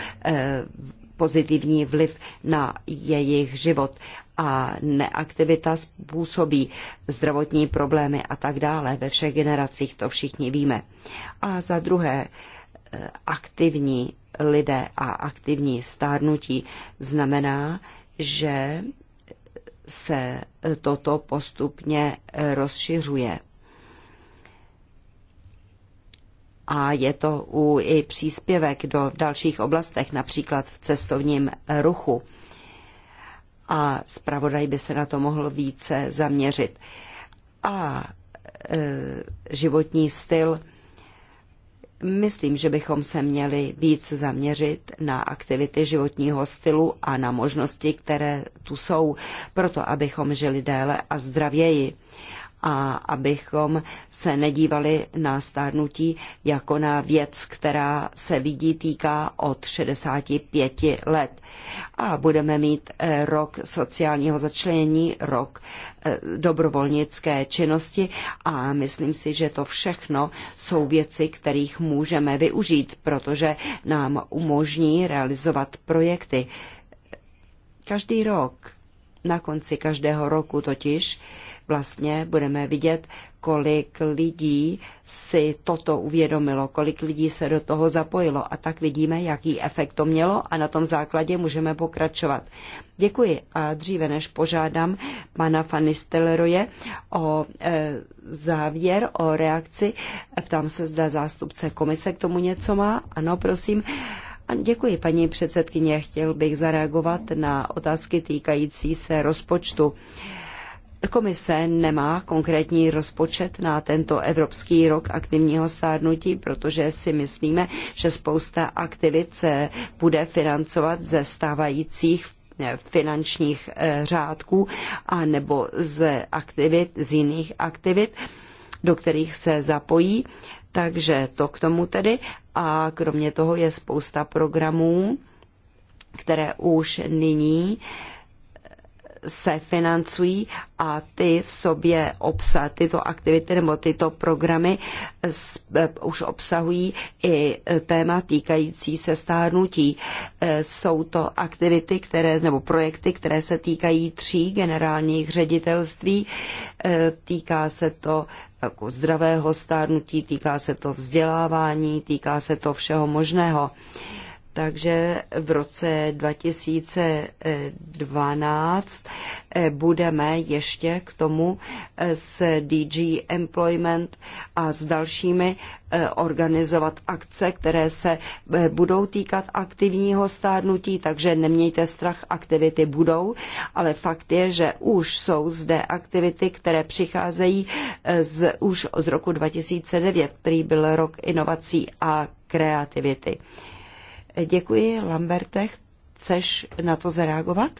pozitivní vliv na jejich život a neaktivita způsobí zdravotní problémy a tak dále. Ve všech generacích to všichni víme. A za druhé, eh, aktivní lidé a aktivní stárnutí znamená, že se toto postupně rozšiřuje. a je to u, i příspěvek do dalších oblastech, například v cestovním ruchu. A zpravodaj by se na to mohl více zaměřit. A e, životní styl. Myslím, že bychom se měli víc zaměřit na aktivity životního stylu a na možnosti, které tu jsou, proto abychom žili déle a zdravěji a abychom se nedívali na stárnutí jako na věc, která se lidí týká od 65 let. A budeme mít eh, rok sociálního začlenění, rok eh, dobrovolnické činnosti a myslím si, že to všechno jsou věci, kterých můžeme využít, protože nám umožní realizovat projekty. Každý rok, na konci každého roku totiž, vlastně budeme vidět, kolik lidí si toto uvědomilo, kolik lidí se do toho zapojilo a tak vidíme, jaký efekt to mělo a na tom základě můžeme pokračovat. Děkuji a dříve než požádám pana Fanisteleroje o e, závěr, o reakci, ptám se, zda zástupce komise k tomu něco má. Ano, prosím. A děkuji, paní předsedkyně. Chtěl bych zareagovat na otázky týkající se rozpočtu. E, Komise nemá konkrétní rozpočet na tento Evropský rok aktivního stárnutí, protože si myslíme, že spousta aktivit se bude financovat ze stávajících eh, finančních eh, řádků a nebo z aktivit, z jiných aktivit, do kterých se zapojí. Takže to k tomu tedy. A kromě toho je spousta programů, které už nyní uh, se financují a ty v sobě obsa, tyto aktivity nebo tyto programy eh, už obsahují i eh, téma týkající se stárnutí. Eh, jsou to aktivity, které, nebo projekty, které se týkají tří generálních ředitelství. Týká se to jako zdravého stárnutí, týká se to vzdělávání, týká se to všeho možného. E, takže v roce 2012 eh, budeme ještě k tomu eh, s DG Employment a s dalšími eh, organizovat akce, které se budou týkat aktivního stárnutí, takže nemějte strach, aktivity budou, ale fakt je, že už jsou zde aktivity, které přicházejí z, už od roku 2009, který byl rok inovací a kreativity. Děkuji, Lamberte. Chceš na to zareagovat?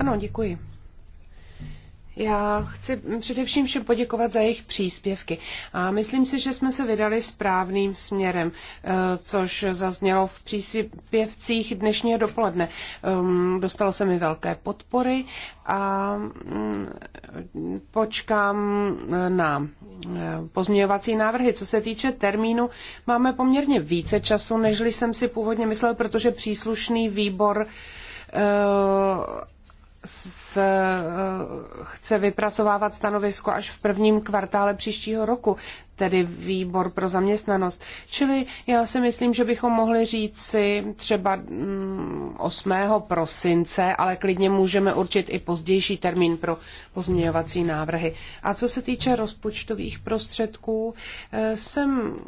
Ano, děkuji. Já chci především všem poděkovat za jejich příspěvky. A myslím si, že jsme se vydali správným směrem, eh, což zaznělo v příspěvcích dnešního dopoledne. Ehm, dostalo se mi velké podpory a mm, počkám eh, na eh, pozměňovací návrhy. Co se týče termínu, máme poměrně více času, než jsem si původně myslel, protože příslušný výbor s, eh, chce vypracovávat stanovisko až v prvním kvartále příštího roku, tedy výbor pro zaměstnanost. Čili já si myslím, že bychom mohli říct si třeba 8. Mm, prosince, ale klidně můžeme určit i pozdější termín pro pozměňovací návrhy. A co se týče rozpočtových prostředků, eh, jsem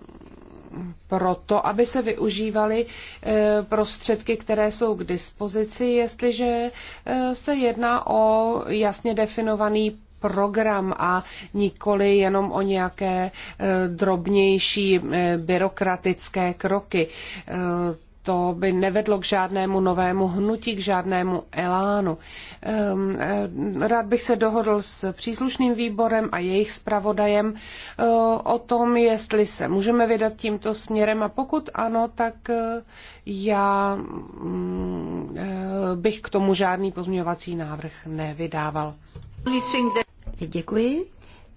proto, aby se využívaly eh, prostředky, které jsou k dispozici, jestliže eh, se jedná o jasně definovaný program a nikoli jenom o nějaké eh, drobnější byrokratické kroky to by nevedlo k žádnému novému hnutí, k žádnému elánu. Ehm, eh, rád bych se dohodl s příslušným výborem a jejich zpravodajem eh, o tom, jestli se můžeme vydat tímto směrem a pokud ano, tak eh, já mm, bych k tomu žádný pozměňovací návrh nevydával. Děkuji.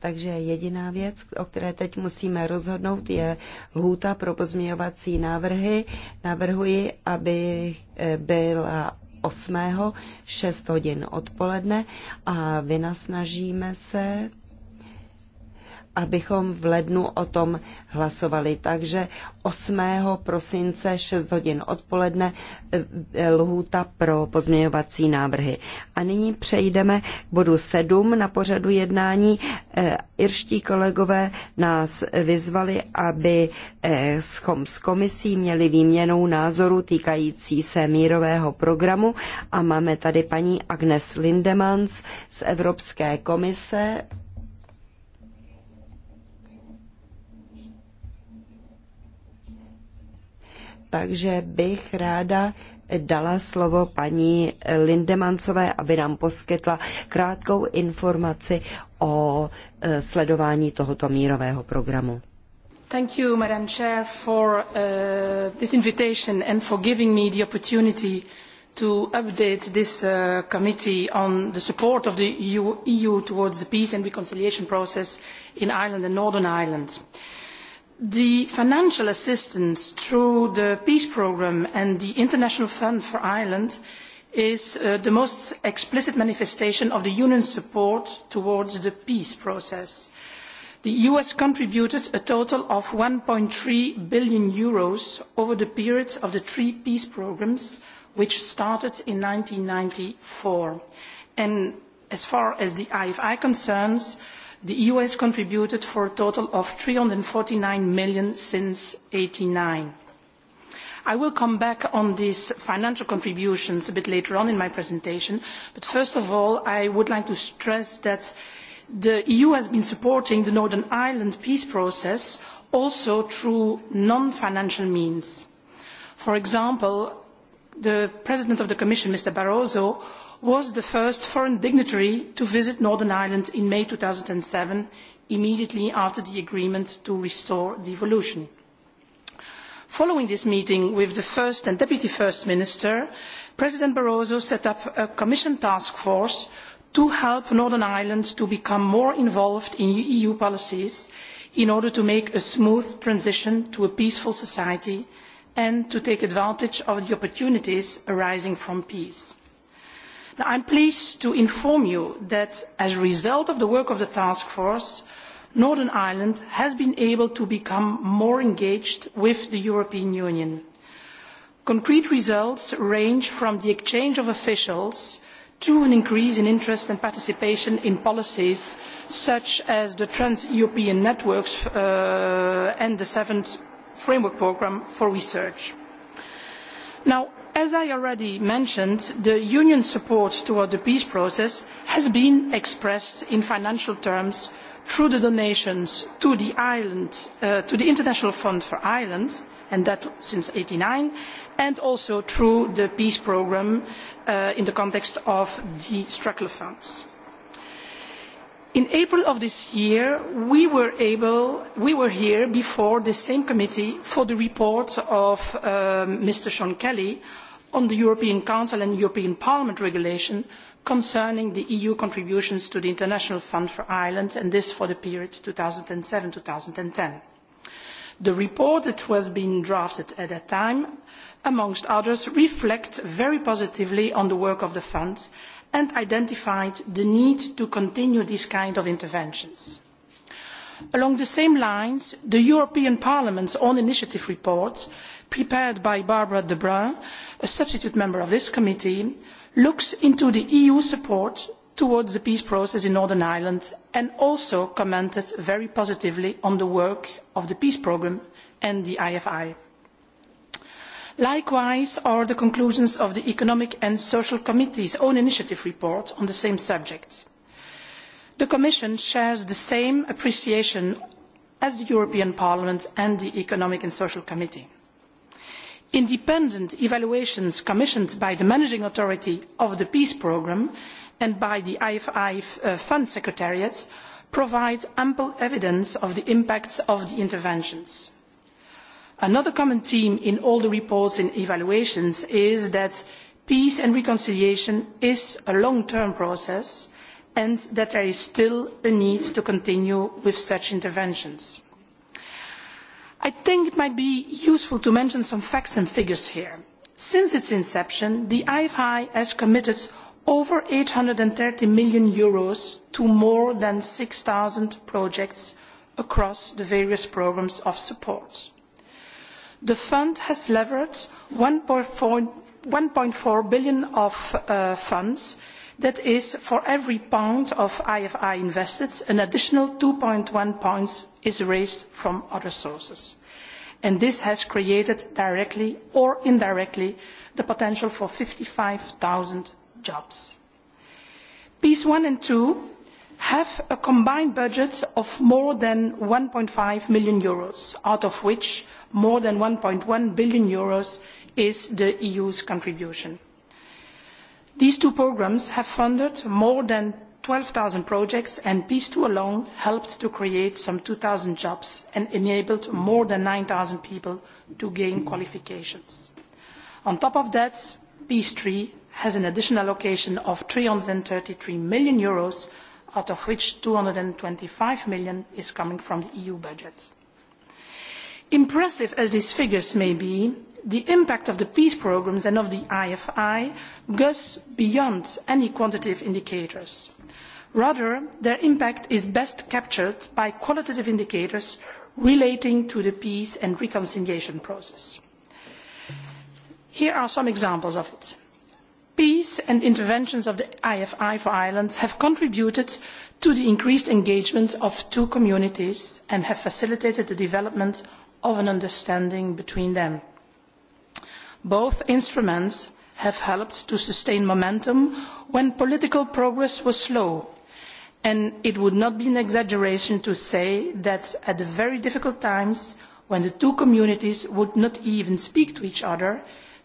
Takže jediná věc, o které teď musíme rozhodnout, je lhůta pro pozměňovací návrhy. Navrhuji, aby eh, byla 8. 6 hodin odpoledne a vynasnažíme se abychom v lednu o tom hlasovali. Takže 8. prosince 6 hodin odpoledne eh, eh, lhůta pro pozměňovací návrhy. A nyní přejdeme k bodu 7 na pořadu jednání. Eh, irští kolegové nás vyzvali, aby s komisí měli výměnou názoru týkající se mírového programu a máme tady paní Agnes Lindemans z Evropské komise takže bych ráda dala slovo paní Lindemancové, aby nám poskytla krátkou informaci o e, sledování tohoto mírového programu. Thank you, Madam Chair, for uh, this invitation and for giving me the opportunity to update this uh, committee on the support of the EU, EU towards the peace and reconciliation process in Ireland and Northern Ireland. Uh, The financial assistance through the peace programme and the International Fund for Ireland is uh, the most explicit manifestation of the Union's support towards the peace process. The US contributed a total of 1.3 billion euros over the period of the three peace programmes, which started in 1994. And as far as the IFI concerns, The EU has contributed for a total of 349 million since 89. I will come back on these financial contributions a bit later on in my presentation, but first of all, I would like to stress that the EU has been supporting the Northern Ireland peace process also through non-financial means. For example, the President of the Commission, Mr. Barroso, was the first foreign dignitary to visit Northern Ireland in May 2007, immediately after the agreement to restore devolution. Following this meeting with the First and Deputy First Minister, President Barroso set up a Commission task force to help Northern Ireland to become more involved in EU policies in order to make a smooth transition to a peaceful society and to take advantage of the opportunities arising from peace i am pleased to inform you that as a result of the work of the task force, Northern Ireland has been able to become more engaged with the European Union. Concrete results range from the exchange of officials to an increase in interest and participation in policies such as the Trans-European Networks uh, and the seventh Framework Programme for Research as i already mentioned the union's support towards the peace process has been expressed in financial terms through the donations to the, uh, international fund for ireland and that since one thousand nine hundred and eighty nine and also through the peace programme uh, in the context of the structural funds in april of this year we were, here before the same committee for the report of mr um, sean kelly on the european council and european parliament regulation concerning the eu contributions to the international fund for ireland and this for the period. two thousand and seven two thousand and ten the report that was being drafted at that time amongst others reflects very positively on the work of the fund and identified the need to continue these kind of interventions. Along the same lines, the European Parliament's own initiative report, prepared by Barbara de Brun, a substitute member of this committee, looks into the EU support towards the peace process in Northern Ireland and also commented very positively on the work of the peace programme and the IFI. Likewise are the conclusions of the Economic and Social Committee's own initiative report on the same subject. The Commission shares the same appreciation as the European Parliament and the Economic and Social Committee. Independent evaluations commissioned by the Managing Authority of the Peace Programme and by the IFI uh, Fund Secretariat provide ample evidence of the impacts of the interventions. Another common theme in all the reports and evaluations is that peace and reconciliation is a long-term process and that there is still a need to continue with such interventions. I think it might be useful to mention some facts and figures here. Since its inception, the IFI has committed over 830 million euros to more than 6,000 projects across the various programs of support the fund has leveraged eur. one four billion of uh, funds. That is, for every pound of IFI invested, an additional two one points is raised from other sources. And this has created directly or indirectly the potential for fifty five 55,000 jobs. Piece one and two have a combined budget of more than eur. one five million out of which more than 1.1 billion euros is the EU's contribution. These two programs have funded more than 12,000 projects, and Peace 2 alone helped to create some 2,000 jobs and enabled more than 9,000 people to gain qualifications. On top of that, Peace 3 has an additional allocation of 333 million euros, out of which 225 million is coming from the EU budget. Impressive as these figures may be, the impact of the peace programmes and of the IFI goes beyond any quantitative indicators. Rather, their impact is best captured by qualitative indicators relating to the peace and reconciliation process. Here are some examples of it. Peace and interventions of the IFI for Ireland have contributed to the increased engagement of two communities and have facilitated the development of an understanding between them. Both instruments have helped to sustain momentum when political progress was slow and it would not be an exaggeration to say that at the very difficult times when the two communities would not even speak to each other,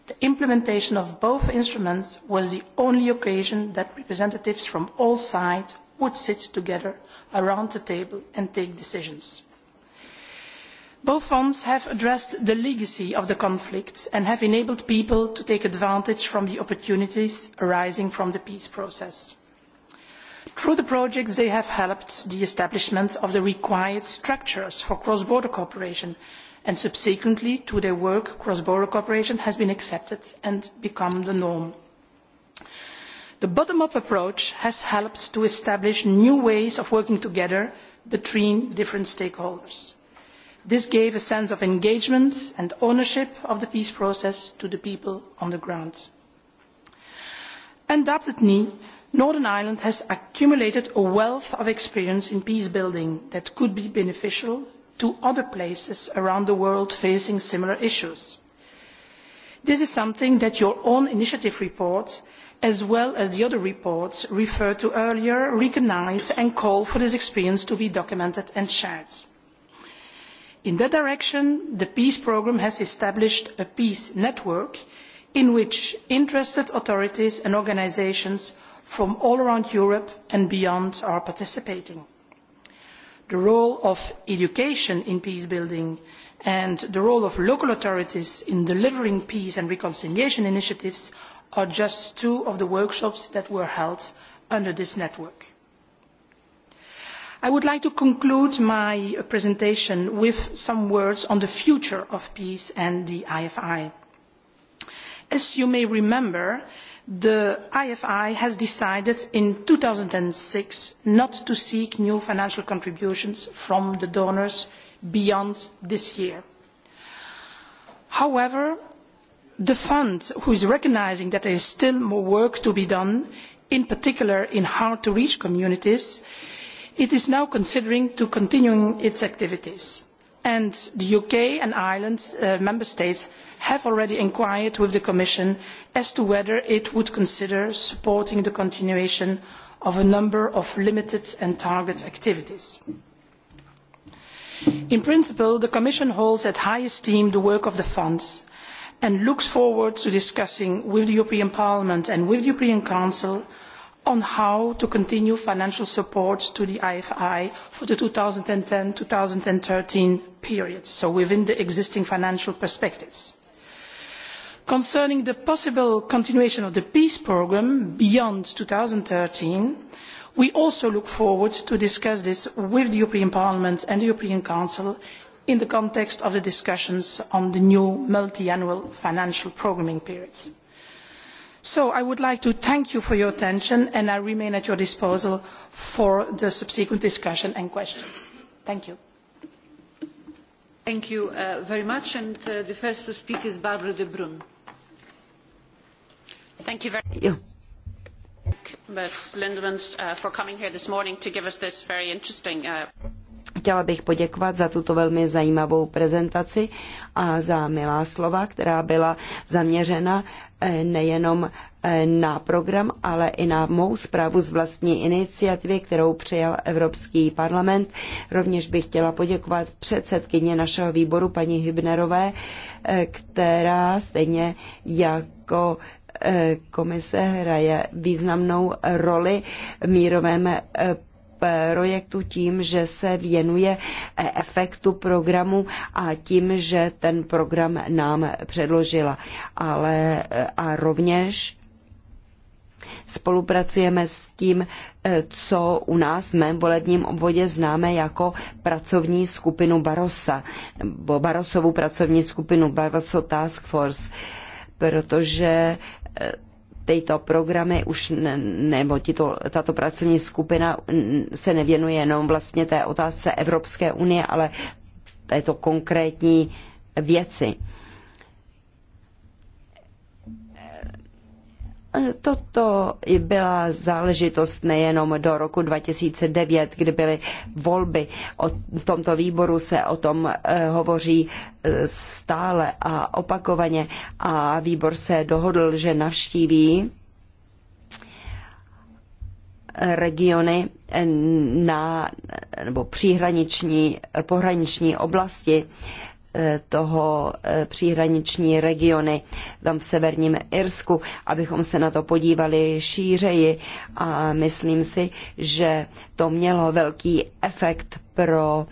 the implementation of both instruments was the only occasion that representatives from all sides would sit together around the table and take decisions. Both funds have addressed the legacy of the conflicts and have enabled people to take advantage of the opportunities arising from the peace process. Through the projects, they have helped the establishment of the required structures for cross-border cooperation, and subsequently to their work, cross-border cooperation has been accepted and become the norm. The bottom-up approach has helped to establish new ways of working together between different stakeholders. This gave a sense of engagement and ownership of the peace process to the people on the ground. Undoubtedly, Northern Ireland has accumulated a wealth of experience in peace building that could be beneficial to other places around the world facing similar issues. This is something that your own initiative report, as well as the other reports referred to earlier, recognise and call for this experience to be documented and shared. In that direction, the peace programme has established a peace network in which interested authorities and organisations from all around Europe and beyond are participating. The role of education in peace building and the role of local authorities in delivering peace and reconciliation initiatives are just two of the workshops that were held under this network. I would like to conclude my presentation with some words on the future of peace and the IFI. As you may remember, the IFI has decided in two thousand and six not to seek new financial contributions from the donors beyond this year. However, the fund, which recognises that there is still more work to be done, in particular in hard-to-reach communities, uh, it is now considering continuing its activities and the uk and ireland uh, member states have already inquired with the commission as to whether it would consider supporting the continuation of a number of limited and target activities. in principle the commission holds in high esteem the work of the funds and looks forward to discussing with the european parliament and with the european council on how to continue financial support to the IFI for the 2010-2013 period, so within the existing financial perspectives. Concerning the possible continuation of the peace programme beyond 2013, we also look forward to discuss this with the European Parliament and the European Council in the context of the discussions on the new multiannual financial programming periods so i would like to thank you for your attention and i remain at your disposal for the subsequent discussion and questions. thank you. thank you uh, very much and uh, the first to speak is barbara de brn. thank you very much Beth Lindemans for coming here this morning to give us this very interesting uh... Chtěla bych poděkovat za tuto velmi zajímavou prezentaci a za milá slova, která byla zaměřena Eh, nejenom eh, na program, ale i na mou zprávu z vlastní iniciativy, kterou přijal Evropský parlament. Rovněž bych chtěla poděkovat předsedkyně našeho výboru paní Hybnerové, eh, která stejně jako komise hraje významnou roli v mírovém projektu tím, že se věnuje efektu programu a tím, že ten program nám předložila. Ale a rovněž Spolupracujeme s tím, co u nás v mém volebním obvodě známe jako pracovní skupinu Barosa, nebo Barosovu pracovní skupinu Baroso Task Force, protože tyto programy už ne, nebo tito, tato pracovní skupina se nevěnuje jenom vlastně té otázce Evropské unie, ale této konkrétní věci. Toto byla záležitost nejenom do roku 2009, kdy byly volby. O tomto výboru se o tom eh, hovoří eh, stále a opakovaně a výbor se dohodl, že navštíví eh, regiony na, nebo příhraniční, pohraniční oblasti Eh, toho eh, příhraniční regiony tam v severním Irsku, abychom se na to podívali šířeji a myslím si, že to mělo velký efekt pro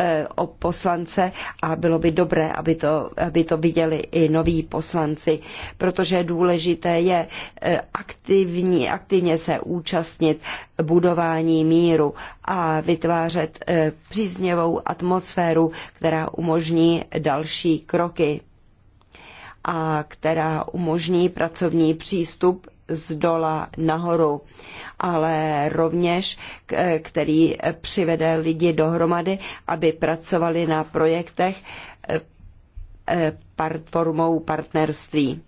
Eh, o poslance a bylo by dobré, aby to, aby to viděli i noví poslanci, protože důležité je eh, aktivní, aktivně se účastnit budování míru a vytvářet eh, příznivou atmosféru, která umožní další kroky a která umožní pracovní přístup z dola nahoru, ale rovněž, který přivede lidi dohromady, aby pracovali na projektech eh, formou partnerství.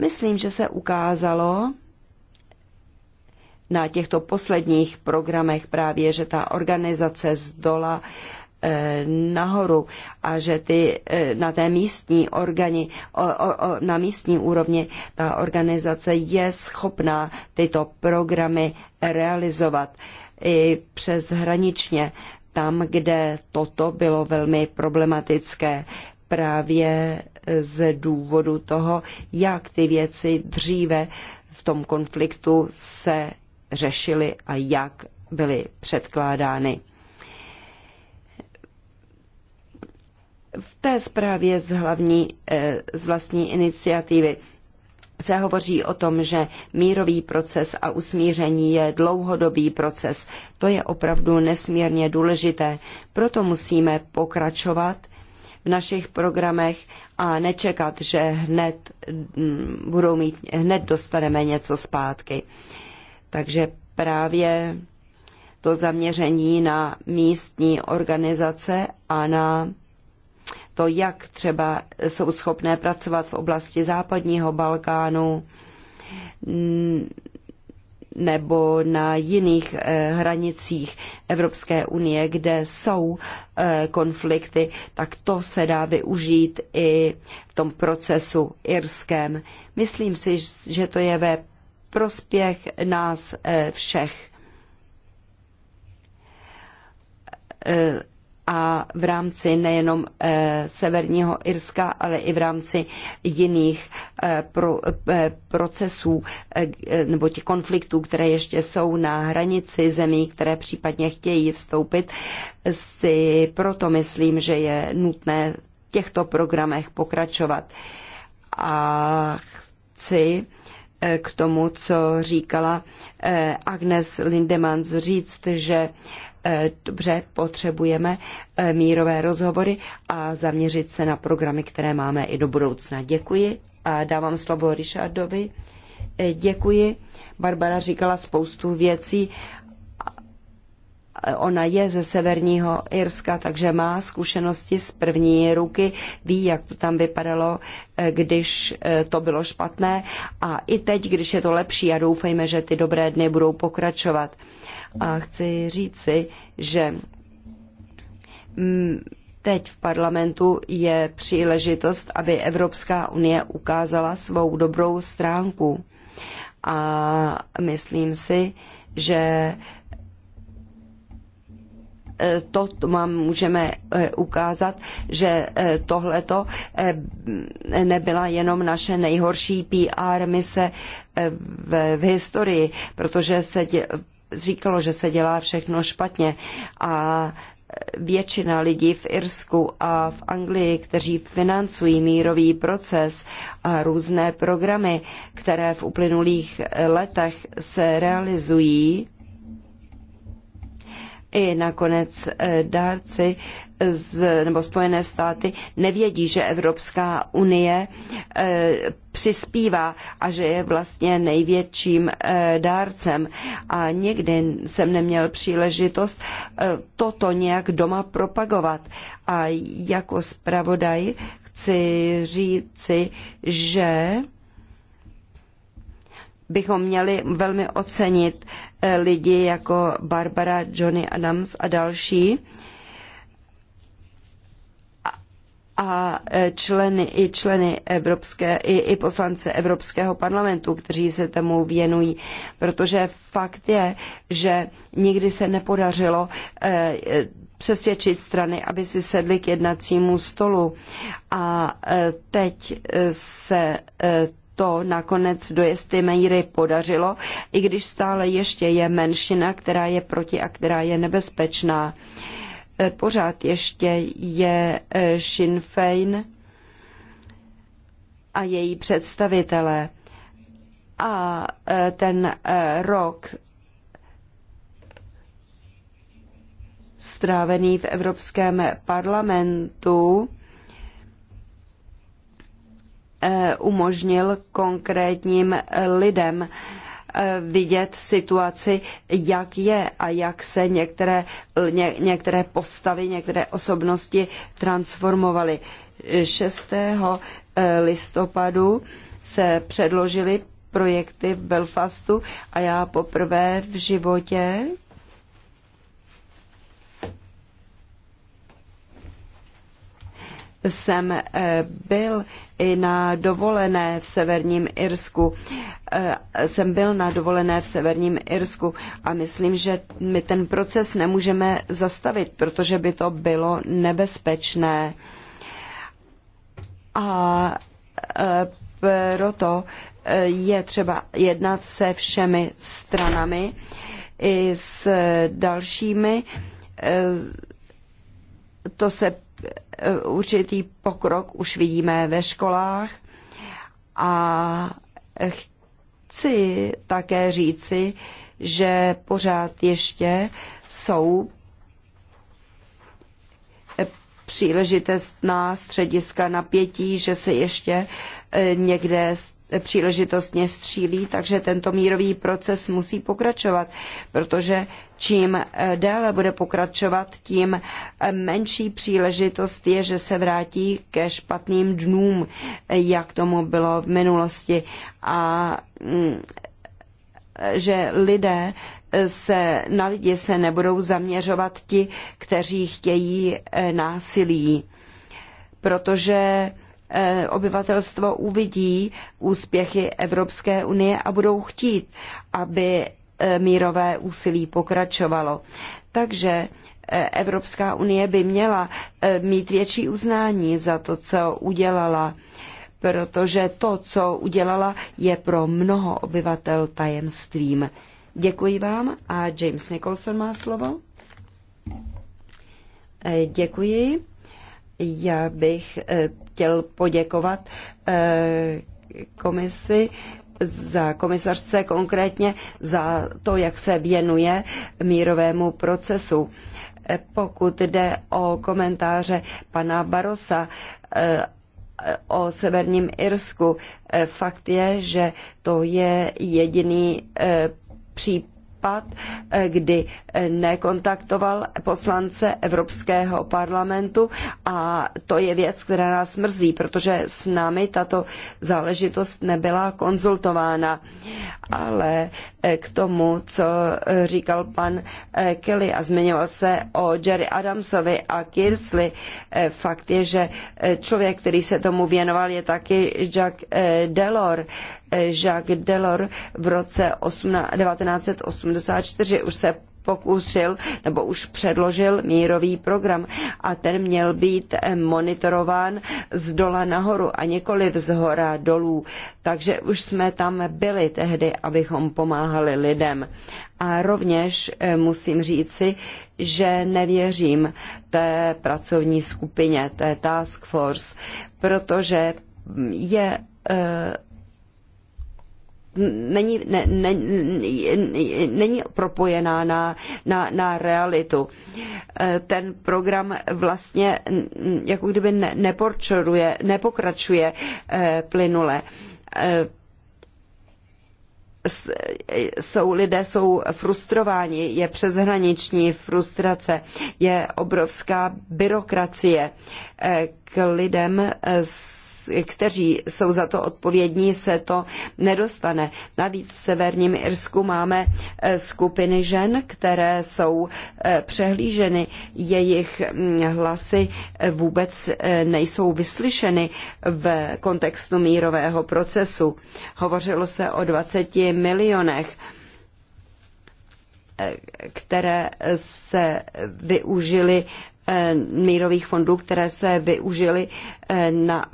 Myslím, že se ukázalo na těchto posledních programech právě, že ta organizace z dola Eh, nahoru a že ty eh, na té místní organi, o, o, na místní úrovni ta organizace je schopná tyto programy realizovat i přes hraničně tam, kde toto bylo velmi problematické právě z důvodu toho, jak ty věci dříve v tom konfliktu se řešily a jak byly předkládány. V té zprávě z, hlavní, eh, z vlastní iniciativy se hovoří o tom, že mírový proces a usmíření je dlouhodobý proces. To je opravdu nesmírně důležité. Proto musíme pokračovat v našich programech a nečekat, že hned, mm, budou mít, hned dostaneme něco zpátky. Takže právě to zaměření na místní organizace a na to, jak třeba jsou schopné pracovat v oblasti západního Balkánu mm, nebo na jiných eh, hranicích Evropské unie, kde jsou eh, konflikty, tak to se dá využít i v tom procesu irském. Myslím si, že to je ve prospěch nás eh, všech a v rámci nejenom eh, Severního Irska, ale i v rámci jiných eh, eh, procesů nebo těch konfliktů, které ještě jsou na hranici zemí, které případně chtějí vstoupit, si proto myslím, že je nutné v těchto programech pokračovat. A chci k tomu, co říkala Agnes Lindemans, říct, že Eh, dobře potřebujeme eh, mírové rozhovory a zaměřit se na programy, které máme i do budoucna. Děkuji a dávám slovo Richardovi. Eh, děkuji. Barbara říkala spoustu věcí. Ona je ze severního Irska, takže má zkušenosti z první ruky, ví, jak to tam vypadalo, když to bylo špatné a i teď, když je to lepší a doufejme, že ty dobré dny budou pokračovat. A chci říci, že mm, teď v parlamentu je příležitost, aby Evropská unie ukázala svou dobrou stránku. A myslím si, že e, to mám, můžeme e, ukázat, že e, tohleto nebyla jenom naše nejhorší PR mise v, v historii, protože se dě, říkalo, že se dělá všechno špatně a většina lidí v Irsku a v Anglii, kteří financují mírový proces a různé programy, které v uplynulých letech se realizují, i nakonec eh, dárci z, nebo Spojené státy nevědí, že Evropská unie e, přispívá a že je vlastně největším e, dárcem. A někdy jsem neměl příležitost e, toto nějak doma propagovat. A jako zpravodaj chci říci, že bychom měli velmi ocenit eh, lidi jako Barbara, Johnny Adams a další a eh, členy, i členy Evropské, i, i poslance Evropského parlamentu, kteří se tomu věnují, protože fakt je, že nikdy se nepodařilo eh, přesvědčit strany, aby si sedli k jednacímu stolu. A teď se to nakonec do jisté míry podařilo, i když stále ještě je menšina, která je proti a která je nebezpečná. E, pořád ještě je e, Sinn Fein a její představitelé. A e, ten rok strávený v Evropském parlamentu Eh, umožnil konkrétním lidem eh, vidět situaci, jak je a jak se některé, ně, některé postavy, některé osobnosti transformovaly. 6. Eh, listopadu se předložily projekty v Belfastu a já poprvé v životě jsem eh, byl i na dovolené v severním Irsku. Eh, jsem byl na dovolené v severním Irsku a myslím, že my ten proces nemůžeme zastavit, protože by to bylo nebezpečné. A eh, proto je třeba jednat se všemi stranami i s dalšími. To se Eh, určitý pokrok už vidíme ve školách a chci také říci, že pořád ještě jsou příležitostná střediska napětí, že se ještě eh, někde příležitostně střílí, takže tento mírový proces musí pokračovat, protože čím eh, déle bude pokračovat, tím eh, menší příležitost je, že se vrátí ke špatným dnům, eh, jak tomu bylo v minulosti. A mm, že lidé se, na lidi se nebudou zaměřovat ti, kteří chtějí násilí. Protože Eh, obyvatelstvo uvidí úspěchy Evropské unie a budou chtít, aby eh, mírové úsilí pokračovalo. Takže eh, Evropská unie by měla mít větší uznání za to, co udělala, protože to, co udělala, je pro mnoho obyvatel tajemstvím. Děkuji vám a James Nicholson má slovo. Děkuji. Já bych chtěl poděkovat eh, komisi za komisařce konkrétně za to, jak se věnuje mírovému procesu. Eh, pokud jde o komentáře pana Barosa eh, o Severním Irsku, fakt je, že to je jediný případ, případ, eh, kdy eh, nekontaktoval poslance Evropského parlamentu a to je věc, která nás mrzí, protože s námi tato záležitost nebyla konzultována. Ale eh, k tomu, co říkal pan Kelly a zmiňoval se o Jerry Adamsovi a Kirsley, fakt je, že člověk, který se tomu věnoval, je taky Jack Delors Jacques Delors v roce 1984 už se pokusil nebo už předložil mírový program a ten měl být eh, monitorován z dola nahoru a nikoli vzhora dolů. Takže už jsme tam byli tehdy, abychom pomáhali lidem. A rovněž eh, musím říci, že nevěřím té pracovní skupině, té task force, protože je eh, není, ne, ne, není propojená na, na, na realitu. E, ten program vlastně jako kdyby ne, nepokračuje e, plynule. E, jsou, lidé jsou frustrováni, je přeshraniční frustrace, je obrovská byrokracie k lidem s kteří jsou za to odpovědní, se to nedostane. Navíc v severním Irsku máme eh, skupiny žen, které jsou eh, přehlíženy, jejich mm, hlasy eh, vůbec nejsou vyslyšeny v kontextu mírového procesu. Hovořilo se o 20 milionech které se využily Eh, mírových fondů, které se využily eh, na,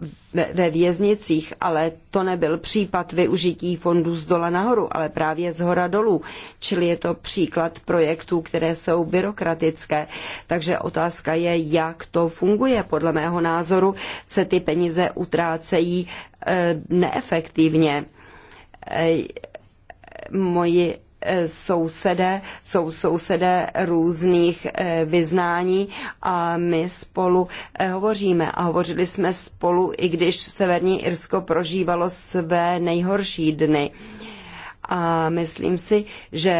ve věznicích, ale to nebyl případ využití fondů z dola nahoru, ale právě z hora dolů. Čili je to příklad projektů, které jsou byrokratické. Takže otázka je, jak to funguje. Podle mého názoru se ty peníze utrácejí eh, neefektivně. Moji sousedé, jsou sousedé různých eh, vyznání a my spolu eh, hovoříme a hovořili jsme spolu, i když Severní Irsko prožívalo své nejhorší dny a myslím si, že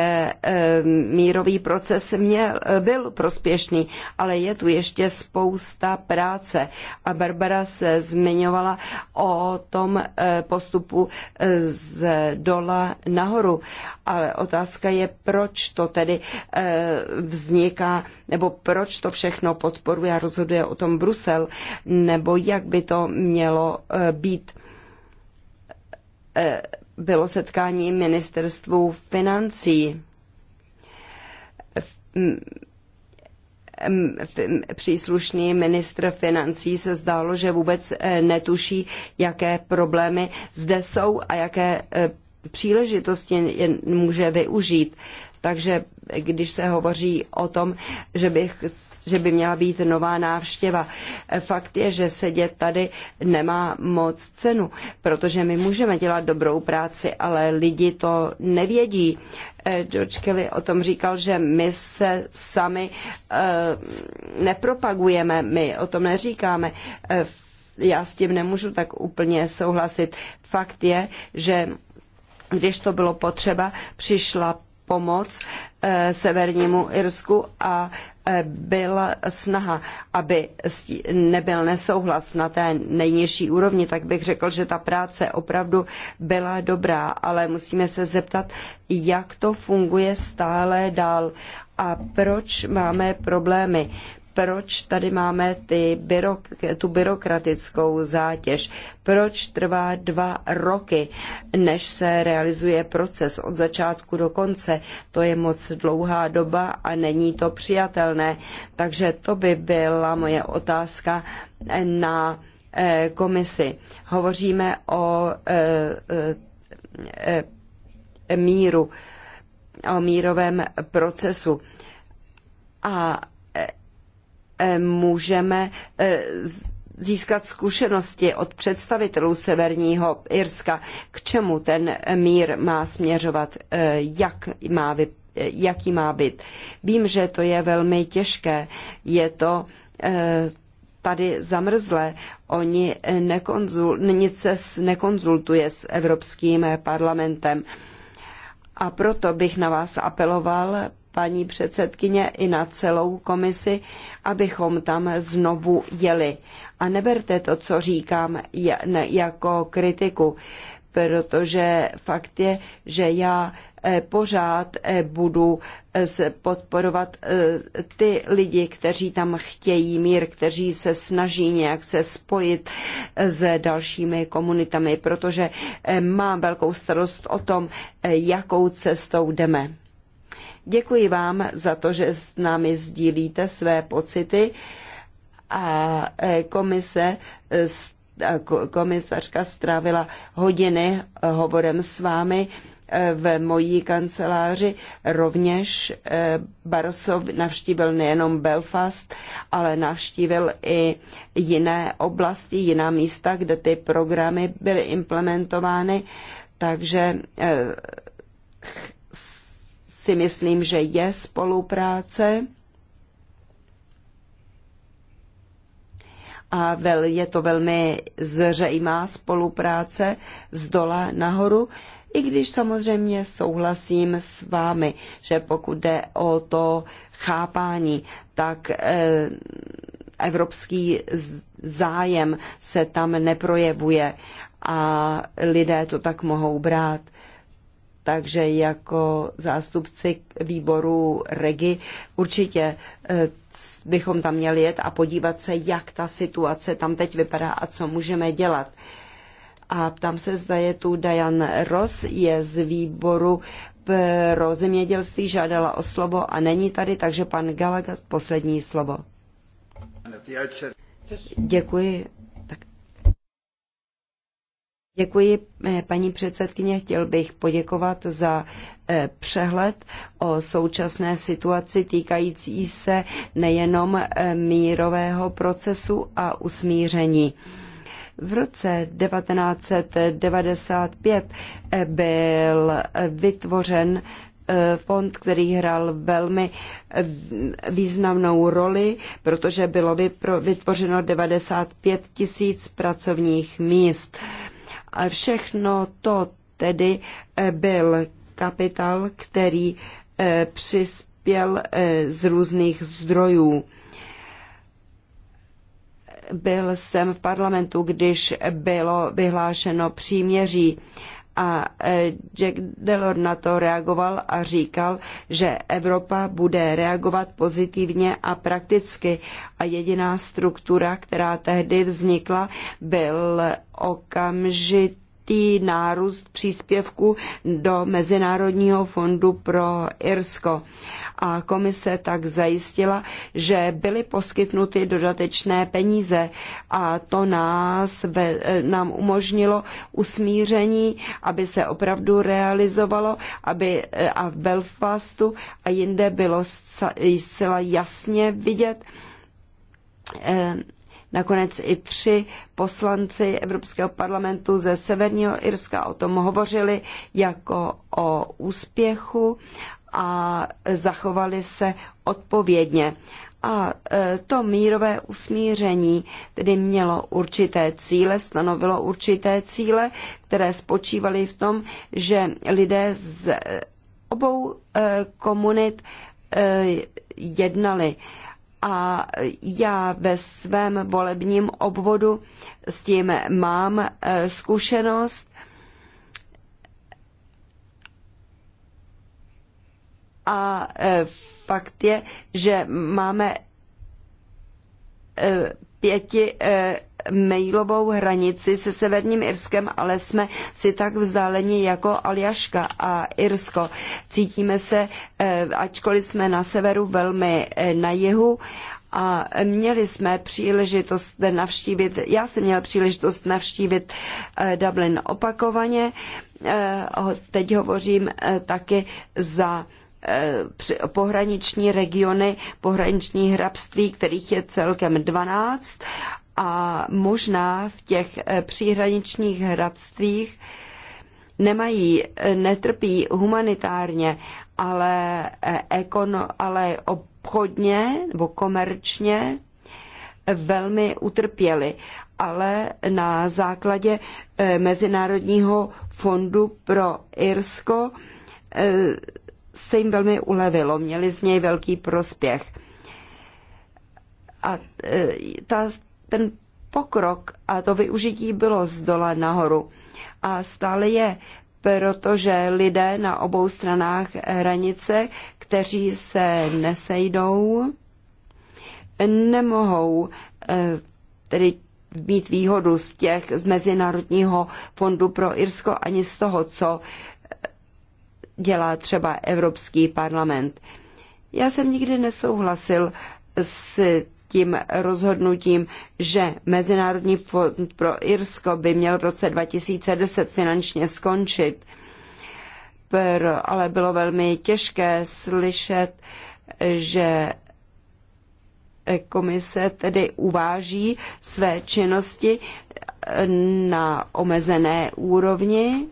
eh, mírový proces měl, eh, byl prospěšný, ale je tu ještě spousta práce. A Barbara se zmiňovala o tom eh, postupu z dola nahoru. Ale otázka je, proč to tedy vzniká, nebo proč to všechno podporuje a rozhoduje o tom Brusel, nebo jak by to mělo být bylo setkání ministerstvů financí. Příslušný ministr financí se zdálo, že vůbec e, netuší, jaké problémy zde jsou a jaké e, příležitosti může využít. Takže když se hovoří o tom, že, bych, že by měla být nová návštěva. Fakt je, že sedět tady nemá moc cenu, protože my můžeme dělat dobrou práci, ale lidi to nevědí. Eh, George Kelly o tom říkal, že my se sami eh, nepropagujeme, my o tom neříkáme eh, já s tím nemůžu tak úplně souhlasit. Fakt je, že když to bylo potřeba, přišla pomoc eh, Severnímu Irsku a eh, byla snaha, aby nebyl nesouhlas na té nejnižší úrovni, tak bych řekl, že ta práce opravdu byla dobrá, ale musíme se zeptat, jak to funguje stále dál a proč máme problémy proč tady máme ty byrok, tu byrokratickou zátěž, proč trvá dva roky, než se realizuje proces od začátku do konce. To je moc dlouhá doba a není to přijatelné. Takže to by byla moje otázka na eh, komisi. Hovoříme o eh, eh, míru, o mírovém procesu. A Eh, můžeme eh, získat zkušenosti od představitelů Severního Irska, k čemu ten mír má směřovat, eh, jak má jaký má být. Vím, že to je velmi těžké, je to tady zamrzlé. Oni nekonzul, nic se nekonzultuje s Evropským parlamentem. A proto bych na vás apeloval, paní předsedkyně, i na celou komisi, abychom tam znovu jeli. A neberte to, co říkám, jako kritiku, protože fakt je, že já eh, pořád eh, budu eh, podporovat ty lidi, kteří tam chtějí mír, kteří se snaží nějak se spojit s dalšími komunitami, protože mám velkou starost o tom, jakou cestou jdeme. Děkuji vám za to, že s námi sdílíte své pocity a e, komise e, komisařka strávila hodiny e, hovorem s vámi v mojí kanceláři. Rovněž Barosov navštívil nejenom Belfast, ale navštívil i jiné oblasti, jiná místa, kde ty programy byly implementovány. Takže si myslím, že je spolupráce. A vel, je to velmi zřejmá spolupráce z dola nahoru, i když samozřejmě souhlasím s vámi, že pokud jde o to chápání, tak eh, evropský zájem se tam neprojevuje a lidé to tak mohou brát takže jako zástupci výboru REGI určitě eh, bychom tam měli jet a podívat se, jak ta situace tam teď vypadá a co můžeme dělat. A ptám se, zda je tu Dajan Ross, je z výboru pro zemědělství, žádala o slovo a není tady, takže pan Galagas poslední slovo. Děkuji, Děkuji, eh, paní předsedkyně. Chtěl bych poděkovat za eh, přehled o současné situaci týkající se nejenom eh, mírového procesu a usmíření. V roce 1995 byl vytvořen fond, který hrál velmi významnou roli, protože bylo vytvořeno 95 tisíc pracovních míst. A všechno to tedy eh, byl kapitál, který eh, přispěl eh, z různých zdrojů. Byl jsem v parlamentu, když bylo vyhlášeno příměří a e, Jack Delors na to reagoval a říkal, že Evropa bude reagovat pozitivně a prakticky a jediná struktura, která tehdy vznikla, byl okamžitý určitý nárůst příspěvku do Mezinárodního fondu pro Irsko. A komise tak zajistila, že byly poskytnuty dodatečné peníze a to nás, nám umožnilo usmíření, aby se opravdu realizovalo, aby a v Belfastu a jinde bylo zcela jasně vidět, eh, Nakonec i tři poslanci Evropského parlamentu ze Severního Irska o tom hovořili jako o úspěchu a zachovali se odpovědně. A e, to mírové usmíření tedy mělo určité cíle, stanovilo určité cíle, které spočívaly v tom, že lidé z obou e, komunit e, jednali a já ve svém volebním obvodu s tím mám e, zkušenost. A e, fakt je, že máme e, pěti eh, mailovou hranici se Severním Irskem, ale jsme si tak vzdáleni jako Aljaška a Irsko. Cítíme se, eh, ačkoliv jsme na severu velmi eh, na jihu, a měli jsme příležitost navštívit, já jsem měla příležitost navštívit Dublin opakovaně, teď hovořím taky za Eh, pohraniční regiony, pohraniční hrabství, kterých je celkem 12 a možná v těch eh, příhraničních hrabstvích nemají, eh, netrpí humanitárně, ale, ekono, ale obchodně nebo komerčně velmi utrpěli, ale na základě Mezinárodního fondu pro Irsko se jim velmi ulevilo, měli z něj velký prospěch. A e, ta, ten pokrok a to využití bylo z dola nahoru a stále je, protože lidé na obou stranách hranice, kteří se nesejdou, nemohou e, tedy mít výhodu z těch z Mezinárodního fondu pro Irsko ani z toho, co dělá třeba Evropský parlament. Já jsem nikdy nesouhlasil s tím rozhodnutím, že Mezinárodní fond pro Irsko by měl v roce 2010 finančně skončit. Pro, ale bylo velmi těžké slyšet, že komise tedy uváží své činnosti na omezené úrovni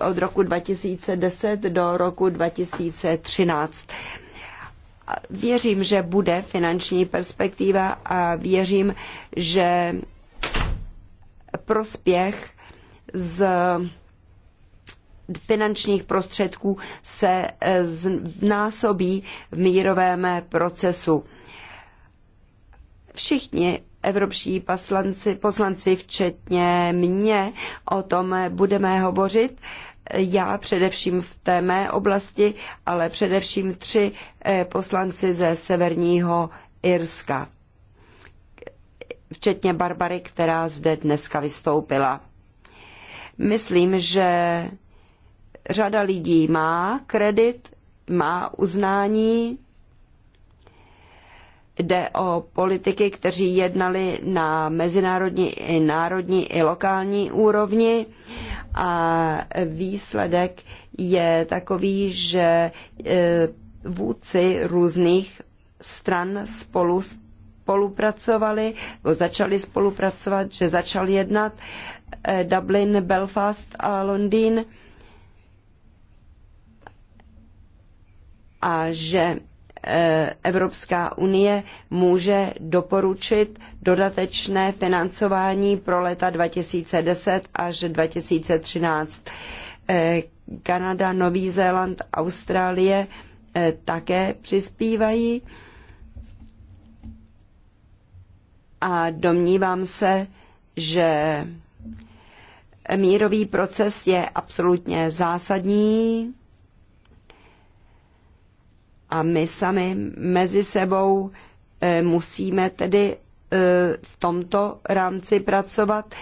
od roku 2010 do roku 2013. Věřím, že bude finanční perspektiva a věřím, že prospěch z finančních prostředků se eh, násobí v mírovém procesu. Všichni evropští poslanci, poslanci, včetně mě, o tom budeme hovořit. Já především v té mé oblasti, ale především tři eh, poslanci ze severního Irska, včetně Barbary, která zde dneska vystoupila. Myslím, že řada lidí má kredit, má uznání Jde o politiky, kteří jednali na mezinárodní i národní i lokální úrovni a výsledek je takový, že e, vůdci různých stran spolu spolupracovali, začali spolupracovat, že začal jednat e, Dublin, Belfast a Londýn a že E, Evropská unie může doporučit dodatečné financování pro leta 2010 až 2013. E, Kanada, Nový Zéland, Austrálie e, také přispívají a domnívám se, že mírový proces je absolutně zásadní a my sami mezi sebou eh, musíme tedy eh, v tomto rámci pracovat.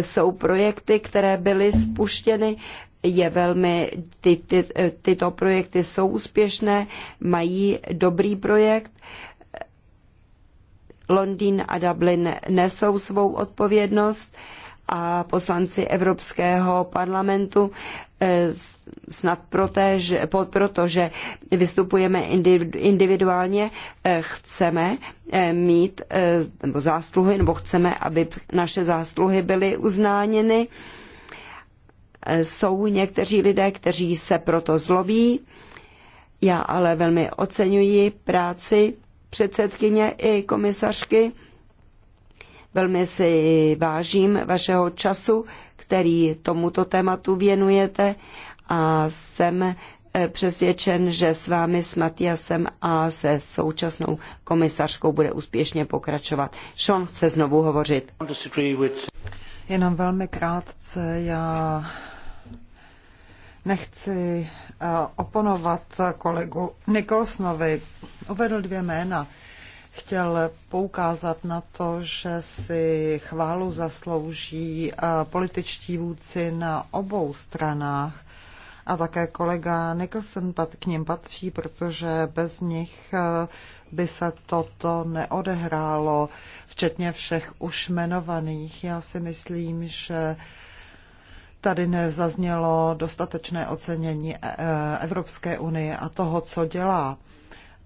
Jsou projekty, které byly spuštěny, je velmi, ty, ty, eh, tyto projekty jsou úspěšné, mají dobrý projekt. Londýn a Dublin nesou svou odpovědnost a poslanci Evropského parlamentu Eh, snad protože, protože vystupujeme individuálně, eh, chceme eh, mít nebo zásluhy, nebo chceme, aby naše zásluhy byly uznáněny. Jsou někteří lidé, kteří se proto zlobí. Já ale velmi oceňuji práci předsedkyně i komisařky. Velmi si vážím vašeho času, který tomuto tématu věnujete a jsem eh, přesvědčen, že s vámi, s Matiasem a se současnou komisařkou bude úspěšně pokračovat. Sean chce znovu hovořit. Jenom velmi krátce, já nechci eh, oponovat kolegu Nikolsnovi. Uvedl dvě jména chtěl poukázat na to, že si chválu zaslouží eh, političtí vůdci na obou stranách a také kolega Nicholson k ním patří, protože bez nich eh, by se toto neodehrálo, včetně všech už jmenovaných. Já si myslím, že tady nezaznělo dostatečné ocenění eh, Evropské unie a toho, co dělá.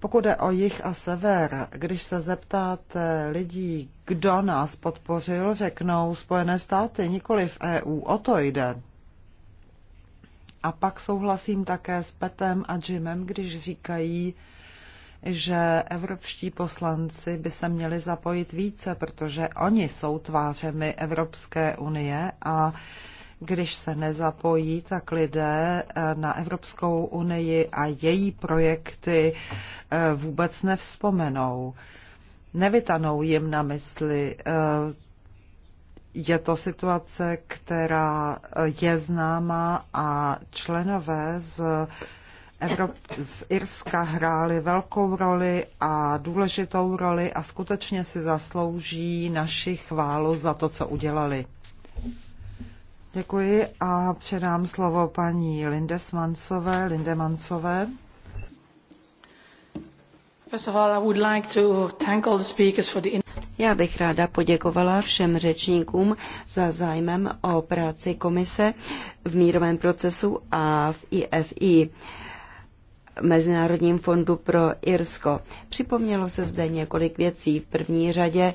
Pokud jde o jich a sever, když se zeptáte lidí, kdo nás podpořil, řeknou Spojené státy, nikoli v EU, o to jde. A pak souhlasím také s Petem a Jimem, když říkají, že evropští poslanci by se měli zapojit více, protože oni jsou tvářemi Evropské unie a když se nezapojí, tak lidé eh, na Evropskou unii a její projekty eh, vůbec nevzpomenou. Nevytanou jim na mysli. Eh, je to situace, která je známá a členové z Evrop, z Irska hráli velkou roli a důležitou roli a skutečně si zaslouží naši chválu za to, co udělali. Děkuji a předám slovo paní Lindesmansové. Smansové. Já bych ráda poděkovala všem řečníkům za zájmem o práci komise v mírovém procesu a v IFI. Mezinárodním fondu pro Irsko. Připomnělo se zde několik věcí. V první řadě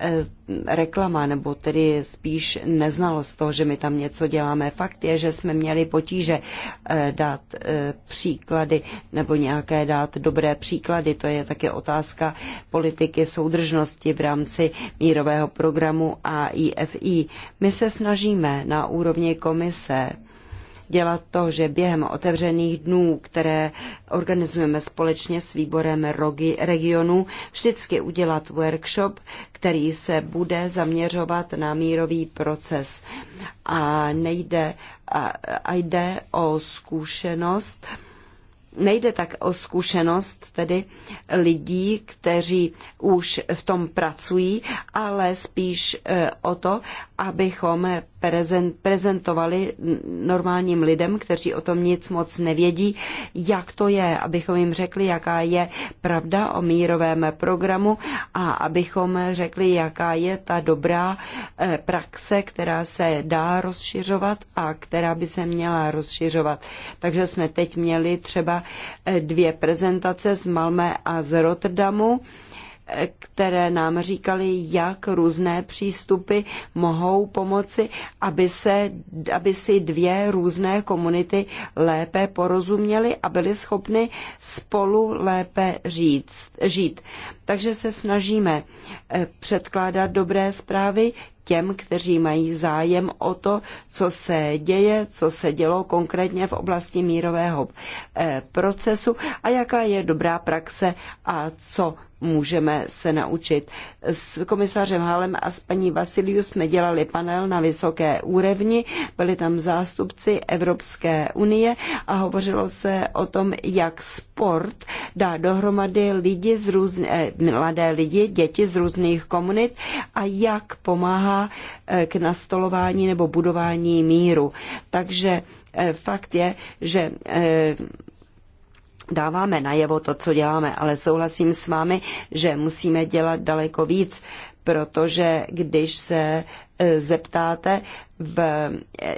Eh, reklama, nebo tedy spíš neznalost toho, že my tam něco děláme. Fakt je, že jsme měli potíže eh, dát eh, příklady nebo nějaké dát dobré příklady. To je také otázka politiky soudržnosti v rámci mírového programu a IFI. My se snažíme na úrovni komise dělat to, že během otevřených dnů, které organizujeme společně s výborem regionu, vždycky udělat workshop, který se bude zaměřovat na mírový proces. A nejde a, a jde o zkušenost, nejde tak o zkušenost tedy lidí, kteří už v tom pracují, ale spíš e, o to, abychom prezentovali normálním lidem, kteří o tom nic moc nevědí, jak to je, abychom jim řekli, jaká je pravda o mírovém programu a abychom řekli, jaká je ta dobrá eh, praxe, která se dá rozšiřovat a která by se měla rozšiřovat. Takže jsme teď měli třeba eh, dvě prezentace z Malmé a z Rotterdamu které nám říkali, jak různé přístupy mohou pomoci, aby, se, aby si dvě různé komunity lépe porozuměly a byly schopny spolu lépe říct, žít. Takže se snažíme eh, předkládat dobré zprávy těm, kteří mají zájem o to, co se děje, co se dělo konkrétně v oblasti mírového eh, procesu a jaká je dobrá praxe a co můžeme se naučit. S komisařem Halem a s paní Vasiliu jsme dělali panel na vysoké úrovni, byli tam zástupci Evropské unie a hovořilo se o tom, jak sport dá dohromady lidi z různě, mladé lidi, děti z různých komunit a jak pomáhá eh, k nastolování nebo budování míru. Takže eh, fakt je, že eh, dáváme najevo to, co děláme, ale souhlasím s vámi, že musíme dělat daleko víc, protože když se e, zeptáte v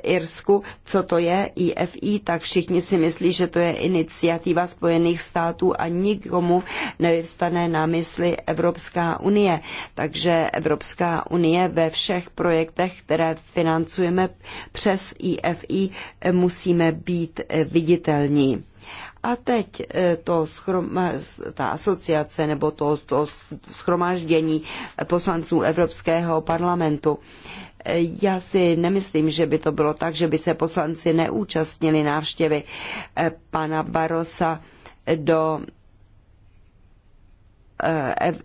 Irsku, co to je IFI, tak všichni si myslí, že to je iniciativa Spojených států a nikomu nevystane na mysli Evropská unie. Takže Evropská unie ve všech projektech, které financujeme přes IFI, e, musíme být e, viditelní. A teď eh, to schrom, eh, ta asociace nebo to, to schromáždění poslanců Evropského parlamentu. Eh, já si nemyslím, že by to bylo tak, že by se poslanci neúčastnili návštěvy pana Barosa do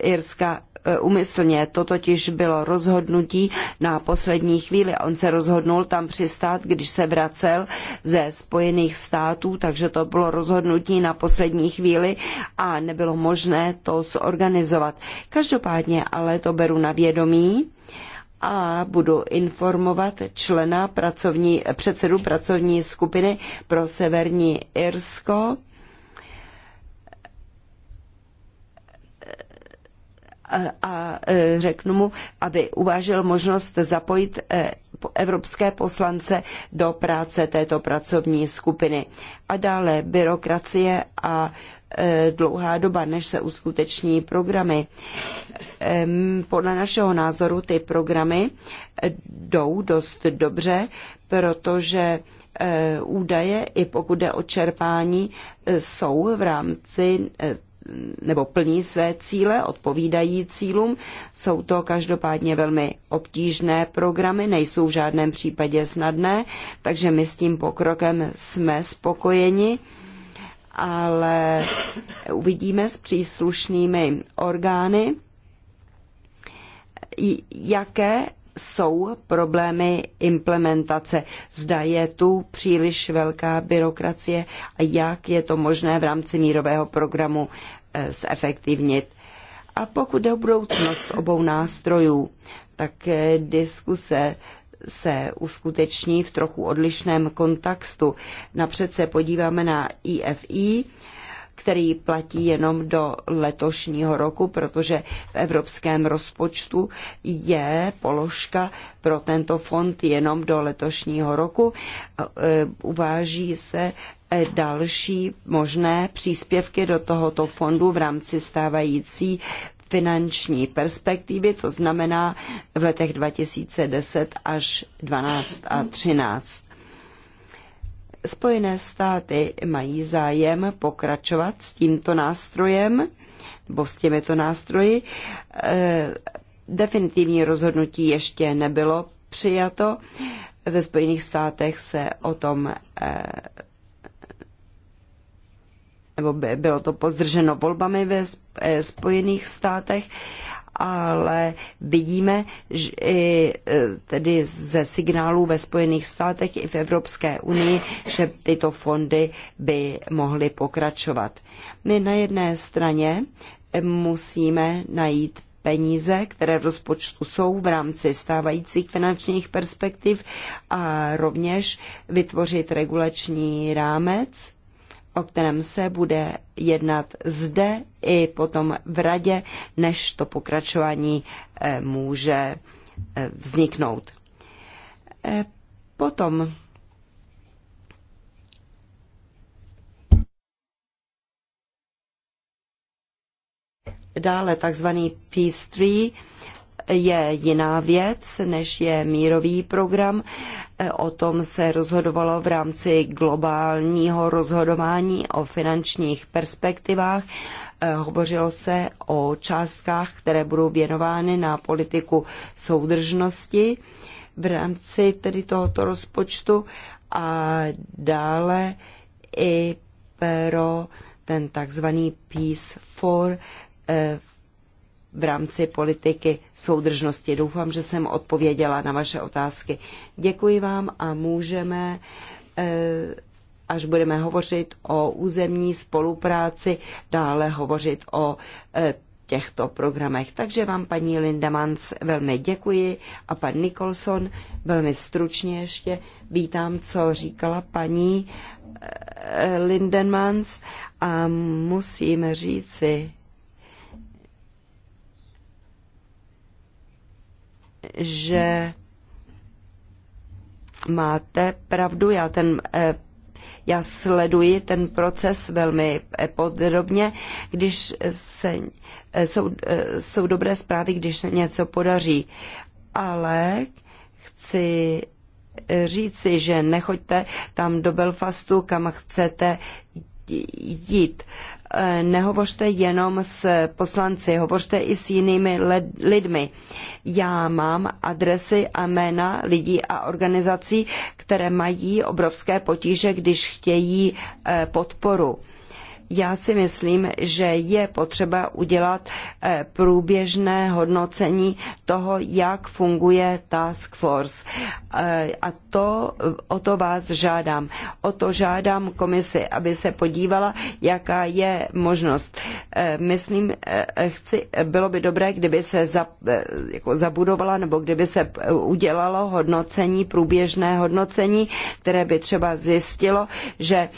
Irska Eh, umyslně. To totiž bylo rozhodnutí na poslední chvíli. On se rozhodnul tam přistát, když se vracel ze Spojených států, takže to bylo rozhodnutí na poslední chvíli a nebylo možné to zorganizovat. Každopádně ale to beru na vědomí a budu informovat člena pracovní, předsedu pracovní skupiny pro Severní Irsko a e, řeknu mu, aby uvážil možnost zapojit e, evropské poslance do práce této pracovní skupiny. A dále byrokracie a e, dlouhá doba, než se uskuteční programy. Podle našeho názoru ty programy jdou dost dobře, protože údaje, i pokud jde o čerpání, jsou v rámci nebo plní své cíle, odpovídají cílům. Jsou to každopádně velmi obtížné programy, nejsou v žádném případě snadné, takže my s tím pokrokem jsme spokojeni ale uvidíme s příslušnými orgány, jaké jsou problémy implementace. Zda je tu příliš velká byrokracie a jak je to možné v rámci mírového programu eh, zefektivnit. A pokud jde o budoucnost obou nástrojů, tak eh, diskuse se uskuteční v trochu odlišném kontextu. Napřed se podíváme na IFI, který platí jenom do letošního roku, protože v evropském rozpočtu je položka pro tento fond jenom do letošního roku. E, uváží se e, další možné příspěvky do tohoto fondu v rámci stávající finanční perspektivy, to znamená v letech 2010 až 12 a 13. Spojené státy mají zájem pokračovat s tímto nástrojem nebo s těmito nástroji. Eh, definitivní rozhodnutí ještě nebylo přijato. Ve Spojených státech se o tom eh, nebo bylo to pozdrženo volbami ve eh, Spojených státech ale vidíme že i e, tedy ze signálů ve Spojených státech i v Evropské unii, že tyto fondy by mohly pokračovat. My na jedné straně musíme najít peníze, které v rozpočtu jsou v rámci stávajících finančních perspektiv a rovněž vytvořit regulační rámec, o kterém se bude jednat zde i potom v radě, než to pokračování eh, může eh, vzniknout. Eh, potom dále takzvaný Peace Tree, je jiná věc, než je mírový program. O tom se rozhodovalo v rámci globálního rozhodování o finančních perspektivách. Hovořilo se o částkách, které budou věnovány na politiku soudržnosti v rámci tedy tohoto rozpočtu a dále i pro ten takzvaný Peace for eh, v rámci politiky soudržnosti. Doufám, že jsem odpověděla na vaše otázky. Děkuji vám a můžeme, eh, až budeme hovořit o územní spolupráci, dále hovořit o eh, těchto programech. Takže vám, paní Linda Mans, velmi děkuji a pan Nicholson, velmi stručně ještě vítám, co říkala paní eh, Lindemans a musím říci, že máte pravdu, já ten eh, já sleduji ten proces velmi eh, podrobně, když se, eh, jsou, jsou dobré zprávy, když se něco podaří. Ale chci říci, že nechoďte tam do Belfastu, kam chcete jít. Eh, nehovořte jenom s poslanci, hovořte i s jinými lidmi. Já mám adresy a jména lidí a organizací, které mají obrovské potíže, když chtějí eh, podporu já si myslím, že je potřeba udělat eh, průběžné hodnocení toho, jak funguje task force. Eh, a to, o to vás žádám. O to žádám komisi, aby se podívala, jaká je možnost. Eh, myslím, chci, bylo by dobré, kdyby se za, jako zabudovala nebo kdyby se udělalo hodnocení, průběžné hodnocení, které by třeba zjistilo, že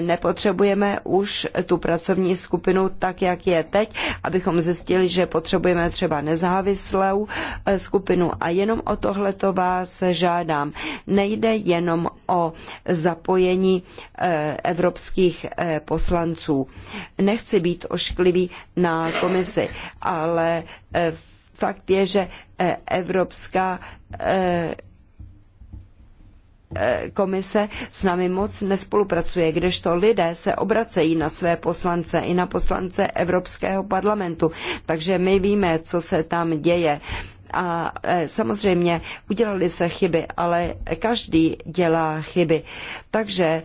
nepotřebujeme už tu pracovní skupinu tak, jak je teď, abychom zjistili, že potřebujeme třeba nezávislou eh, skupinu. A jenom o tohleto vás žádám. Nejde jenom o zapojení eh, evropských eh, poslanců. Nechci být ošklivý na komisi, ale fakt je, že Evropská E, komise s námi moc nespolupracuje, kdežto lidé se obracejí na své poslance i na poslance Evropského parlamentu. Takže my víme, co se tam děje a e, samozřejmě udělali se chyby, ale každý dělá chyby. Takže e,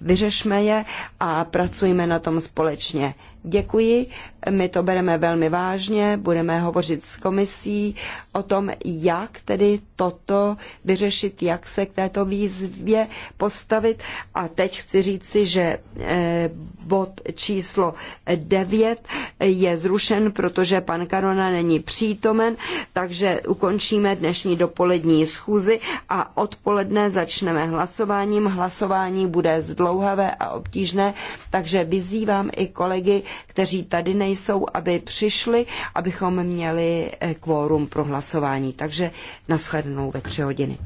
vyřešme je a pracujme na tom společně. Děkuji, my to bereme velmi vážně, budeme hovořit s komisí o tom, jak tedy toto vyřešit, jak se k této výzvě postavit. A teď chci říci, že eh, bod číslo 9 je zrušen, protože pan Karona není přítomen, takže ukončíme dnešní dopolední schůzi a odpoledne začneme hlasováním. Hlasování bude zdlouhavé a obtížné, takže vyzývám i kolegy, kteří tady nejsou, aby přišli, abychom měli eh, kvórum pro hlasování. Takže nashledanou ve tři hodiny.